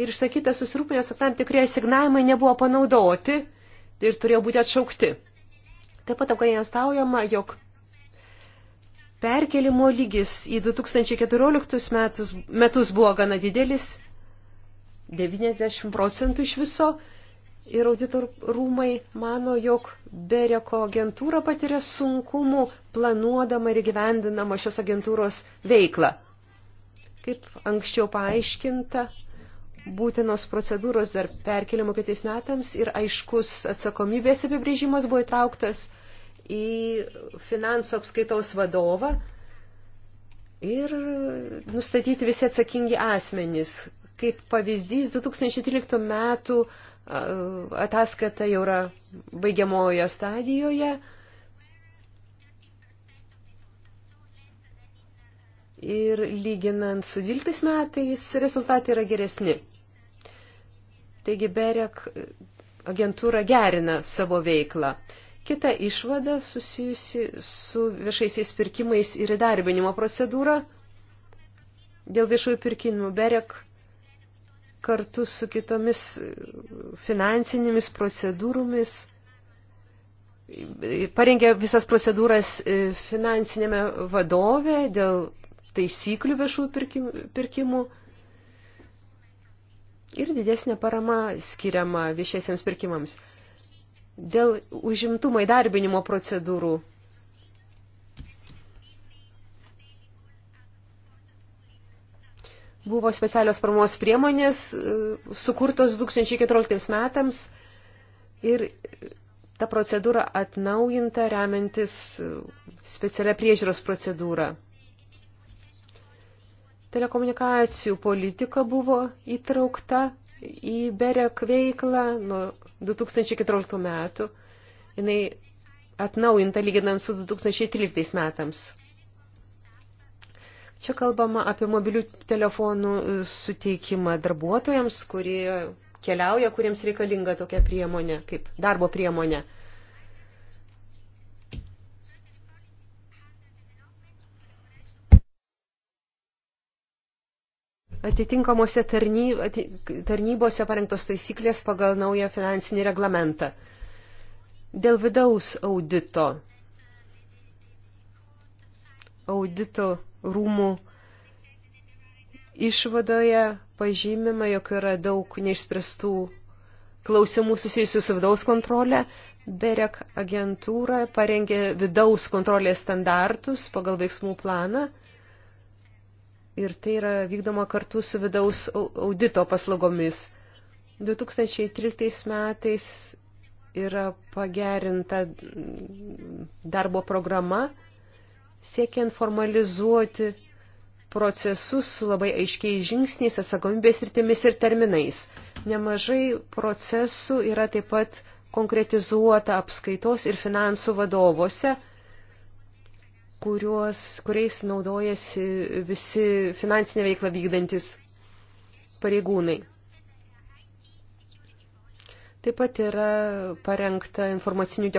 ir išsakytas susirūpinęs, kad tam tikrai asignavimai nebuvo panaudoti ir turėjo būti atšaukti. Taip pat apgailestaujama, jog perkelimo lygis į 2014 metus, metus buvo gana didelis, 90 procentų iš viso, ir auditor rūmai mano, jog Bereko agentūra patiria sunkumų planuodama ir gyvendinama šios agentūros veiklą. Kaip anksčiau paaiškinta, būtinos procedūros dar perkeliamo kitais metams ir aiškus atsakomybės apibrėžimas buvo įtrauktas į finansų apskaitos vadovą ir nustatyti visi atsakingi asmenys. Kaip pavyzdys, 2013 metų ataskaita jau yra baigiamojo stadijoje. Ir lyginant su 12 metais rezultatai yra geresni. Taigi Berek e, agentūra gerina savo veiklą. Kita išvada susijusi su viešaisiais pirkimais ir įdarbinimo procedūra. Dėl viešųjų pirkimų Berek kartu su kitomis e, finansinėmis procedūromis e, parengė visas procedūras finansinėme vadovė dėl taisyklių viešų pirkimų, pirkimų ir didesnė parama skiriama viešiesiems pirkimams. Dėl užimtumo įdarbinimo procedūrų buvo specialios paramos priemonės e, sukurtos 2014 metams ir ta procedūra atnaujinta remiantis e, specialia priežiūros procedūra telekomunikacijų politika buvo įtraukta į BEREK veiklą nuo 2014 metų. Jinai atnaujinta lyginant su 2013 metams. Čia kalbama apie mobilių telefonų e, suteikimą darbuotojams, kurie keliauja, kuriems reikalinga tokia priemonė, kaip darbo priemonė. atitinkamuose tarnybose parengtos taisyklės pagal naują finansinį reglamentą. Dėl vidaus audito, audito rūmų išvadoje pažymima, jog yra daug neišspręstų klausimų susijusių su vidaus kontrolė. Berek agentūra parengė vidaus kontrolės standartus pagal veiksmų planą ir tai yra vykdoma kartu su vidaus audito paslaugomis. 2013 metais yra pagerinta darbo programa, siekiant formalizuoti procesus su labai aiškiai žingsniais, atsakomybės rytimis ir terminais. Nemažai procesų yra taip pat konkretizuota apskaitos ir finansų vadovose – kuriuos, kuriais naudojasi visi finansinę veiklą vykdantis pareigūnai. Taip pat yra parengta informacinių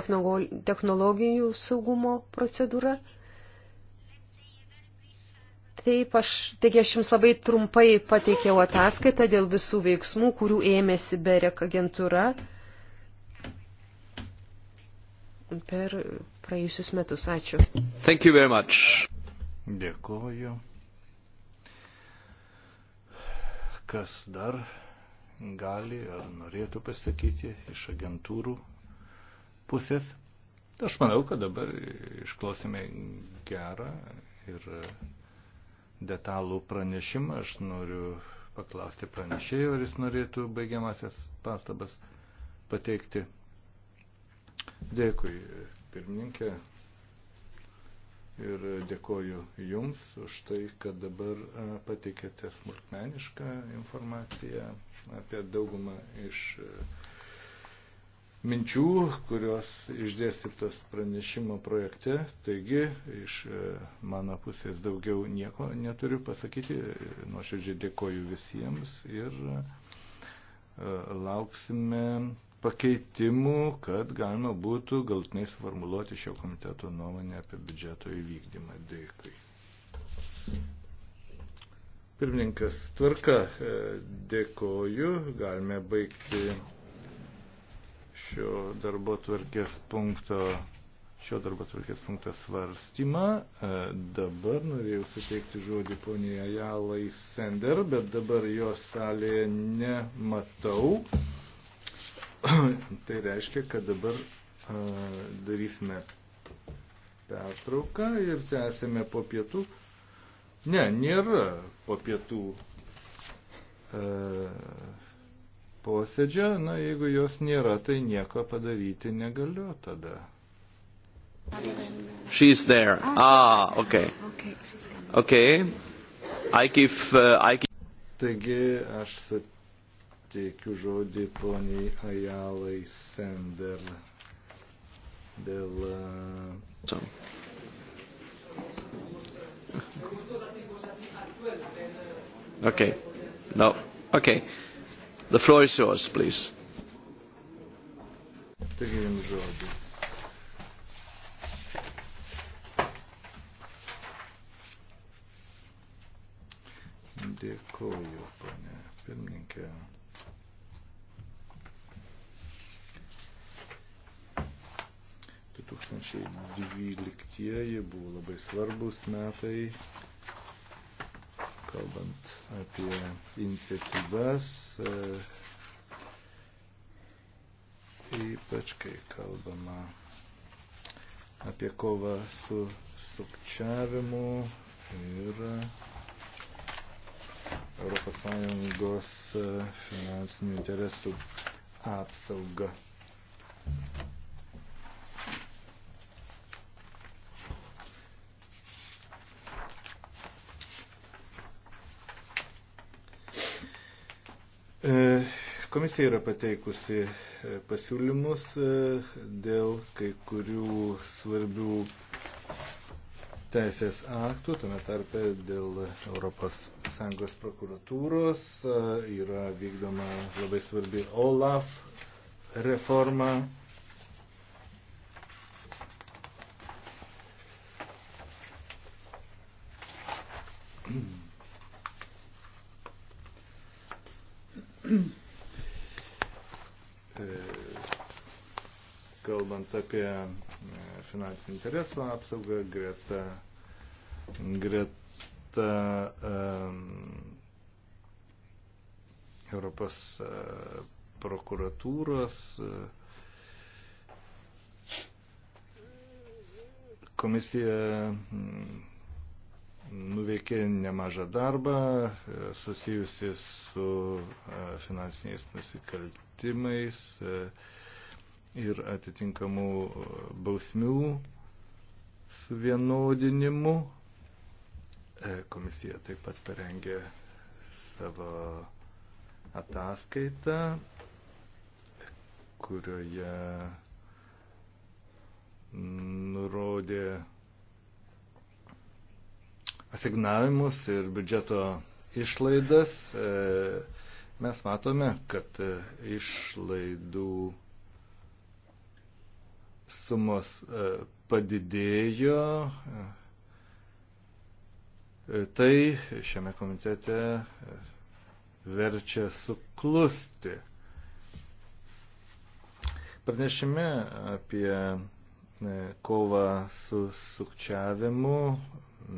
technologijų saugumo procedūra. Taip, aš, taigi aš jums labai trumpai pateikiau ataskaitą dėl visų veiksmų, kurių ėmėsi BEREK agentūra per praėjusius metus. Ačiū. Thank you very much. Dėkuoju. Kas dar gali ar norėtų pasakyti iš agentūrų pusės? Aš manau, kad dabar išklausėme gerą ir detalų pranešimą. Aš noriu paklausti pranešėjo, ar jis norėtų baigiamasias pastabas pateikti. Dėkui pirmininkė. Ir dėkoju Jums už tai, kad dabar e, pateikėte smulkmenišką informaciją apie daugumą iš e, minčių, kurios išdėstytos pranešimo projekte. Taigi, iš e, mano pusės daugiau nieko neturiu pasakyti. Nuoširdžiai dėkoju visiems ir lauksime pakeitimų, kad galima būtų galtinai suformuluoti šio komiteto nuomonę apie biudžeto įvykdymą. Dėkui. Pirmininkas, tvarka, e, dėkoju. Galime baigti šio darbo tvarkės punkto šio darbo tvarkės punktas svarstymą. E, dabar norėjau suteikti žodį poniai Ajalai Sender, bet dabar jos salėje nematau. tai reiškia, kad dabar a, darysime pertrauką ir tęsime po pietų. Ne, nėra po pietų a, posėdžio, na jeigu jos nėra, tai nieko padaryti negaliu tada. She's there. Ah, ah okay. Okay. I give, uh, I give... Taigi aš sutinku suteikiu žodį poniai Ajalai Sender dėl. So. E, okay. No. Okay. The floor is yours, please. Taigi jums žodis. Dėkoju, ponė pirmininkė. 2012 buvo labai svarbus metai, kalbant apie iniciatyvas, e, ypač kai kalbama apie kovą su sukčiavimu ir ES e, finansinių interesų apsaugą. E, komisija yra pateikusi e, pasiūlymus e, dėl kai kurių svarbių teisės aktų, tame tarpe dėl ES prokuratūros yra vykdoma labai svarbi OLAF reforma. Kalbant apie e, finansinį interesų apsaugą, greta, greta um, Europos uh, prokuratūros uh, komisija um, nuveikė nemažą darbą e, susijusi su e, finansiniais nusikaltimais e, ir atitinkamų bausmių suvienodinimu. Komisija taip pat parengė savo ataskaitą, kurioje nurodė asignavimus ir biudžeto išlaidas, e, mes matome, kad e, išlaidų sumos e, padidėjo. Tai šiame komitete verčia suklusti. Pranešime apie kovą su sukčiavimu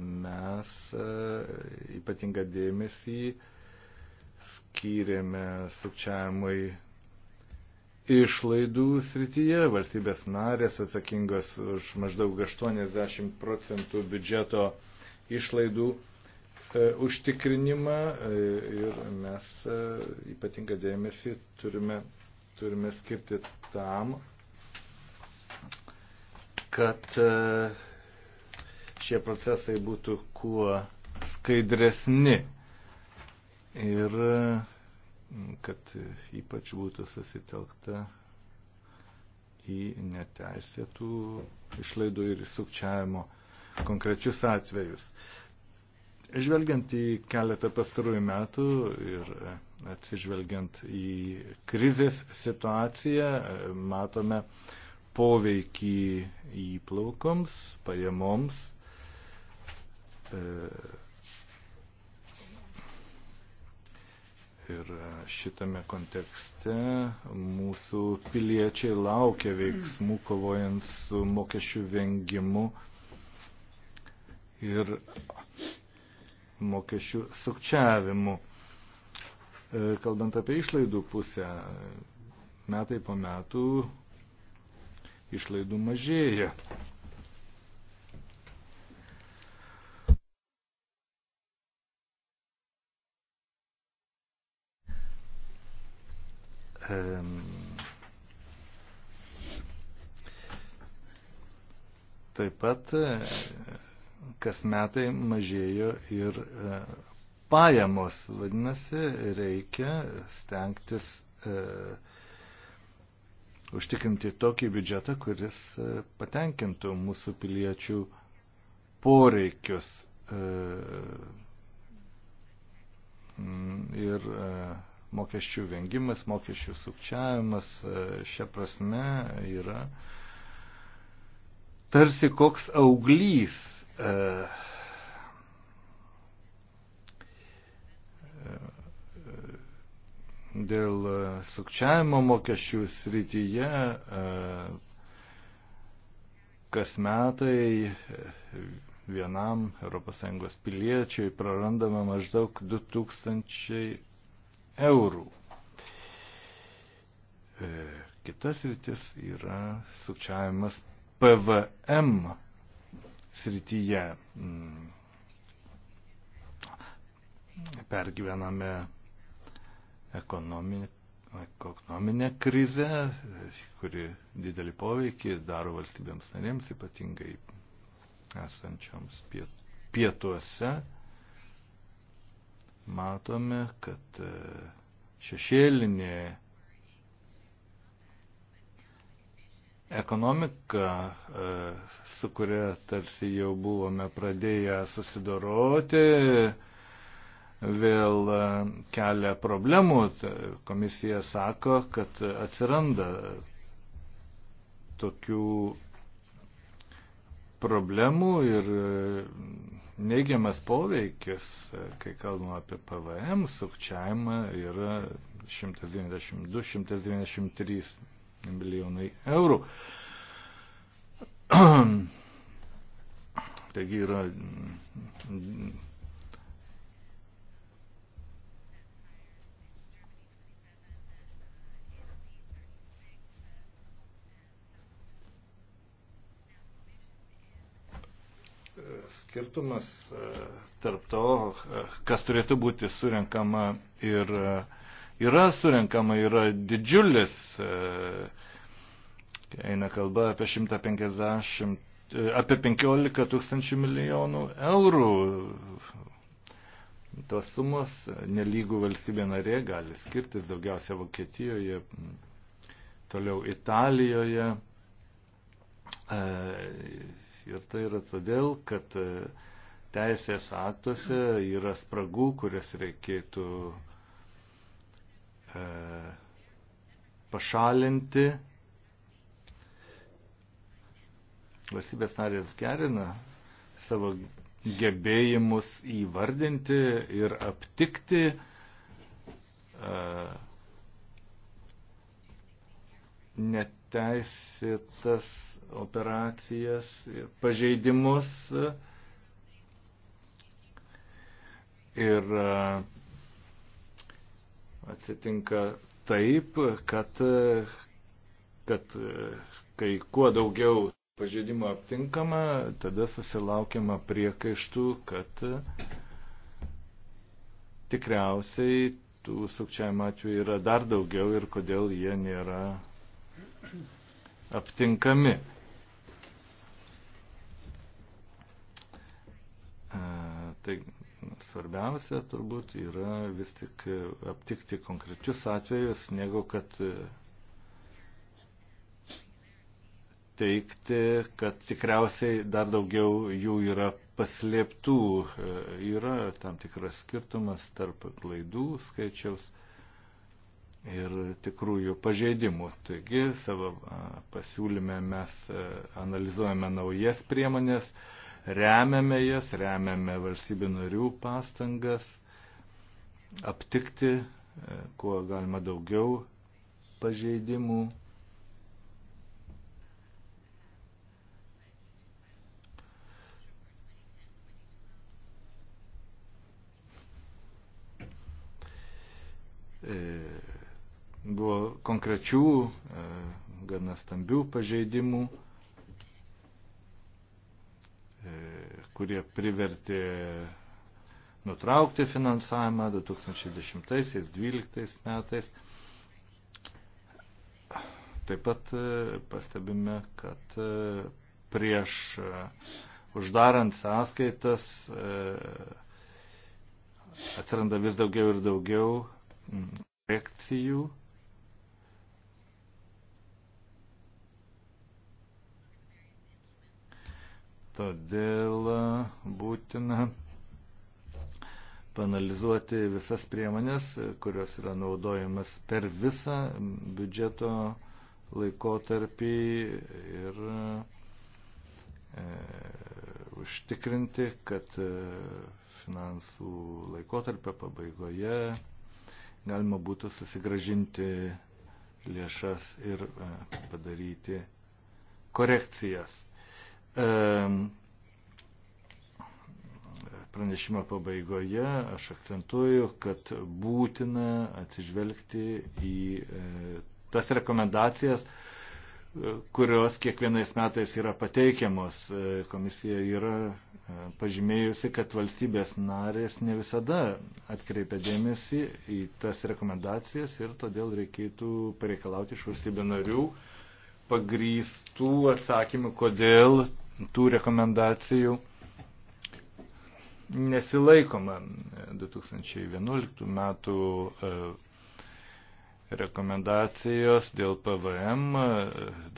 mes e, ypatingą dėmesį skyrėme sukčiavimui išlaidų srityje. Valstybės narės atsakingos už maždaug 80 procentų biudžeto išlaidų e, užtikrinimą e, ir mes ypatingą dėmesį turime, turime skirti tam, kad šie procesai būtų kuo skaidresni ir kad ypač būtų susitelkta į neteisėtų išlaidų ir sukčiavimo konkrečius atvejus. Žvelgiant į keletą pastarųjų metų ir atsižvelgiant į krizės situaciją, matome poveikį įplaukoms, pajamoms E, ir e, šitame kontekste mūsų piliečiai laukia veiksmų kovojant su mokesčių vengimu ir mokesčių sukčiavimu. E, kalbant apie išlaidų pusę, metai po metų išlaidų mažėja. Taip pat e, kas metai mažėjo ir e, pajamos, vadinasi, reikia stengtis e, užtikrinti tokį biudžetą, kuris patenkintų mūsų piliečių poreikius ir mokesčių vengimas, mokesčių sukčiavimas e, šia prasme yra tarsi koks auglys. E, e, dėl sukčiavimo mokesčių srityje kas metai vienam ES piliečiui prarandama maždaug 2000 eurų. E, Kitas rytis yra sukčiavimas PVM srityje. Mm. Pergyvename ekonominį ekonominę krizę, kuri didelį poveikį daro valstybėms narėms, ypatingai esančioms pietuose matome, kad e, šešėlinė ekonomika, e, su kuria tarsi jau buvome pradėję susidoroti, vėl e, kelia problemų. Komisija sako, kad atsiranda tokių problemų ir neigiamas poveikis, kai kalbame apie PVM sukčiavimą, yra 192-193 milijonai eurų. Taigi yra skirtumas e, tarp to, e, kas turėtų būti surinkama ir e, yra surinkama, yra didžiulis. Eina kalba apie 150, apie 15 tūkstančių milijonų eurų. Tos sumos nelygų valstybė narė gali skirtis daugiausia Vokietijoje, toliau Italijoje Ir tai yra todėl, kad e, teisės aktuose yra spragų, kurias reikėtų e, pašalinti. Valstybės narės gerina savo gebėjimus įvardinti ir aptikti e, neteisėtas operacijas, pažeidimus. Ir e, atsitinka taip, kad, kad e, kai kuo daugiau pažeidimų aptinkama, tada susilaukiama priekaištų, kad e, tikriausiai tų sukčiavimo atvejų yra dar daugiau ir kodėl jie nėra aptinkami. Tai svarbiausia turbūt yra vis tik aptikti konkrečius atvejus, negu kad e, teikti, kad tikriausiai dar daugiau jų yra paslėptų. E, yra tam tikras skirtumas tarp klaidų skaičiaus ir tikrųjų pažeidimų. Taigi savo pasiūlyme mes analizuojame naujas priemonės, remiame jas, remiame valstybių narių pastangas aptikti, e, kuo galima daugiau pažeidimų. E, buvo konkrečių, e, gana stambių pažeidimų E, kurie privertė nutraukti finansavimą 2010-2012 metais. Taip pat e, pastebime, kad e, prieš uždarant sąskaitas atsiranda vis daugiau ir daugiau korekcijų Todėl e, būtina panalizuoti visas priemonės, e, kurios yra naudojamas per visą biudžeto laikotarpį ir e, užtikrinti, kad e, finansų laikotarpio pabaigoje galima būtų susigražinti lėšas ir padaryti korekcijas. Pranešimo pabaigoje aš akcentuoju, kad būtina atsižvelgti į e, tas rekomendacijas, e, kurios kiekvienais metais yra pateikiamos. E, komisija yra pažymėjusi, kad valstybės narės ne visada atkreipia dėmesį į tas rekomendacijas ir todėl reikėtų pareikalauti iš valstybė narių pagrįstų atsakymų, kodėl tų rekomendacijų nesilaikoma 2011 metų e, rekomendacijos dėl PVM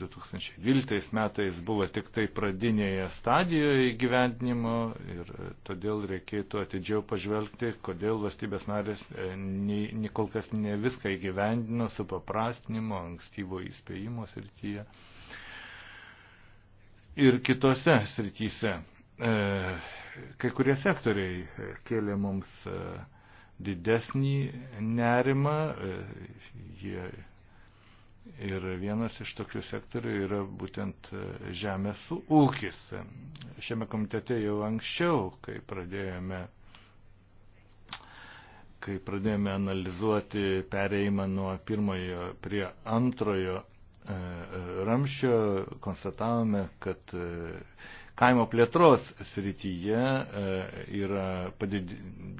2012 e, metais buvo tik tai pradinėje stadijoje įgyvendinimo ir e, todėl reikėtų atidžiau pažvelgti, kodėl valstybės narės kol kas ne viską įgyvendino su paprastinimo, ankstyvo įspėjimo srityje. Ir ir kitose srityse. E, kai kurie sektoriai e, kėlė mums e, didesnį nerimą. Jie Ir vienas iš tokių sektorių yra būtent žemės ūkis. Šiame komitete jau anksčiau, kai pradėjome, kai pradėjome analizuoti pereimą nuo pirmojo prie antrojo ramščio konstatavome, kad e, kaimo plėtros srityje e, yra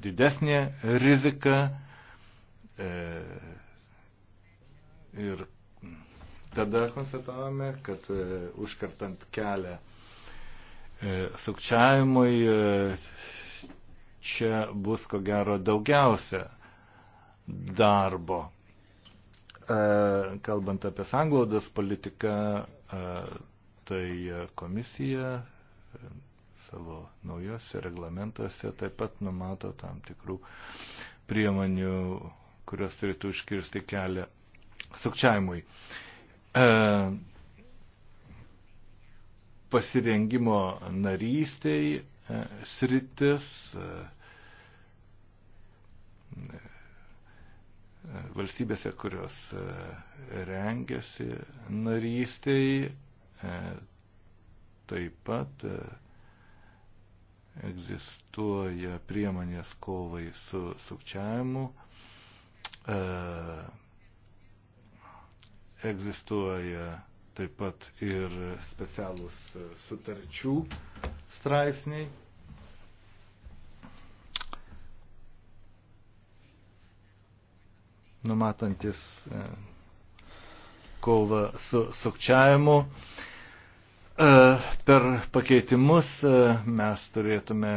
didesnė rizika e, ir tada konstatavome, kad užkartant kelią sukčiavimui čia bus ko gero daugiausia darbo. E, kalbant apie sanglaudos politiką, e, tai komisija e, savo naujose reglamentuose taip pat numato tam tikrų priemonių, kurios turėtų užkirsti kelią sukčiavimui. Pasirengimo narystiai sritis valstybėse, kurios e, rengiasi narystiai, e, taip pat e, egzistuoja priemonės kovai su sukčiavimu, egzistuoja taip pat ir specialūs sutarčių straipsniai numatantis e, kovą su sukčiavimu. E, per pakeitimus e, mes turėtume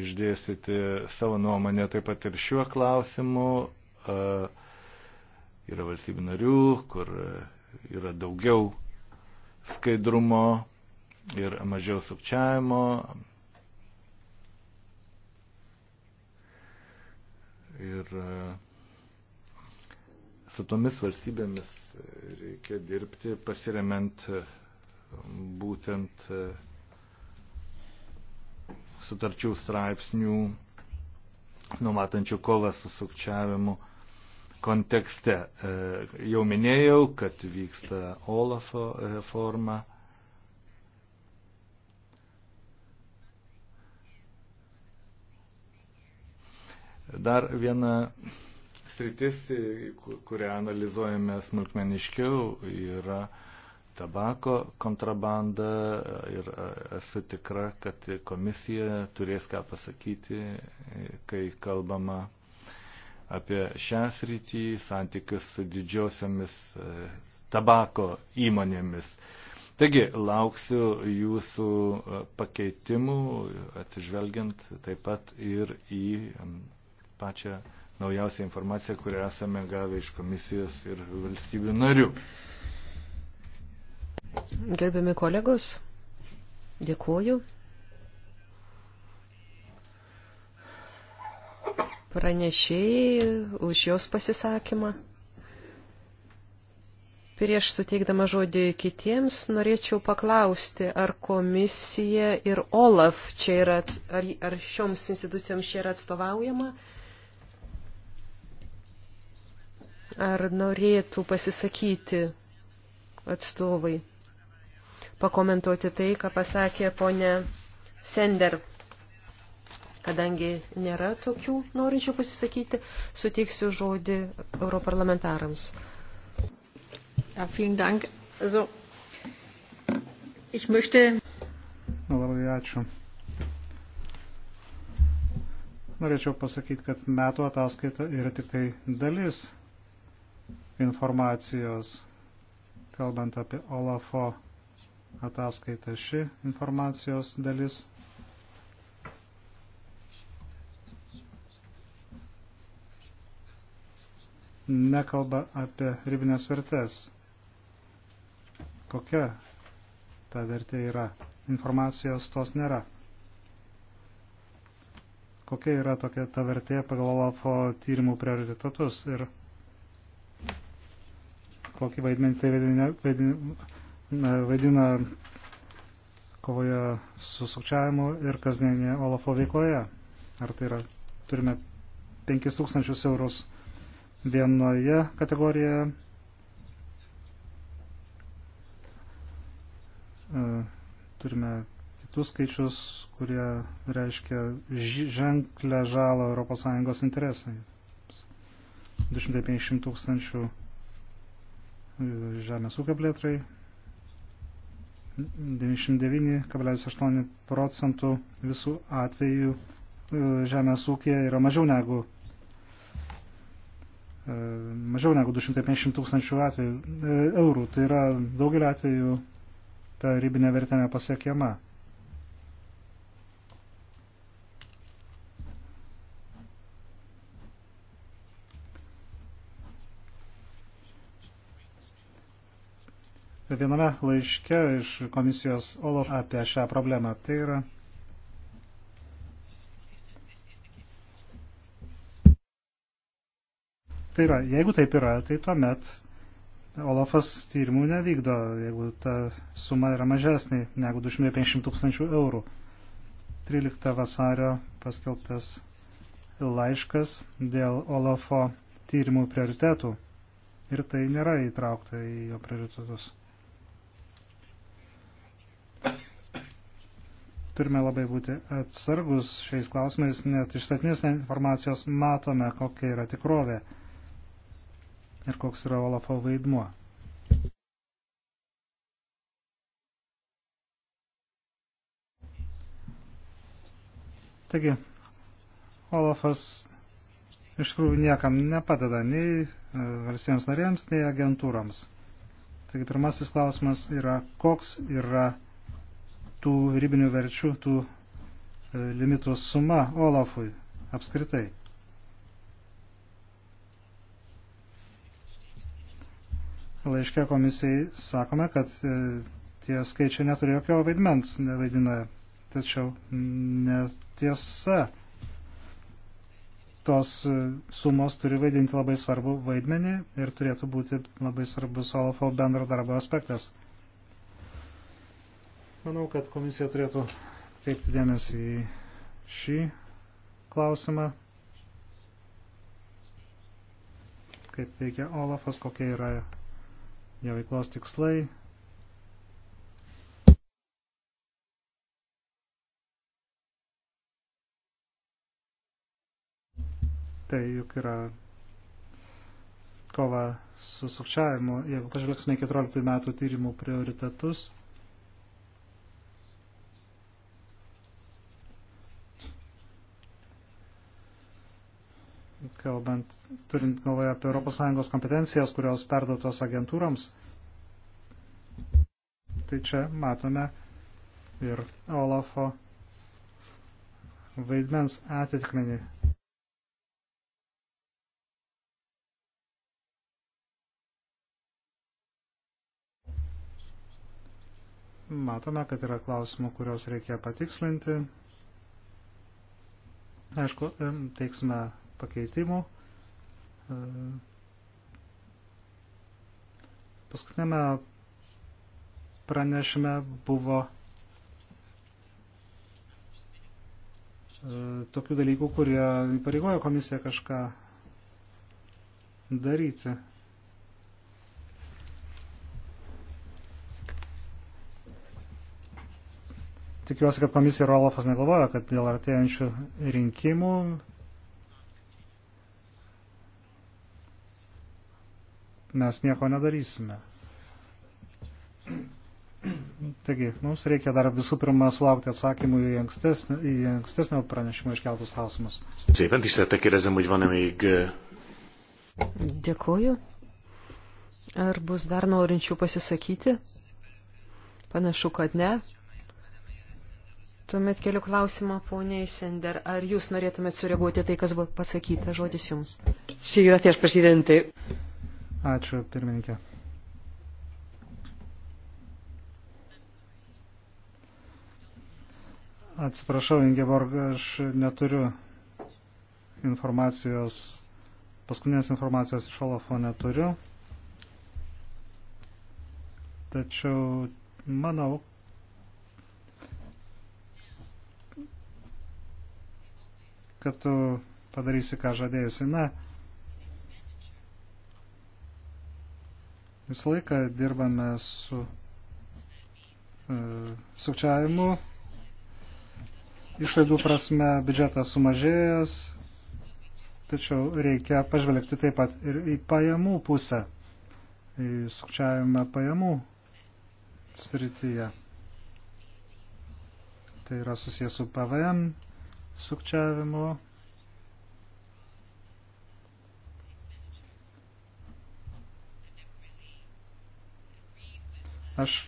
išdėstyti savo nuomonę taip pat ir šiuo klausimu. Yra valstybių narių, kur yra daugiau skaidrumo ir mažiau sukčiavimo. Ir uh, su tomis valstybėmis reikia dirbti pasiremiant e, būtent e, sutarčių straipsnių, numatančių kovą su sukčiavimu kontekste. E, jau minėjau, kad vyksta Olafo reforma. Dar viena sritis, kurią analizuojame smulkmeniškiau, yra tabako kontrabanda ir esu tikra, kad komisija turės ką pasakyti, kai kalbama apie šią sritį, santykius su didžiosiamis e, tabako įmonėmis. Taigi, lauksiu jūsų e, pakeitimų, atsižvelgiant taip pat ir į pačią naujausią informaciją, kurią esame gavę iš komisijos ir valstybių narių. Gerbiami kolegos, dėkuoju. Pranešėjai už jos pasisakymą. Prieš suteikdama žodį kitiems, norėčiau paklausti, ar komisija ir OLAF čia yra, ar, ar šioms institucijoms čia yra atstovaujama? Ar norėtų pasisakyti atstovai, pakomentuoti tai, ką pasakė ponė Sender? Kadangi nėra tokių norinčių pasisakyti, suteiksiu žodį europarlamentarams. Ja, vielen Dank. Also, ich möchte... Labai ačiū. Norėčiau pasakyti, kad metų ataskaita yra tik tai dalis informacijos, kalbant apie Olafo ataskaitą ši informacijos dalis. Nekalba apie ribinės vertės. Kokia ta vertė yra? Informacijos tos nėra. Kokia yra tokia ta vertė pagal Olafo tyrimų prioritetus ir kokį vaidmenį tai vaidina, vaidina, vaidina kovoje su sukčiavimu ir kasdienėje Olafo veikloje. Ar tai yra, turime 5000 eurus vienoje kategorijoje. E, turime kitus skaičius, kurie reiškia ženklę žalą ES interesai. 250 tūkstančių 000 žemės ūkio plėtrai. 99,8 procentų visų atvejų e, žemės ūkija yra mažiau negu e, mažiau negu 250 tūkstančių atvejų, e, eurų. Tai yra daugelį atvejų ta ribinė vertė nepasiekiama. viename laiške iš komisijos Olaf apie šią problemą. Tai yra Tai yra, jeigu taip yra, tai tuomet Olafas tyrimų nevykdo, jeigu ta suma yra mažesnė negu 250 tūkstančių eurų. 13 vasario paskelbtas laiškas dėl Olafo tyrimų prioritetų ir tai nėra įtraukta į jo prioritetus. turime labai būti atsargus šiais klausimais, net iš statinės informacijos matome, kokia yra tikrovė ir koks yra Olafo vaidmuo. Taigi, Olafas iš tikrųjų niekam nepadeda nei e, valstybėms narėms, nei agentūrams. Taigi pirmasis klausimas yra, koks yra tų ribinių verčių, tų e, limitų suma Olafui apskritai. Laiške komisijai sakome, kad e, tie skaičiai neturi jokio vaidmens, nevaidina, tačiau netiesa. Tos e, sumos turi vaidinti labai svarbu vaidmenį ir turėtų būti labai svarbus Olafo bendro darbo aspektas. Manau, kad komisija turėtų kreipti dėmesį į šį klausimą, kaip veikia Olafas, kokie yra jo veiklos tikslai. Tai juk yra kova su sukčiavimu. Jeigu pažvelgsime 14 metų tyrimų prioritetus, kalbant, turint galvoje apie ES kompetencijas, kurios perduotos agentūroms, tai čia matome ir Olafo vaidmens atitikmenį. Matome, kad yra klausimų, kurios reikia patikslinti. Aišku, teiksime pakeitimų. E, Paskutinėme pranešime buvo e, tokių dalykų, kurie įpareigojo komisiją kažką daryti. Tikiuosi, kad komisija ir Olafas negalvoja, kad dėl artėjančių rinkimų mes nieko nedarysime. Taigi, mums reikia dar visų pirma sulaukti atsakymų į ankstesnio, į ankstesnio pranešimo iškeltus klausimus. Dėkuoju. Ar bus dar norinčių pasisakyti? Panašu, kad ne. Tuomet keliu klausimą, poniai Sender, ar jūs norėtumėt sureaguoti tai, kas buvo pasakyta? Žodis jums. Sí, gracias, presidente. Ačiū, pirmininkė. Atsiprašau, Ingeborg, aš neturiu informacijos, paskutinės informacijos iš Olafo neturiu. Tačiau manau, kad tu padarysi, ką žadėjusi. Na, Visą laiką dirbame su e, sukčiavimu. Išlaidų prasme biudžetas sumažėjęs, tačiau reikia pažvelgti taip pat ir į pajamų pusę, į sukčiavimą pajamų srityje. Tai yra susijęs su PVM sukčiavimu Aš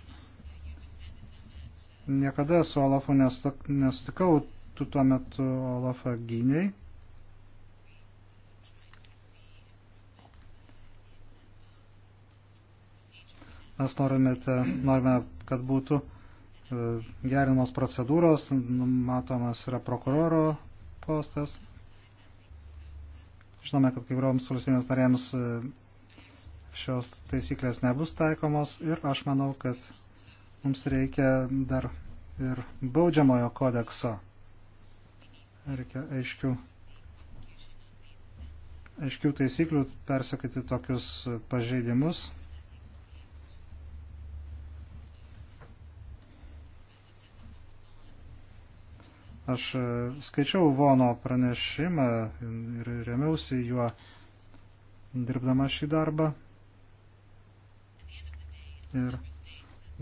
niekada su Olafu nesutikau, tu tuo metu Olafą gyniai. Mes norime, norime kad būtų e, gerinamos procedūros, matomas yra prokuroro postas. Žinome, kad kai kurioms valstybės narėms e, šios taisyklės nebus taikomos ir aš manau, kad mums reikia dar ir baudžiamojo kodekso. Reikia aiškių, aiškių taisyklių persakyti tokius pažeidimus. Aš skaičiau Vono pranešimą ir remiausi juo dirbdama šį darbą ir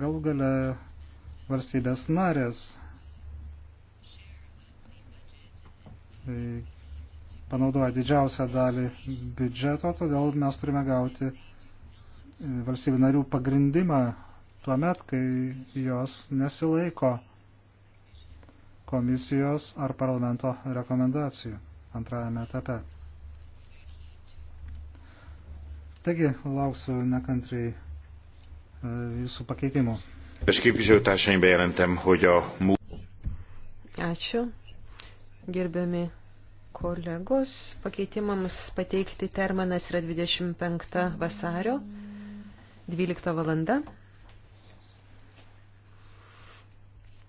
galų gale valstybės narės tai panaudoja didžiausią dalį biudžeto, todėl mes turime gauti e, valstybių narių pagrindimą tuomet, kai jos nesilaiko komisijos ar parlamento rekomendacijų antrajame etape. Taigi, lauksiu nekantriai jūsų pakeitimų. Aš kaip žiautąšiai bejelentem, hogy a mū... Ačiū. Gerbiami kolegos, pakeitimams pateikti terminas yra 25 vasario, 12 valanda.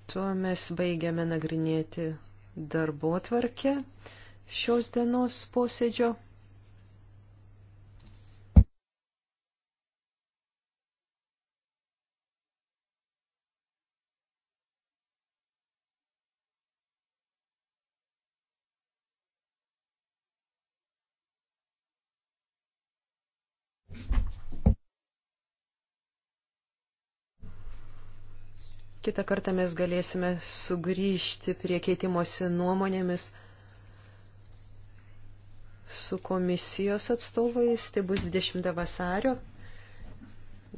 Tuo mes baigiame nagrinėti darbo tvarkę šios dienos posėdžio. Kita kartą mes galėsime sugrįžti prie keitimosi nuomonėmis su komisijos atstovais. Tai bus 20 vasario.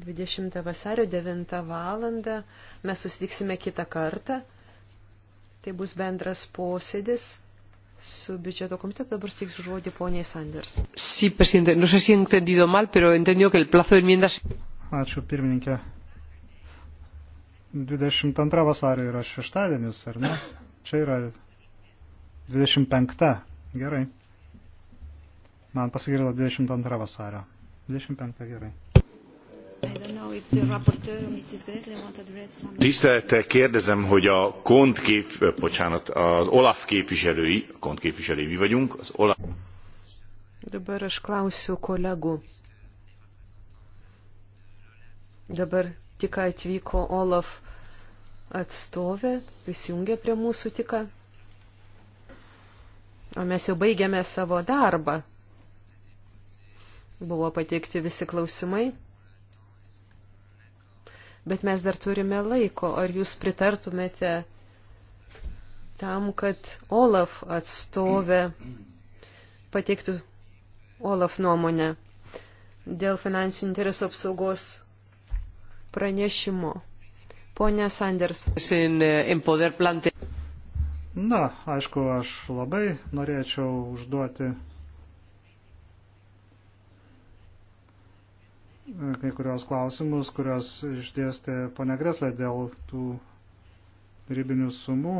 20 vasario 9 valandą mes susitiksime kitą kartą. Tai bus bendras posėdis su biudžeto komitetu. Dabar steiksiu žodį poniai Sanders. Sí, presidente. No sé si he entendido mal, pero he entendido que el plazo de enmiendas. Ačiū, pirmininkė. 22 vasario yra šeštadienis, ar ne? Čia yra 25. Gerai. Man pasigirdo 22 vasario. 25 gerai. Tisztelettel kérdezem, hogy a KONT kép, bocsánat, az OLAF képviselői, a KONT képviselői mi vagyunk, az OLAF... Dabar aš klausiu kolegų. Dabar tik atvyko Olaf atstovė, prisijungė prie mūsų tik. O mes jau baigėme savo darbą. Buvo pateikti visi klausimai. Bet mes dar turime laiko. Ar jūs pritartumėte tam, kad Olaf atstovė pateiktų Olaf nuomonę dėl finansinių interesų apsaugos pranešimu. Pone Sanders. Eh, Na, aišku, aš labai norėčiau užduoti eh, kai kurios klausimus, kurios išdėstė ponia Greslė dėl tų ribinių sumų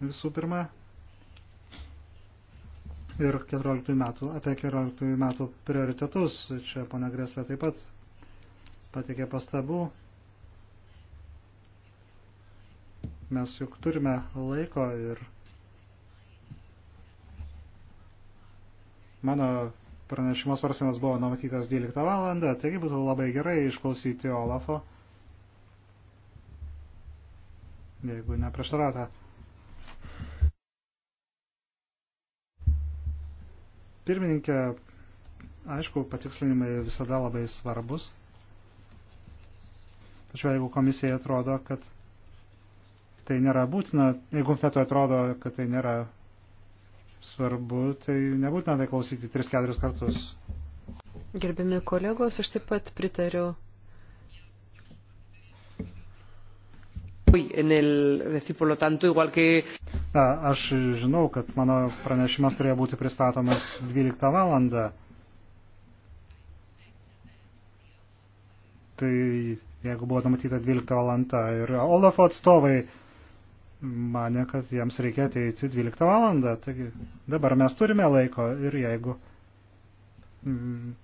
visų pirma ir 14 metų, apie 14 metų prioritetus. Čia ponia Greslė taip pat pateikė pastabų. Mes juk turime laiko ir mano pranešimo svarstymas buvo numatytas 12 valandą, taigi būtų labai gerai išklausyti Olafo, jeigu neprieštarata. Pirmininkė, aišku, patikslinimai visada labai svarbus. Tačiau jeigu komisijai atrodo, kad tai nėra būtina, jeigu komitetui atrodo, kad tai nėra svarbu, tai nebūtina tai klausyti 3-4 kartus. Gerbiami kolegos, aš taip pat pritariu. En el, decir, por lo tanto, igual que... A, aš žinau, kad mano pranešimas turėjo būti pristatomas 12 valandą. Tai jeigu buvo numatyta 12 valanda. Ir Olafo atstovai mane, kad jiems reikia ateiti 12 valandą. Taigi dabar mes turime laiko ir jeigu mm,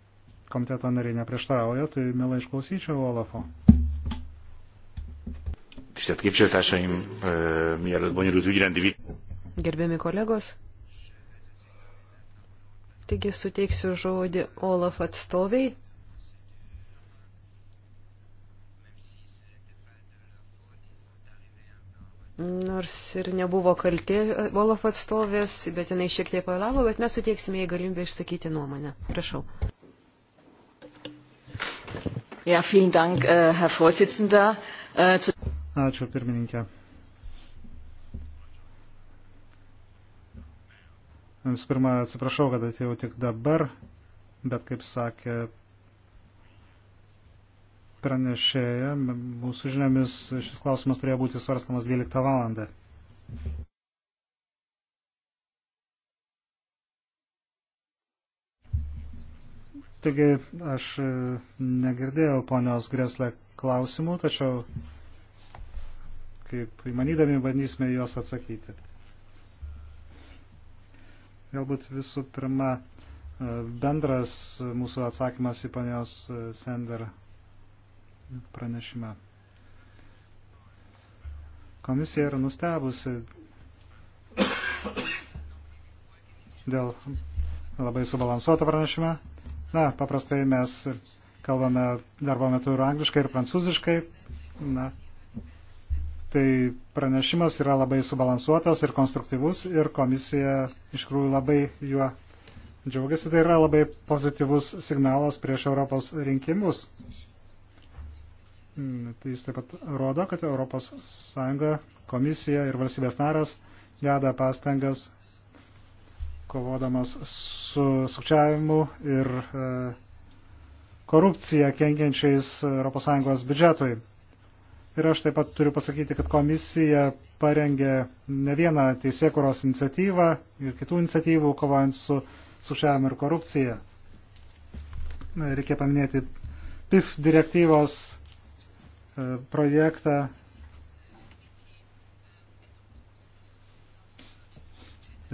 komiteto nariai neprieštarauja, tai mielai išklausyčiau Olafo. Tisztelt képviselőtársaim, mielőtt bonyolult ügyrendi vit. Gerbiami kolegos, taigi suteiksiu žodį Olaf atstoviai nors ir nebuvo kalti e, Olaf atstovės, bet jinai šiek tiek pavėlavo, bet mes suteiksime jai galimybę išsakyti nuomonę. Prašau. Ja, vielen Dank, äh, Herr Vorsitzender. Äh, Ačiū, pirmininkė. Visų pirma, atsiprašau, kad atėjau tik dabar, bet kaip sakė pranešėja. Mūsų žiniomis šis klausimas turėjo būti svarstamas 12 valandą. Taigi aš negirdėjau ponios Greslė klausimų, tačiau kaip įmanydami bandysime juos atsakyti. Galbūt visų pirma bendras mūsų atsakymas į ponios Sender pranešimą. Komisija yra nustebusi dėl labai subalansuoto pranešimą. Na, paprastai mes kalbame darbo metu ir angliškai, ir prancūziškai. Na, Tai pranešimas yra labai subalansuotas ir konstruktyvus ir komisija iš tikrųjų labai juo džiaugiasi. Tai yra labai pozityvus signalas prieš Europos rinkimus. Mm, tai jis taip pat rodo, kad ES komisija ir valstybės naras deda pastangas kovodamas su sukčiavimu ir e, korupcija kenkiančiais ES biudžetui. Ir aš taip pat turiu pasakyti, kad komisija parengė ne vieną teisėkuros iniciatyvą ir kitų iniciatyvų kovojant su sukčiavimu ir korupcija. Reikia paminėti PIF direktyvos projektą.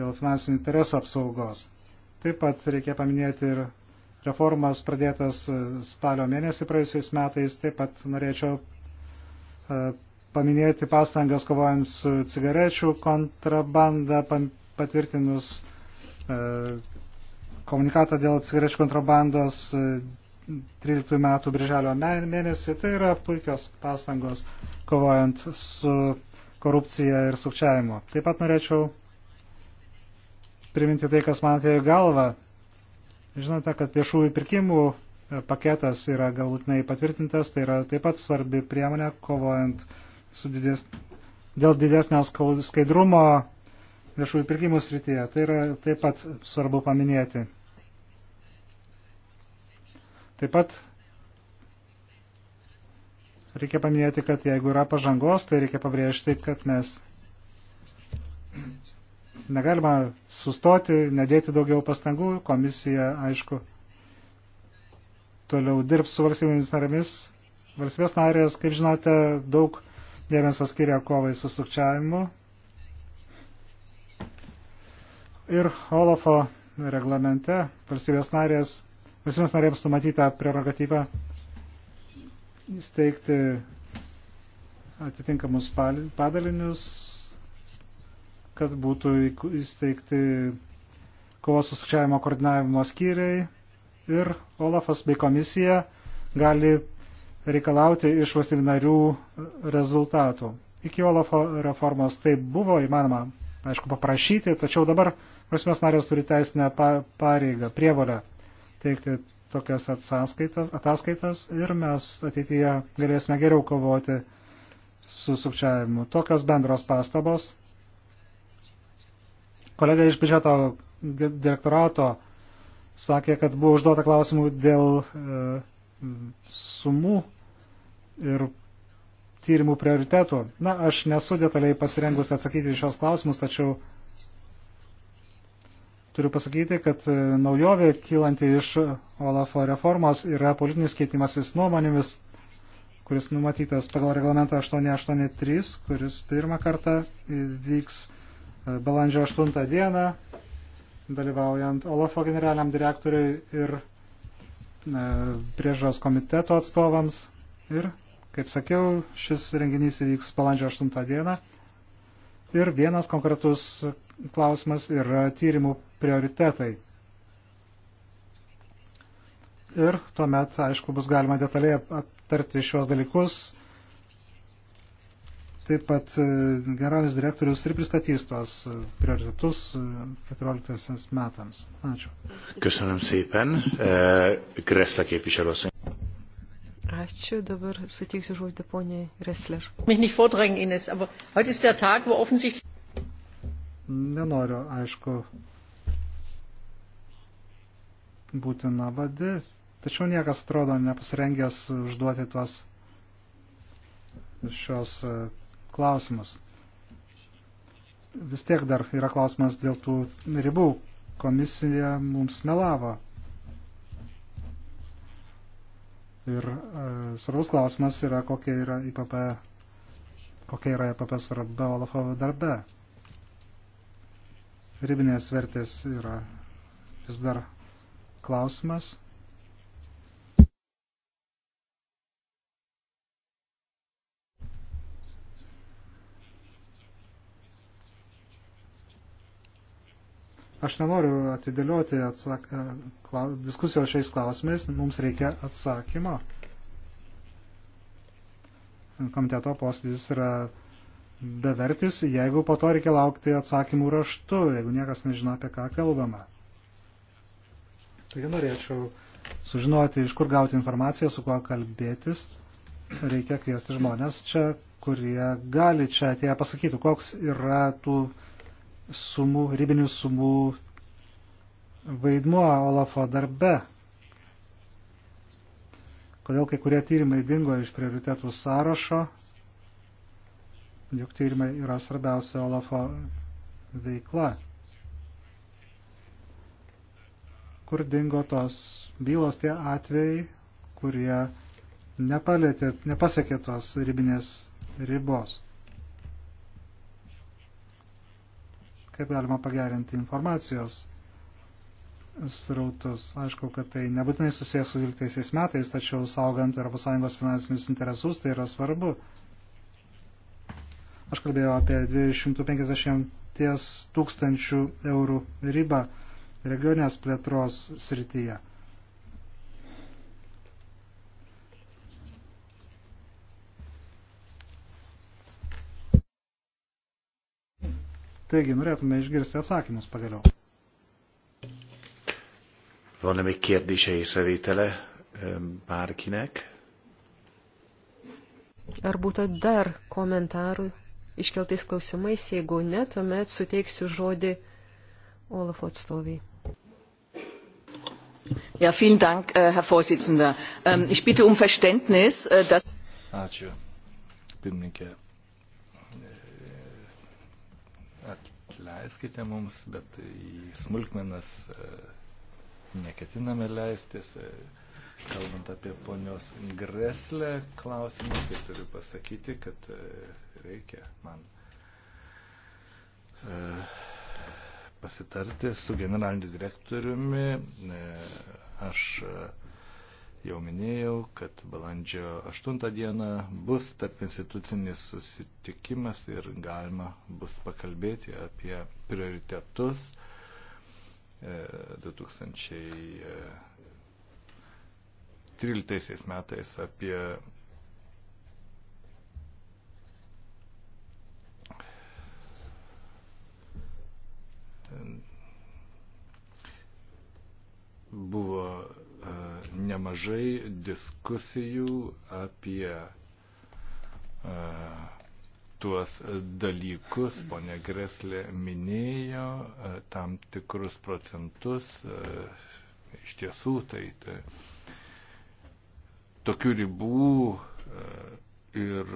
dėl finansinių interesų apsaugos. Taip pat reikia paminėti ir reformas pradėtas spalio mėnesį praėjusiais metais. Taip pat norėčiau e, paminėti pastangas kovojant su cigarečių kontrabanda, patvirtinus e, komunikatą dėl cigarečių kontrabandos e, 13 metų birželio mėnesį. Tai yra puikios pastangos kovojant su korupcija ir sukčiavimu. Taip pat norėčiau priminti tai, kas man atėjo galvą. Žinote, kad viešųjų pirkimų paketas yra galutinai patvirtintas, tai yra taip pat svarbi priemonė kovojant su didės, dėl didesnio skaidrumo viešųjų pirkimų srityje. Tai yra taip pat svarbu paminėti. Taip pat reikia paminėti, kad jeigu yra pažangos, tai reikia pabrėžti, kad mes negalima sustoti, nedėti daugiau pastangų. Komisija, aišku, toliau dirbs su valstybėmis narėmis. Valstybės narės, kaip žinote, daug dėmesio skiria kovai su sukčiavimu. Ir Olofo reglamente valstybės narės visiems narėms numatytą prerogatyvą įsteigti atitinkamus padalinius, kad būtų įsteigti kovos suskčiavimo koordinavimo skyriai ir Olafas bei komisija gali reikalauti iš valstybių narių rezultatų. Iki Olafo reformos tai buvo įmanoma, aišku, paprašyti, tačiau dabar valstybės narės turi teisinę pareigą, prievolę teikti tokias ataskaitas ir mes ateityje galėsime geriau kovoti su sukčiavimu. Tokios bendros pastabos. Kolega iš biudžeto direktorato sakė, kad buvo užduota klausimų dėl e, sumų ir tyrimų prioritetų. Na, aš nesu detaliai pasirengus atsakyti šios klausimus, tačiau turiu pasakyti, kad e, naujovė kylanti iš Olafo reformos yra politinis keitimasis nuomonėmis, kuris numatytas pagal reglamentą 883, kuris pirmą kartą vyks e, balandžio 8 dieną, dalyvaujant Olafo generaliniam direktoriui ir e, priežos komiteto atstovams. Ir, kaip sakiau, šis renginys įvyks balandžio 8 dieną. Ir vienas konkretus klausimas yra tyrimų prioritetai. Ir tuomet, aišku, bus galima detaliai aptarti šios dalykus. Taip pat e, generalinis direktorius ir pristatys tuos e, prioritetus 14 e, metams. Ačiū. Köszönöm szépen. Gressle képviselőasszony. Ačiū, dabar suteiksiu žodį poniai Resler. Nenoriu, aišku, būti navadi, tačiau niekas atrodo nepasirengęs užduoti tuos šios e, klausimus. Vis tiek dar yra klausimas dėl tų ribų. Komisija mums melavo Ir e, svarbus klausimas yra, kokia yra IPP, kokia yra IPP svarba Olafo darbe. Ribinės vertės yra vis dar klausimas. Aš nenoriu atidėlioti atsak... diskusijos šiais klausimais, mums reikia atsakymo. Komiteto posėdis yra bevertis, jeigu po to reikia laukti atsakymų raštu, jeigu niekas nežino, apie ką kalbama. Taigi norėčiau sužinoti, iš kur gauti informaciją, su kuo kalbėtis. Reikia kviesti žmonės čia, kurie gali čia atėję pasakyti, koks yra tų sumų, ribinių sumų vaidmuo Olafo darbe. Kodėl kai kurie tyrimai dingo iš prioritetų sąrašo, juk tyrimai yra svarbiausia Olafo veikla. Kur dingo tos bylos tie atvejai, kurie nepalėtė, nepasiekė tos ribinės ribos. kaip galima pagerinti informacijos srautus. Aišku, kad tai nebūtinai susijęs su 12 metais, tačiau saugant ES finansinius interesus tai yra svarbu. Aš kalbėjau apie 250 tūkstančių eurų ribą regionės plėtros srityje. Taigi, norėtume išgirsti atsakymus pagaliau. Van-e még kérdése észrevétele bárkinek? Ar būtų dar komentarų iškeltais klausimais? Jeigu ne, tuomet suteiksiu žodį Olafo atstoviai. Ja, vielen Dank, äh, Herr Vorsitzender. Ähm, ich bitte um Verständnis, äh, dass. Ačiū, pirmininkė. atleiskite mums, bet į smulkmenas e, neketiname leistis. E, kalbant apie ponios Greslę klausimą, tai turiu pasakyti, kad e, reikia man pasitarti su generaliniu direktoriumi. Aš Jau minėjau, kad balandžio 8 dieną bus tarp institucinis susitikimas ir galima bus pakalbėti apie prioritetus 2013 e, e, metais apie nemažai diskusijų apie uh, tuos dalykus, ponė Greslė minėjo uh, tam tikrus procentus, uh, iš tiesų tai, tai tokių ribų ir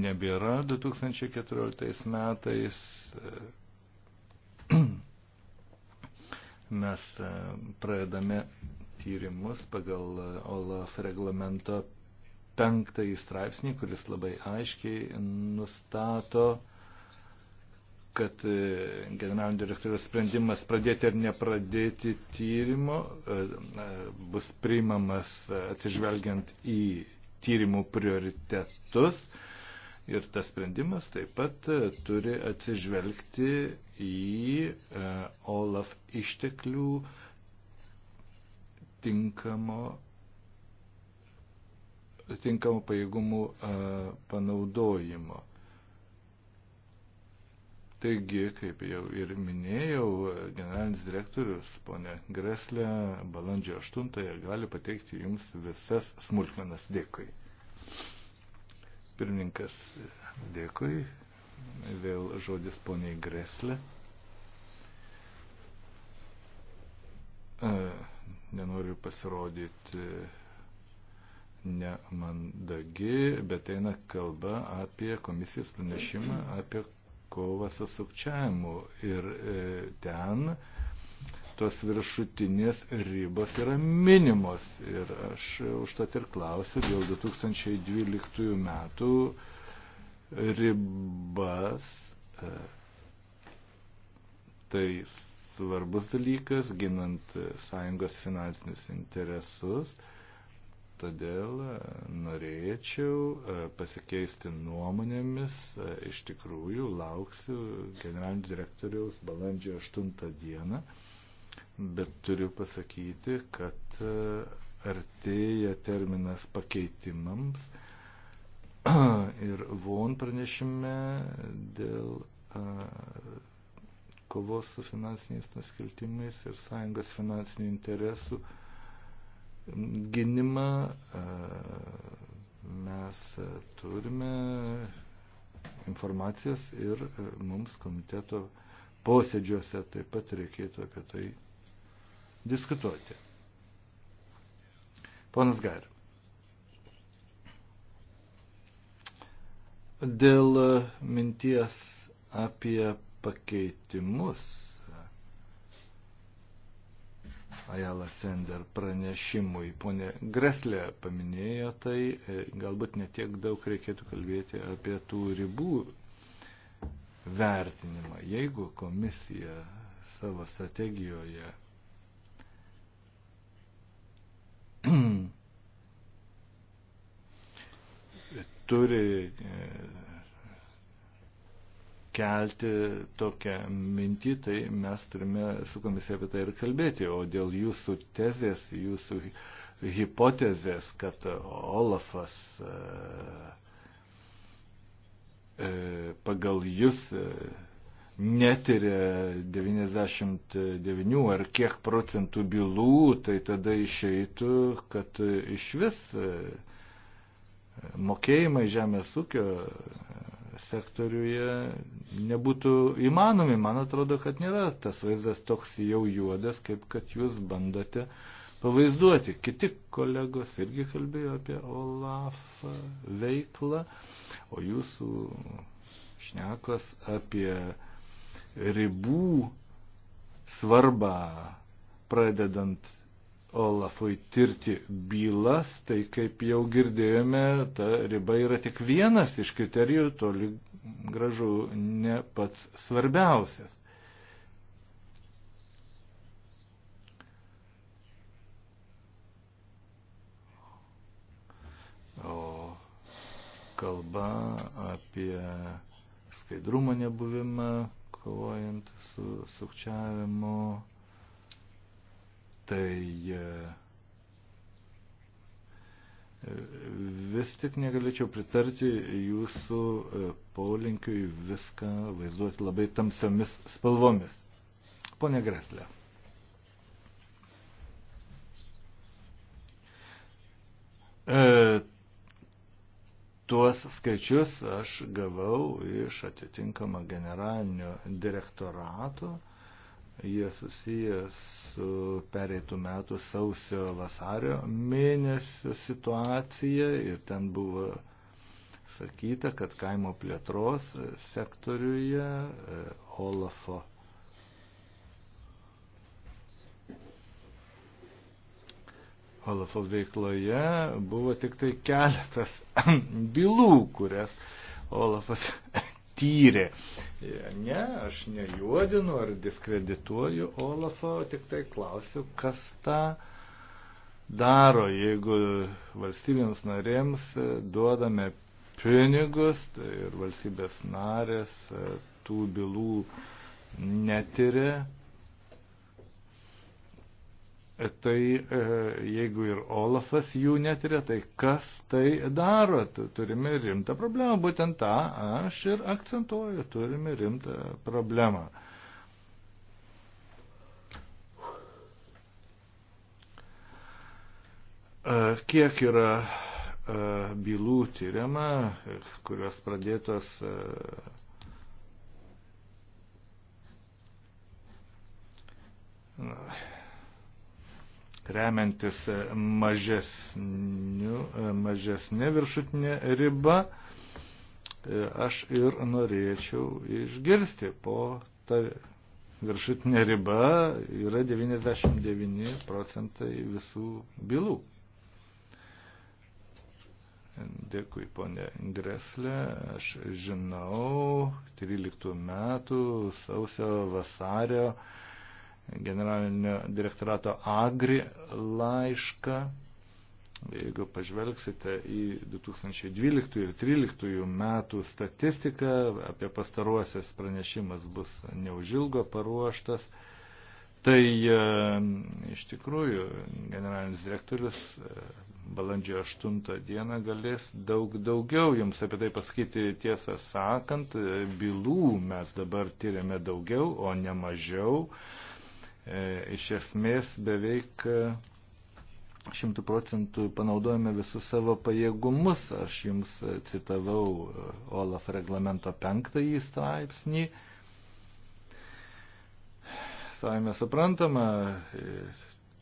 nebėra 2014 metais. Mes pradedame tyrimus pagal OLAF reglamento penktąjį straipsnį, kuris labai aiškiai nustato, kad e, generalinio direktoriaus sprendimas pradėti ar nepradėti tyrimo e, e, bus priimamas atsižvelgiant į tyrimų prioritetus ir tas sprendimas taip pat turi atsižvelgti į OLAF išteklių tinkamo, tinkamo pajėgumų panaudojimo. Taigi, kaip jau ir minėjau, generalinis direktorius, ponė Greslė, balandžio 8-ąją gali pateikti jums visas smulkmenas. Dėkui. Pirmininkas, dėkui. Vėl žodis poniai Greslė. Uh nenoriu pasirodyti nemandagi, bet eina kalba apie komisijos pranešimą apie kovą su sukčiavimu. Ir e, ten tos viršutinės ribos yra minimos. Ir aš užtat ir klausiu dėl 2012 metų ribas. E, tais svarbus dalykas, ginant sąjungos finansinius interesus. Todėl e, norėčiau e, pasikeisti nuomonėmis, e, iš tikrųjų lauksiu generalinio direktoriaus balandžio 8 dieną, bet turiu pasakyti, kad artėja terminas pakeitimams ir VON pranešime dėl kovos su finansiniais nusikaltimais ir sąjungos finansinių interesų gynimą e, mes turime informacijos ir e, mums komiteto posėdžiuose taip pat reikėtų apie tai diskutuoti. Ponas Gair. Dėl minties apie pakeitimus Ajala Sender pranešimui. Pone Greslė paminėjo tai, e, galbūt netiek daug reikėtų kalbėti apie tų ribų vertinimą. Jeigu komisija savo strategijoje turi e, kelti tokią mintį, tai mes turime su komisija apie tai ir kalbėti. O dėl jūsų tezės, jūsų hipotezės, kad Olafas e, e, pagal jūs e, netiria 99 ar kiek procentų bylų, tai tada išeitų, kad iš vis mokėjimai žemės ūkio sektoriuje nebūtų įmanomi. Man atrodo, kad nėra tas vaizdas toks jau juodas, kaip kad jūs bandote pavaizduoti. Kiti kolegos irgi kalbėjo apie OLAF veiklą, o jūsų šnekos apie ribų svarbą pradedant Olafui tirti bylas, tai kaip jau girdėjome, ta riba yra tik vienas iš kriterijų, toli gražu ne pats svarbiausias. O kalba apie skaidrumo nebuvimą, kovojant su sukčiavimu tai e, vis tik negalėčiau pritarti jūsų e, polinkiui viską vaizduoti labai tamsiomis spalvomis. Pone Greslė. E, tuos skaičius aš gavau iš atitinkamo generalinio direktorato. E, Jie susiję su pereitų metų sausio vasario mėnesio situacija ir ten buvo sakyta, kad kaimo plėtros sektoriuje e, Olafo Olafo veikloje buvo tik tai keletas bylų, kurias Olafas tyrė. E, ne, aš nejuodinu ar diskredituoju Olafo, tik tai klausiu, kas tą daro, jeigu valstybėms narėms e, duodame pinigus tai ir valstybės narės e, tų bylų netiria, Tai e, jeigu ir Olafas jų netiria, tai kas tai daro? Turime rimtą problemą. Būtent tą aš ir akcentuoju. Turime rimtą problemą. E, kiek yra e, bylų tyriama, kurios pradėtos na, remiantis e, mažesniu, e, mažesnė viršutinė riba, e, aš ir norėčiau išgirsti po tą viršutinę ribą yra 99 procentai visų bylų. Dėkui, ponė Greslė. Aš žinau, 13 metų sausio vasario generalinio direktorato Agri laišką. Jeigu pažvelgsite į 2012 ir 2013 metų statistiką, apie pastaruosias pranešimas bus neužilgo paruoštas, tai e, iš tikrųjų generalinis direktorius e, balandžio 8 dieną galės daug daugiau jums apie tai pasakyti. Tiesą sakant, e, bylų mes dabar tyriame daugiau, o ne mažiau. E, iš esmės beveik e, šimtų procentų panaudojame visus savo pajėgumus. Aš jums e, citavau OLAF reglamento penktąjį straipsnį. Savime suprantama,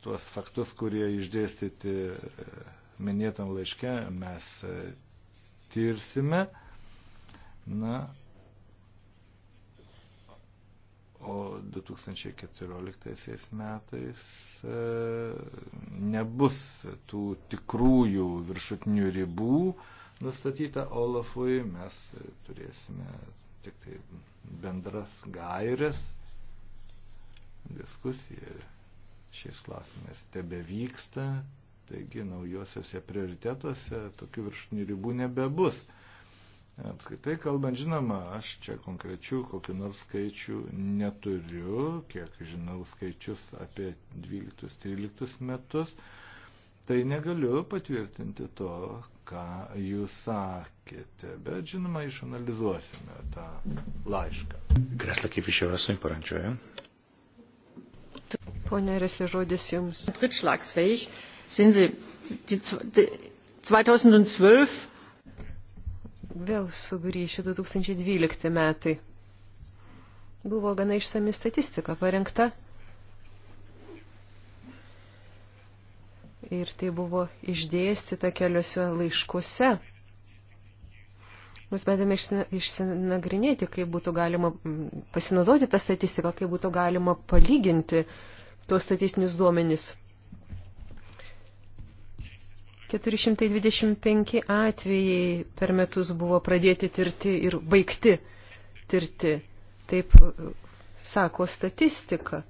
tuos faktus, kurie išdėstyti minėtam laiške, mes tirsime. Na, o 2014 metais e, nebus tų tikrųjų viršutinių ribų nustatyta Olafui, mes turėsime tik tai bendras gairės, diskusija šiais klausimais tebe vyksta, taigi naujosiuose prioritetuose tokių viršutinių ribų nebebus. Apskritai kalbant, žinoma, aš čia konkrečių kokiu nors skaičių neturiu, kiek žinau skaičius apie 12-13 metus, tai negaliu patvirtinti to, ką jūs sakėte, bet žinoma, išanalizuosime tą laišką. Kresla kaip iš jau esu parančioje. Pone Resi, žodis jums. 2012 vėl sugrįšiu 2012 metai. Buvo gana išsami statistika parengta. Ir tai buvo išdėstyta keliuose laiškuose. Mes bandėme išsinagrinėti, kaip būtų galima pasinaudoti tą statistiką, kaip būtų galima palyginti tuos statistinius duomenis. 425 atvejai per metus buvo pradėti tirti ir baigti tirti. Taip e, sako statistika.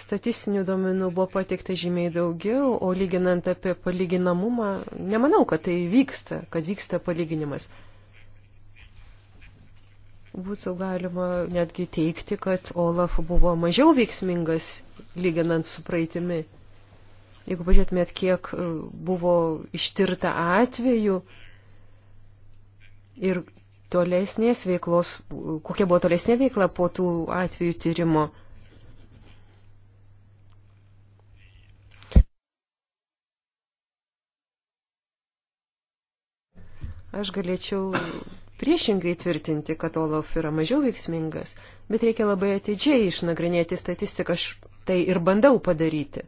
Statistinių domenų buvo pateikta žymiai daugiau, o lyginant apie palyginamumą, nemanau, kad tai vyksta, kad vyksta palyginimas. Būtų galima netgi teikti, kad Olaf buvo mažiau veiksmingas lyginant su praeitimi. Jeigu pažiūrėtumėt, kiek e, buvo ištirta atvejų ir tolesnės veiklos, kokia buvo tolesnė veikla po tų atvejų tyrimo. Aš galėčiau priešingai tvirtinti, kad Olaf yra mažiau veiksmingas, bet reikia labai atidžiai išnagrinėti statistiką, aš tai ir bandau padaryti.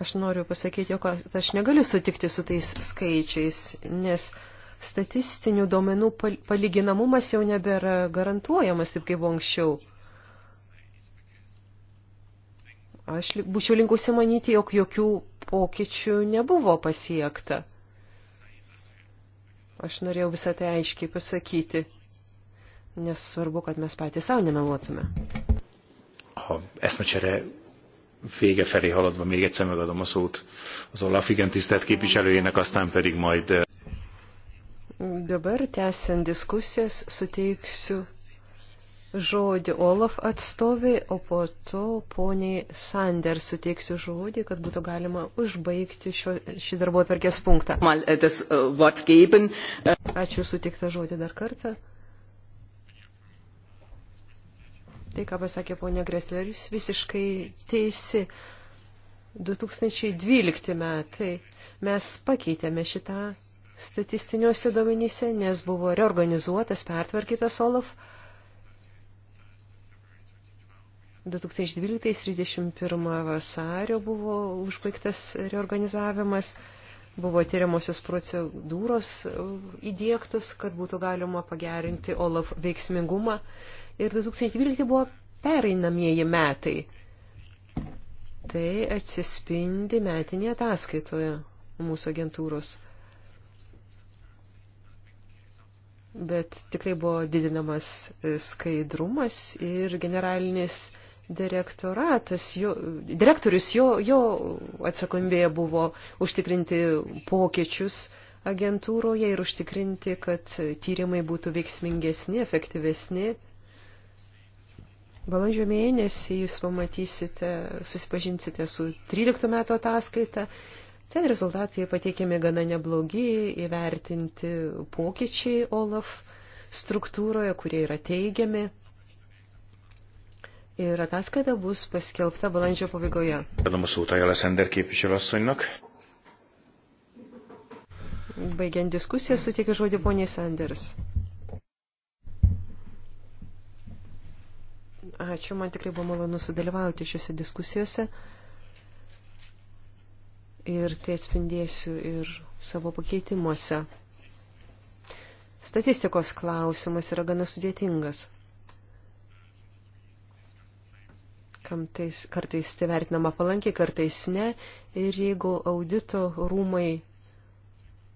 Aš noriu pasakyti, kad aš negaliu sutikti su tais skaičiais, nes statistinių duomenų palyginamumas jau nebėra garantuojamas taip kaip buvo anksčiau. Aš būčiau linkusi manyti, jog jokių pokyčių nebuvo pasiekta. Aš norėjau visą tai aiškiai pasakyti, nes svarbu, kad mes patys savo nemeluotume. Esmačere vége felé haladva még egyszer megadom a szót az Olaf igen tisztelt képviselőjének, aztán pedig majd. Dabar tęsiant diskusijas suteiksiu žodį Olaf atstoviai, o po to poniai Sander suteiksiu žodį, kad būtų galima užbaigti šio, šį darbo atvarkės punktą. Äh, äh, Ačiū sutiktą žodį dar kartą. tai, ką pasakė ponė Gresler, jūs visiškai teisi. 2012 metai mes pakeitėme šitą statistiniuose domenyse, nes buvo reorganizuotas, pertvarkytas OLAF. 2012-31 vasario buvo užbaigtas reorganizavimas, buvo tyriamosios procedūros įdėktos, kad būtų galima pagerinti OLAF veiksmingumą ir 2012 buvo pereinamieji metai. Tai atsispindi metinėje ataskaitoje mūsų agentūros. Bet tikrai buvo didinamas e, skaidrumas ir generalinis direktoratas, jo, direktorius, jo, jo atsakomybėje buvo užtikrinti pokyčius agentūroje ir užtikrinti, kad tyrimai būtų veiksmingesni, efektyvesni. Balandžio mėnesį jūs pamatysite, susipažinsite su 13 metų ataskaita. Ten rezultatai pateikiami gana neblogi, įvertinti pokyčiai OLAF struktūroje, kurie yra teigiami. Ir ataskaita bus paskelbta balandžio pabaigoje. Baigiant diskusiją, suteikiu žodį poniai Sanders. Ačiū, man tikrai buvo malonu sudalyvauti šiuose diskusijose. Ir tai atspindėsiu ir savo pakeitimuose. Statistikos klausimas yra gana sudėtingas. Kamtais, kartais tai vertinama palankiai, kartais ne. Ir jeigu audito rūmai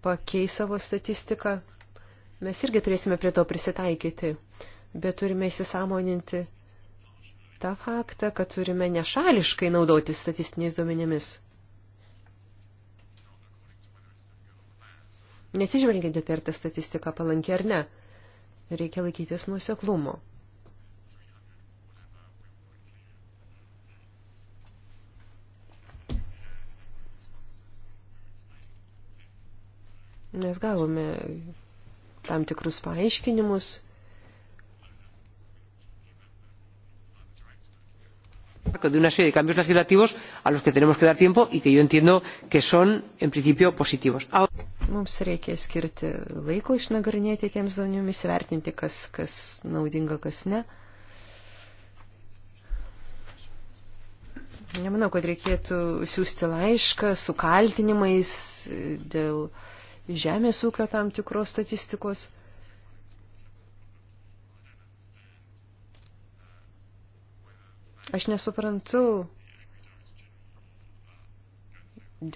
pakeis savo statistiką, mes irgi turėsime prie to prisitaikyti. Bet turime įsisamoninti, tą faktą, kad turime nešališkai naudoti statistiniais duomenimis. Nesižvelgiant tai, ar ta statistika palanki ar ne, reikia laikytis nuseklumo. Mes gavome tam tikrus paaiškinimus de una serie de cambios legislativos a los que tenemos que dar tiempo y que yo entiendo que son en principio positivos. Mums reikia skirti laiko išnagrinėti tiems duomenimis, vertinti, kas, kas naudinga, kas ne. Nemanau, kad reikėtų siūsti laišką su kaltinimais dėl žemės ūkio tam tikros statistikos. Aš nesuprantu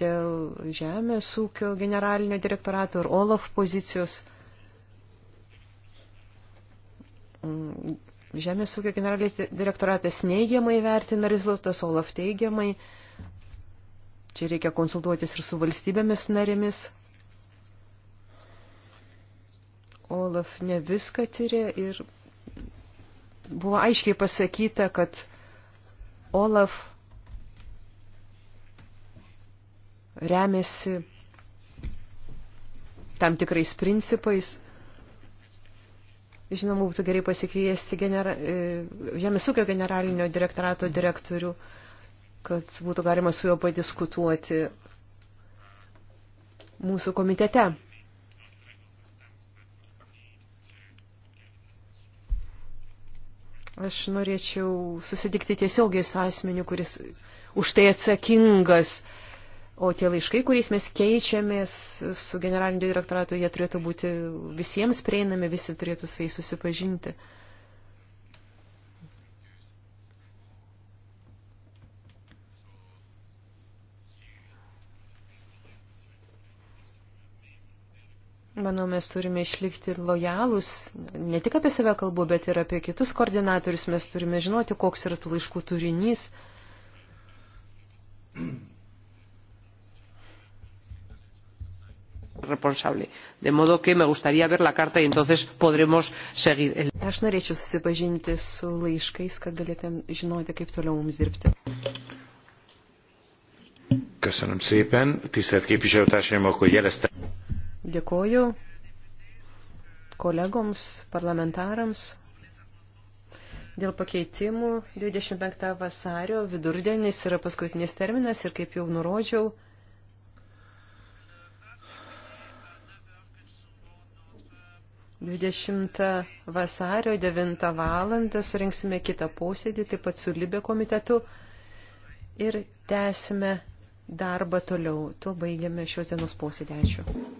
dėl Žemės ūkio generalinio direktorato ir OLAF pozicijos. Žemės ūkio generalinis direktoratas neigiamai vertina rezultatus, OLAF teigiamai. Čia reikia konsultuotis ir su valstybėmis narėmis. Olaf ne viską tyrė ir buvo aiškiai pasakyta, kad Olaf remiasi tam tikrais principais. Žinoma, būtų gerai pasikviesti genera... E, Žemės ūkio generalinio direktorato direktorių, kad būtų galima su juo padiskutuoti mūsų komitete. Aš norėčiau susitikti tiesiogiai su asmeniu, kuris už tai atsakingas. O tie laiškai, kuriais mes keičiamės su generaliniu direktoratu, jie turėtų būti visiems prieinami, visi turėtų su jais susipažinti. Uh, Manau, mes turime išlikti lojalūs, ne tik apie save kalbu, bet ir apie kitus koordinatorius, mes turime žinoti, koks yra tų laiškų turinys. responsable. De modo que me gustaría ver la carta y entonces podremos seguir. El... Aš norėčiau susipažinti su laiškais, kad galėtum žinoti, kaip toliau mums dirbti. Köszönöm szépen. Tisztelt képviselőtársaim, akkor jeleztem. Dėkoju kolegoms, parlamentarams. Dėl pakeitimų 25 vasario vidurdienis yra paskutinis terminas ir kaip jau nurodžiau, Dvidešimtą vasario 9 valandą surinksime kitą posėdį, taip pat su Libė komitetu ir tęsime darbą toliau. Tuo baigiame šios dienos posėdį. Ačiū.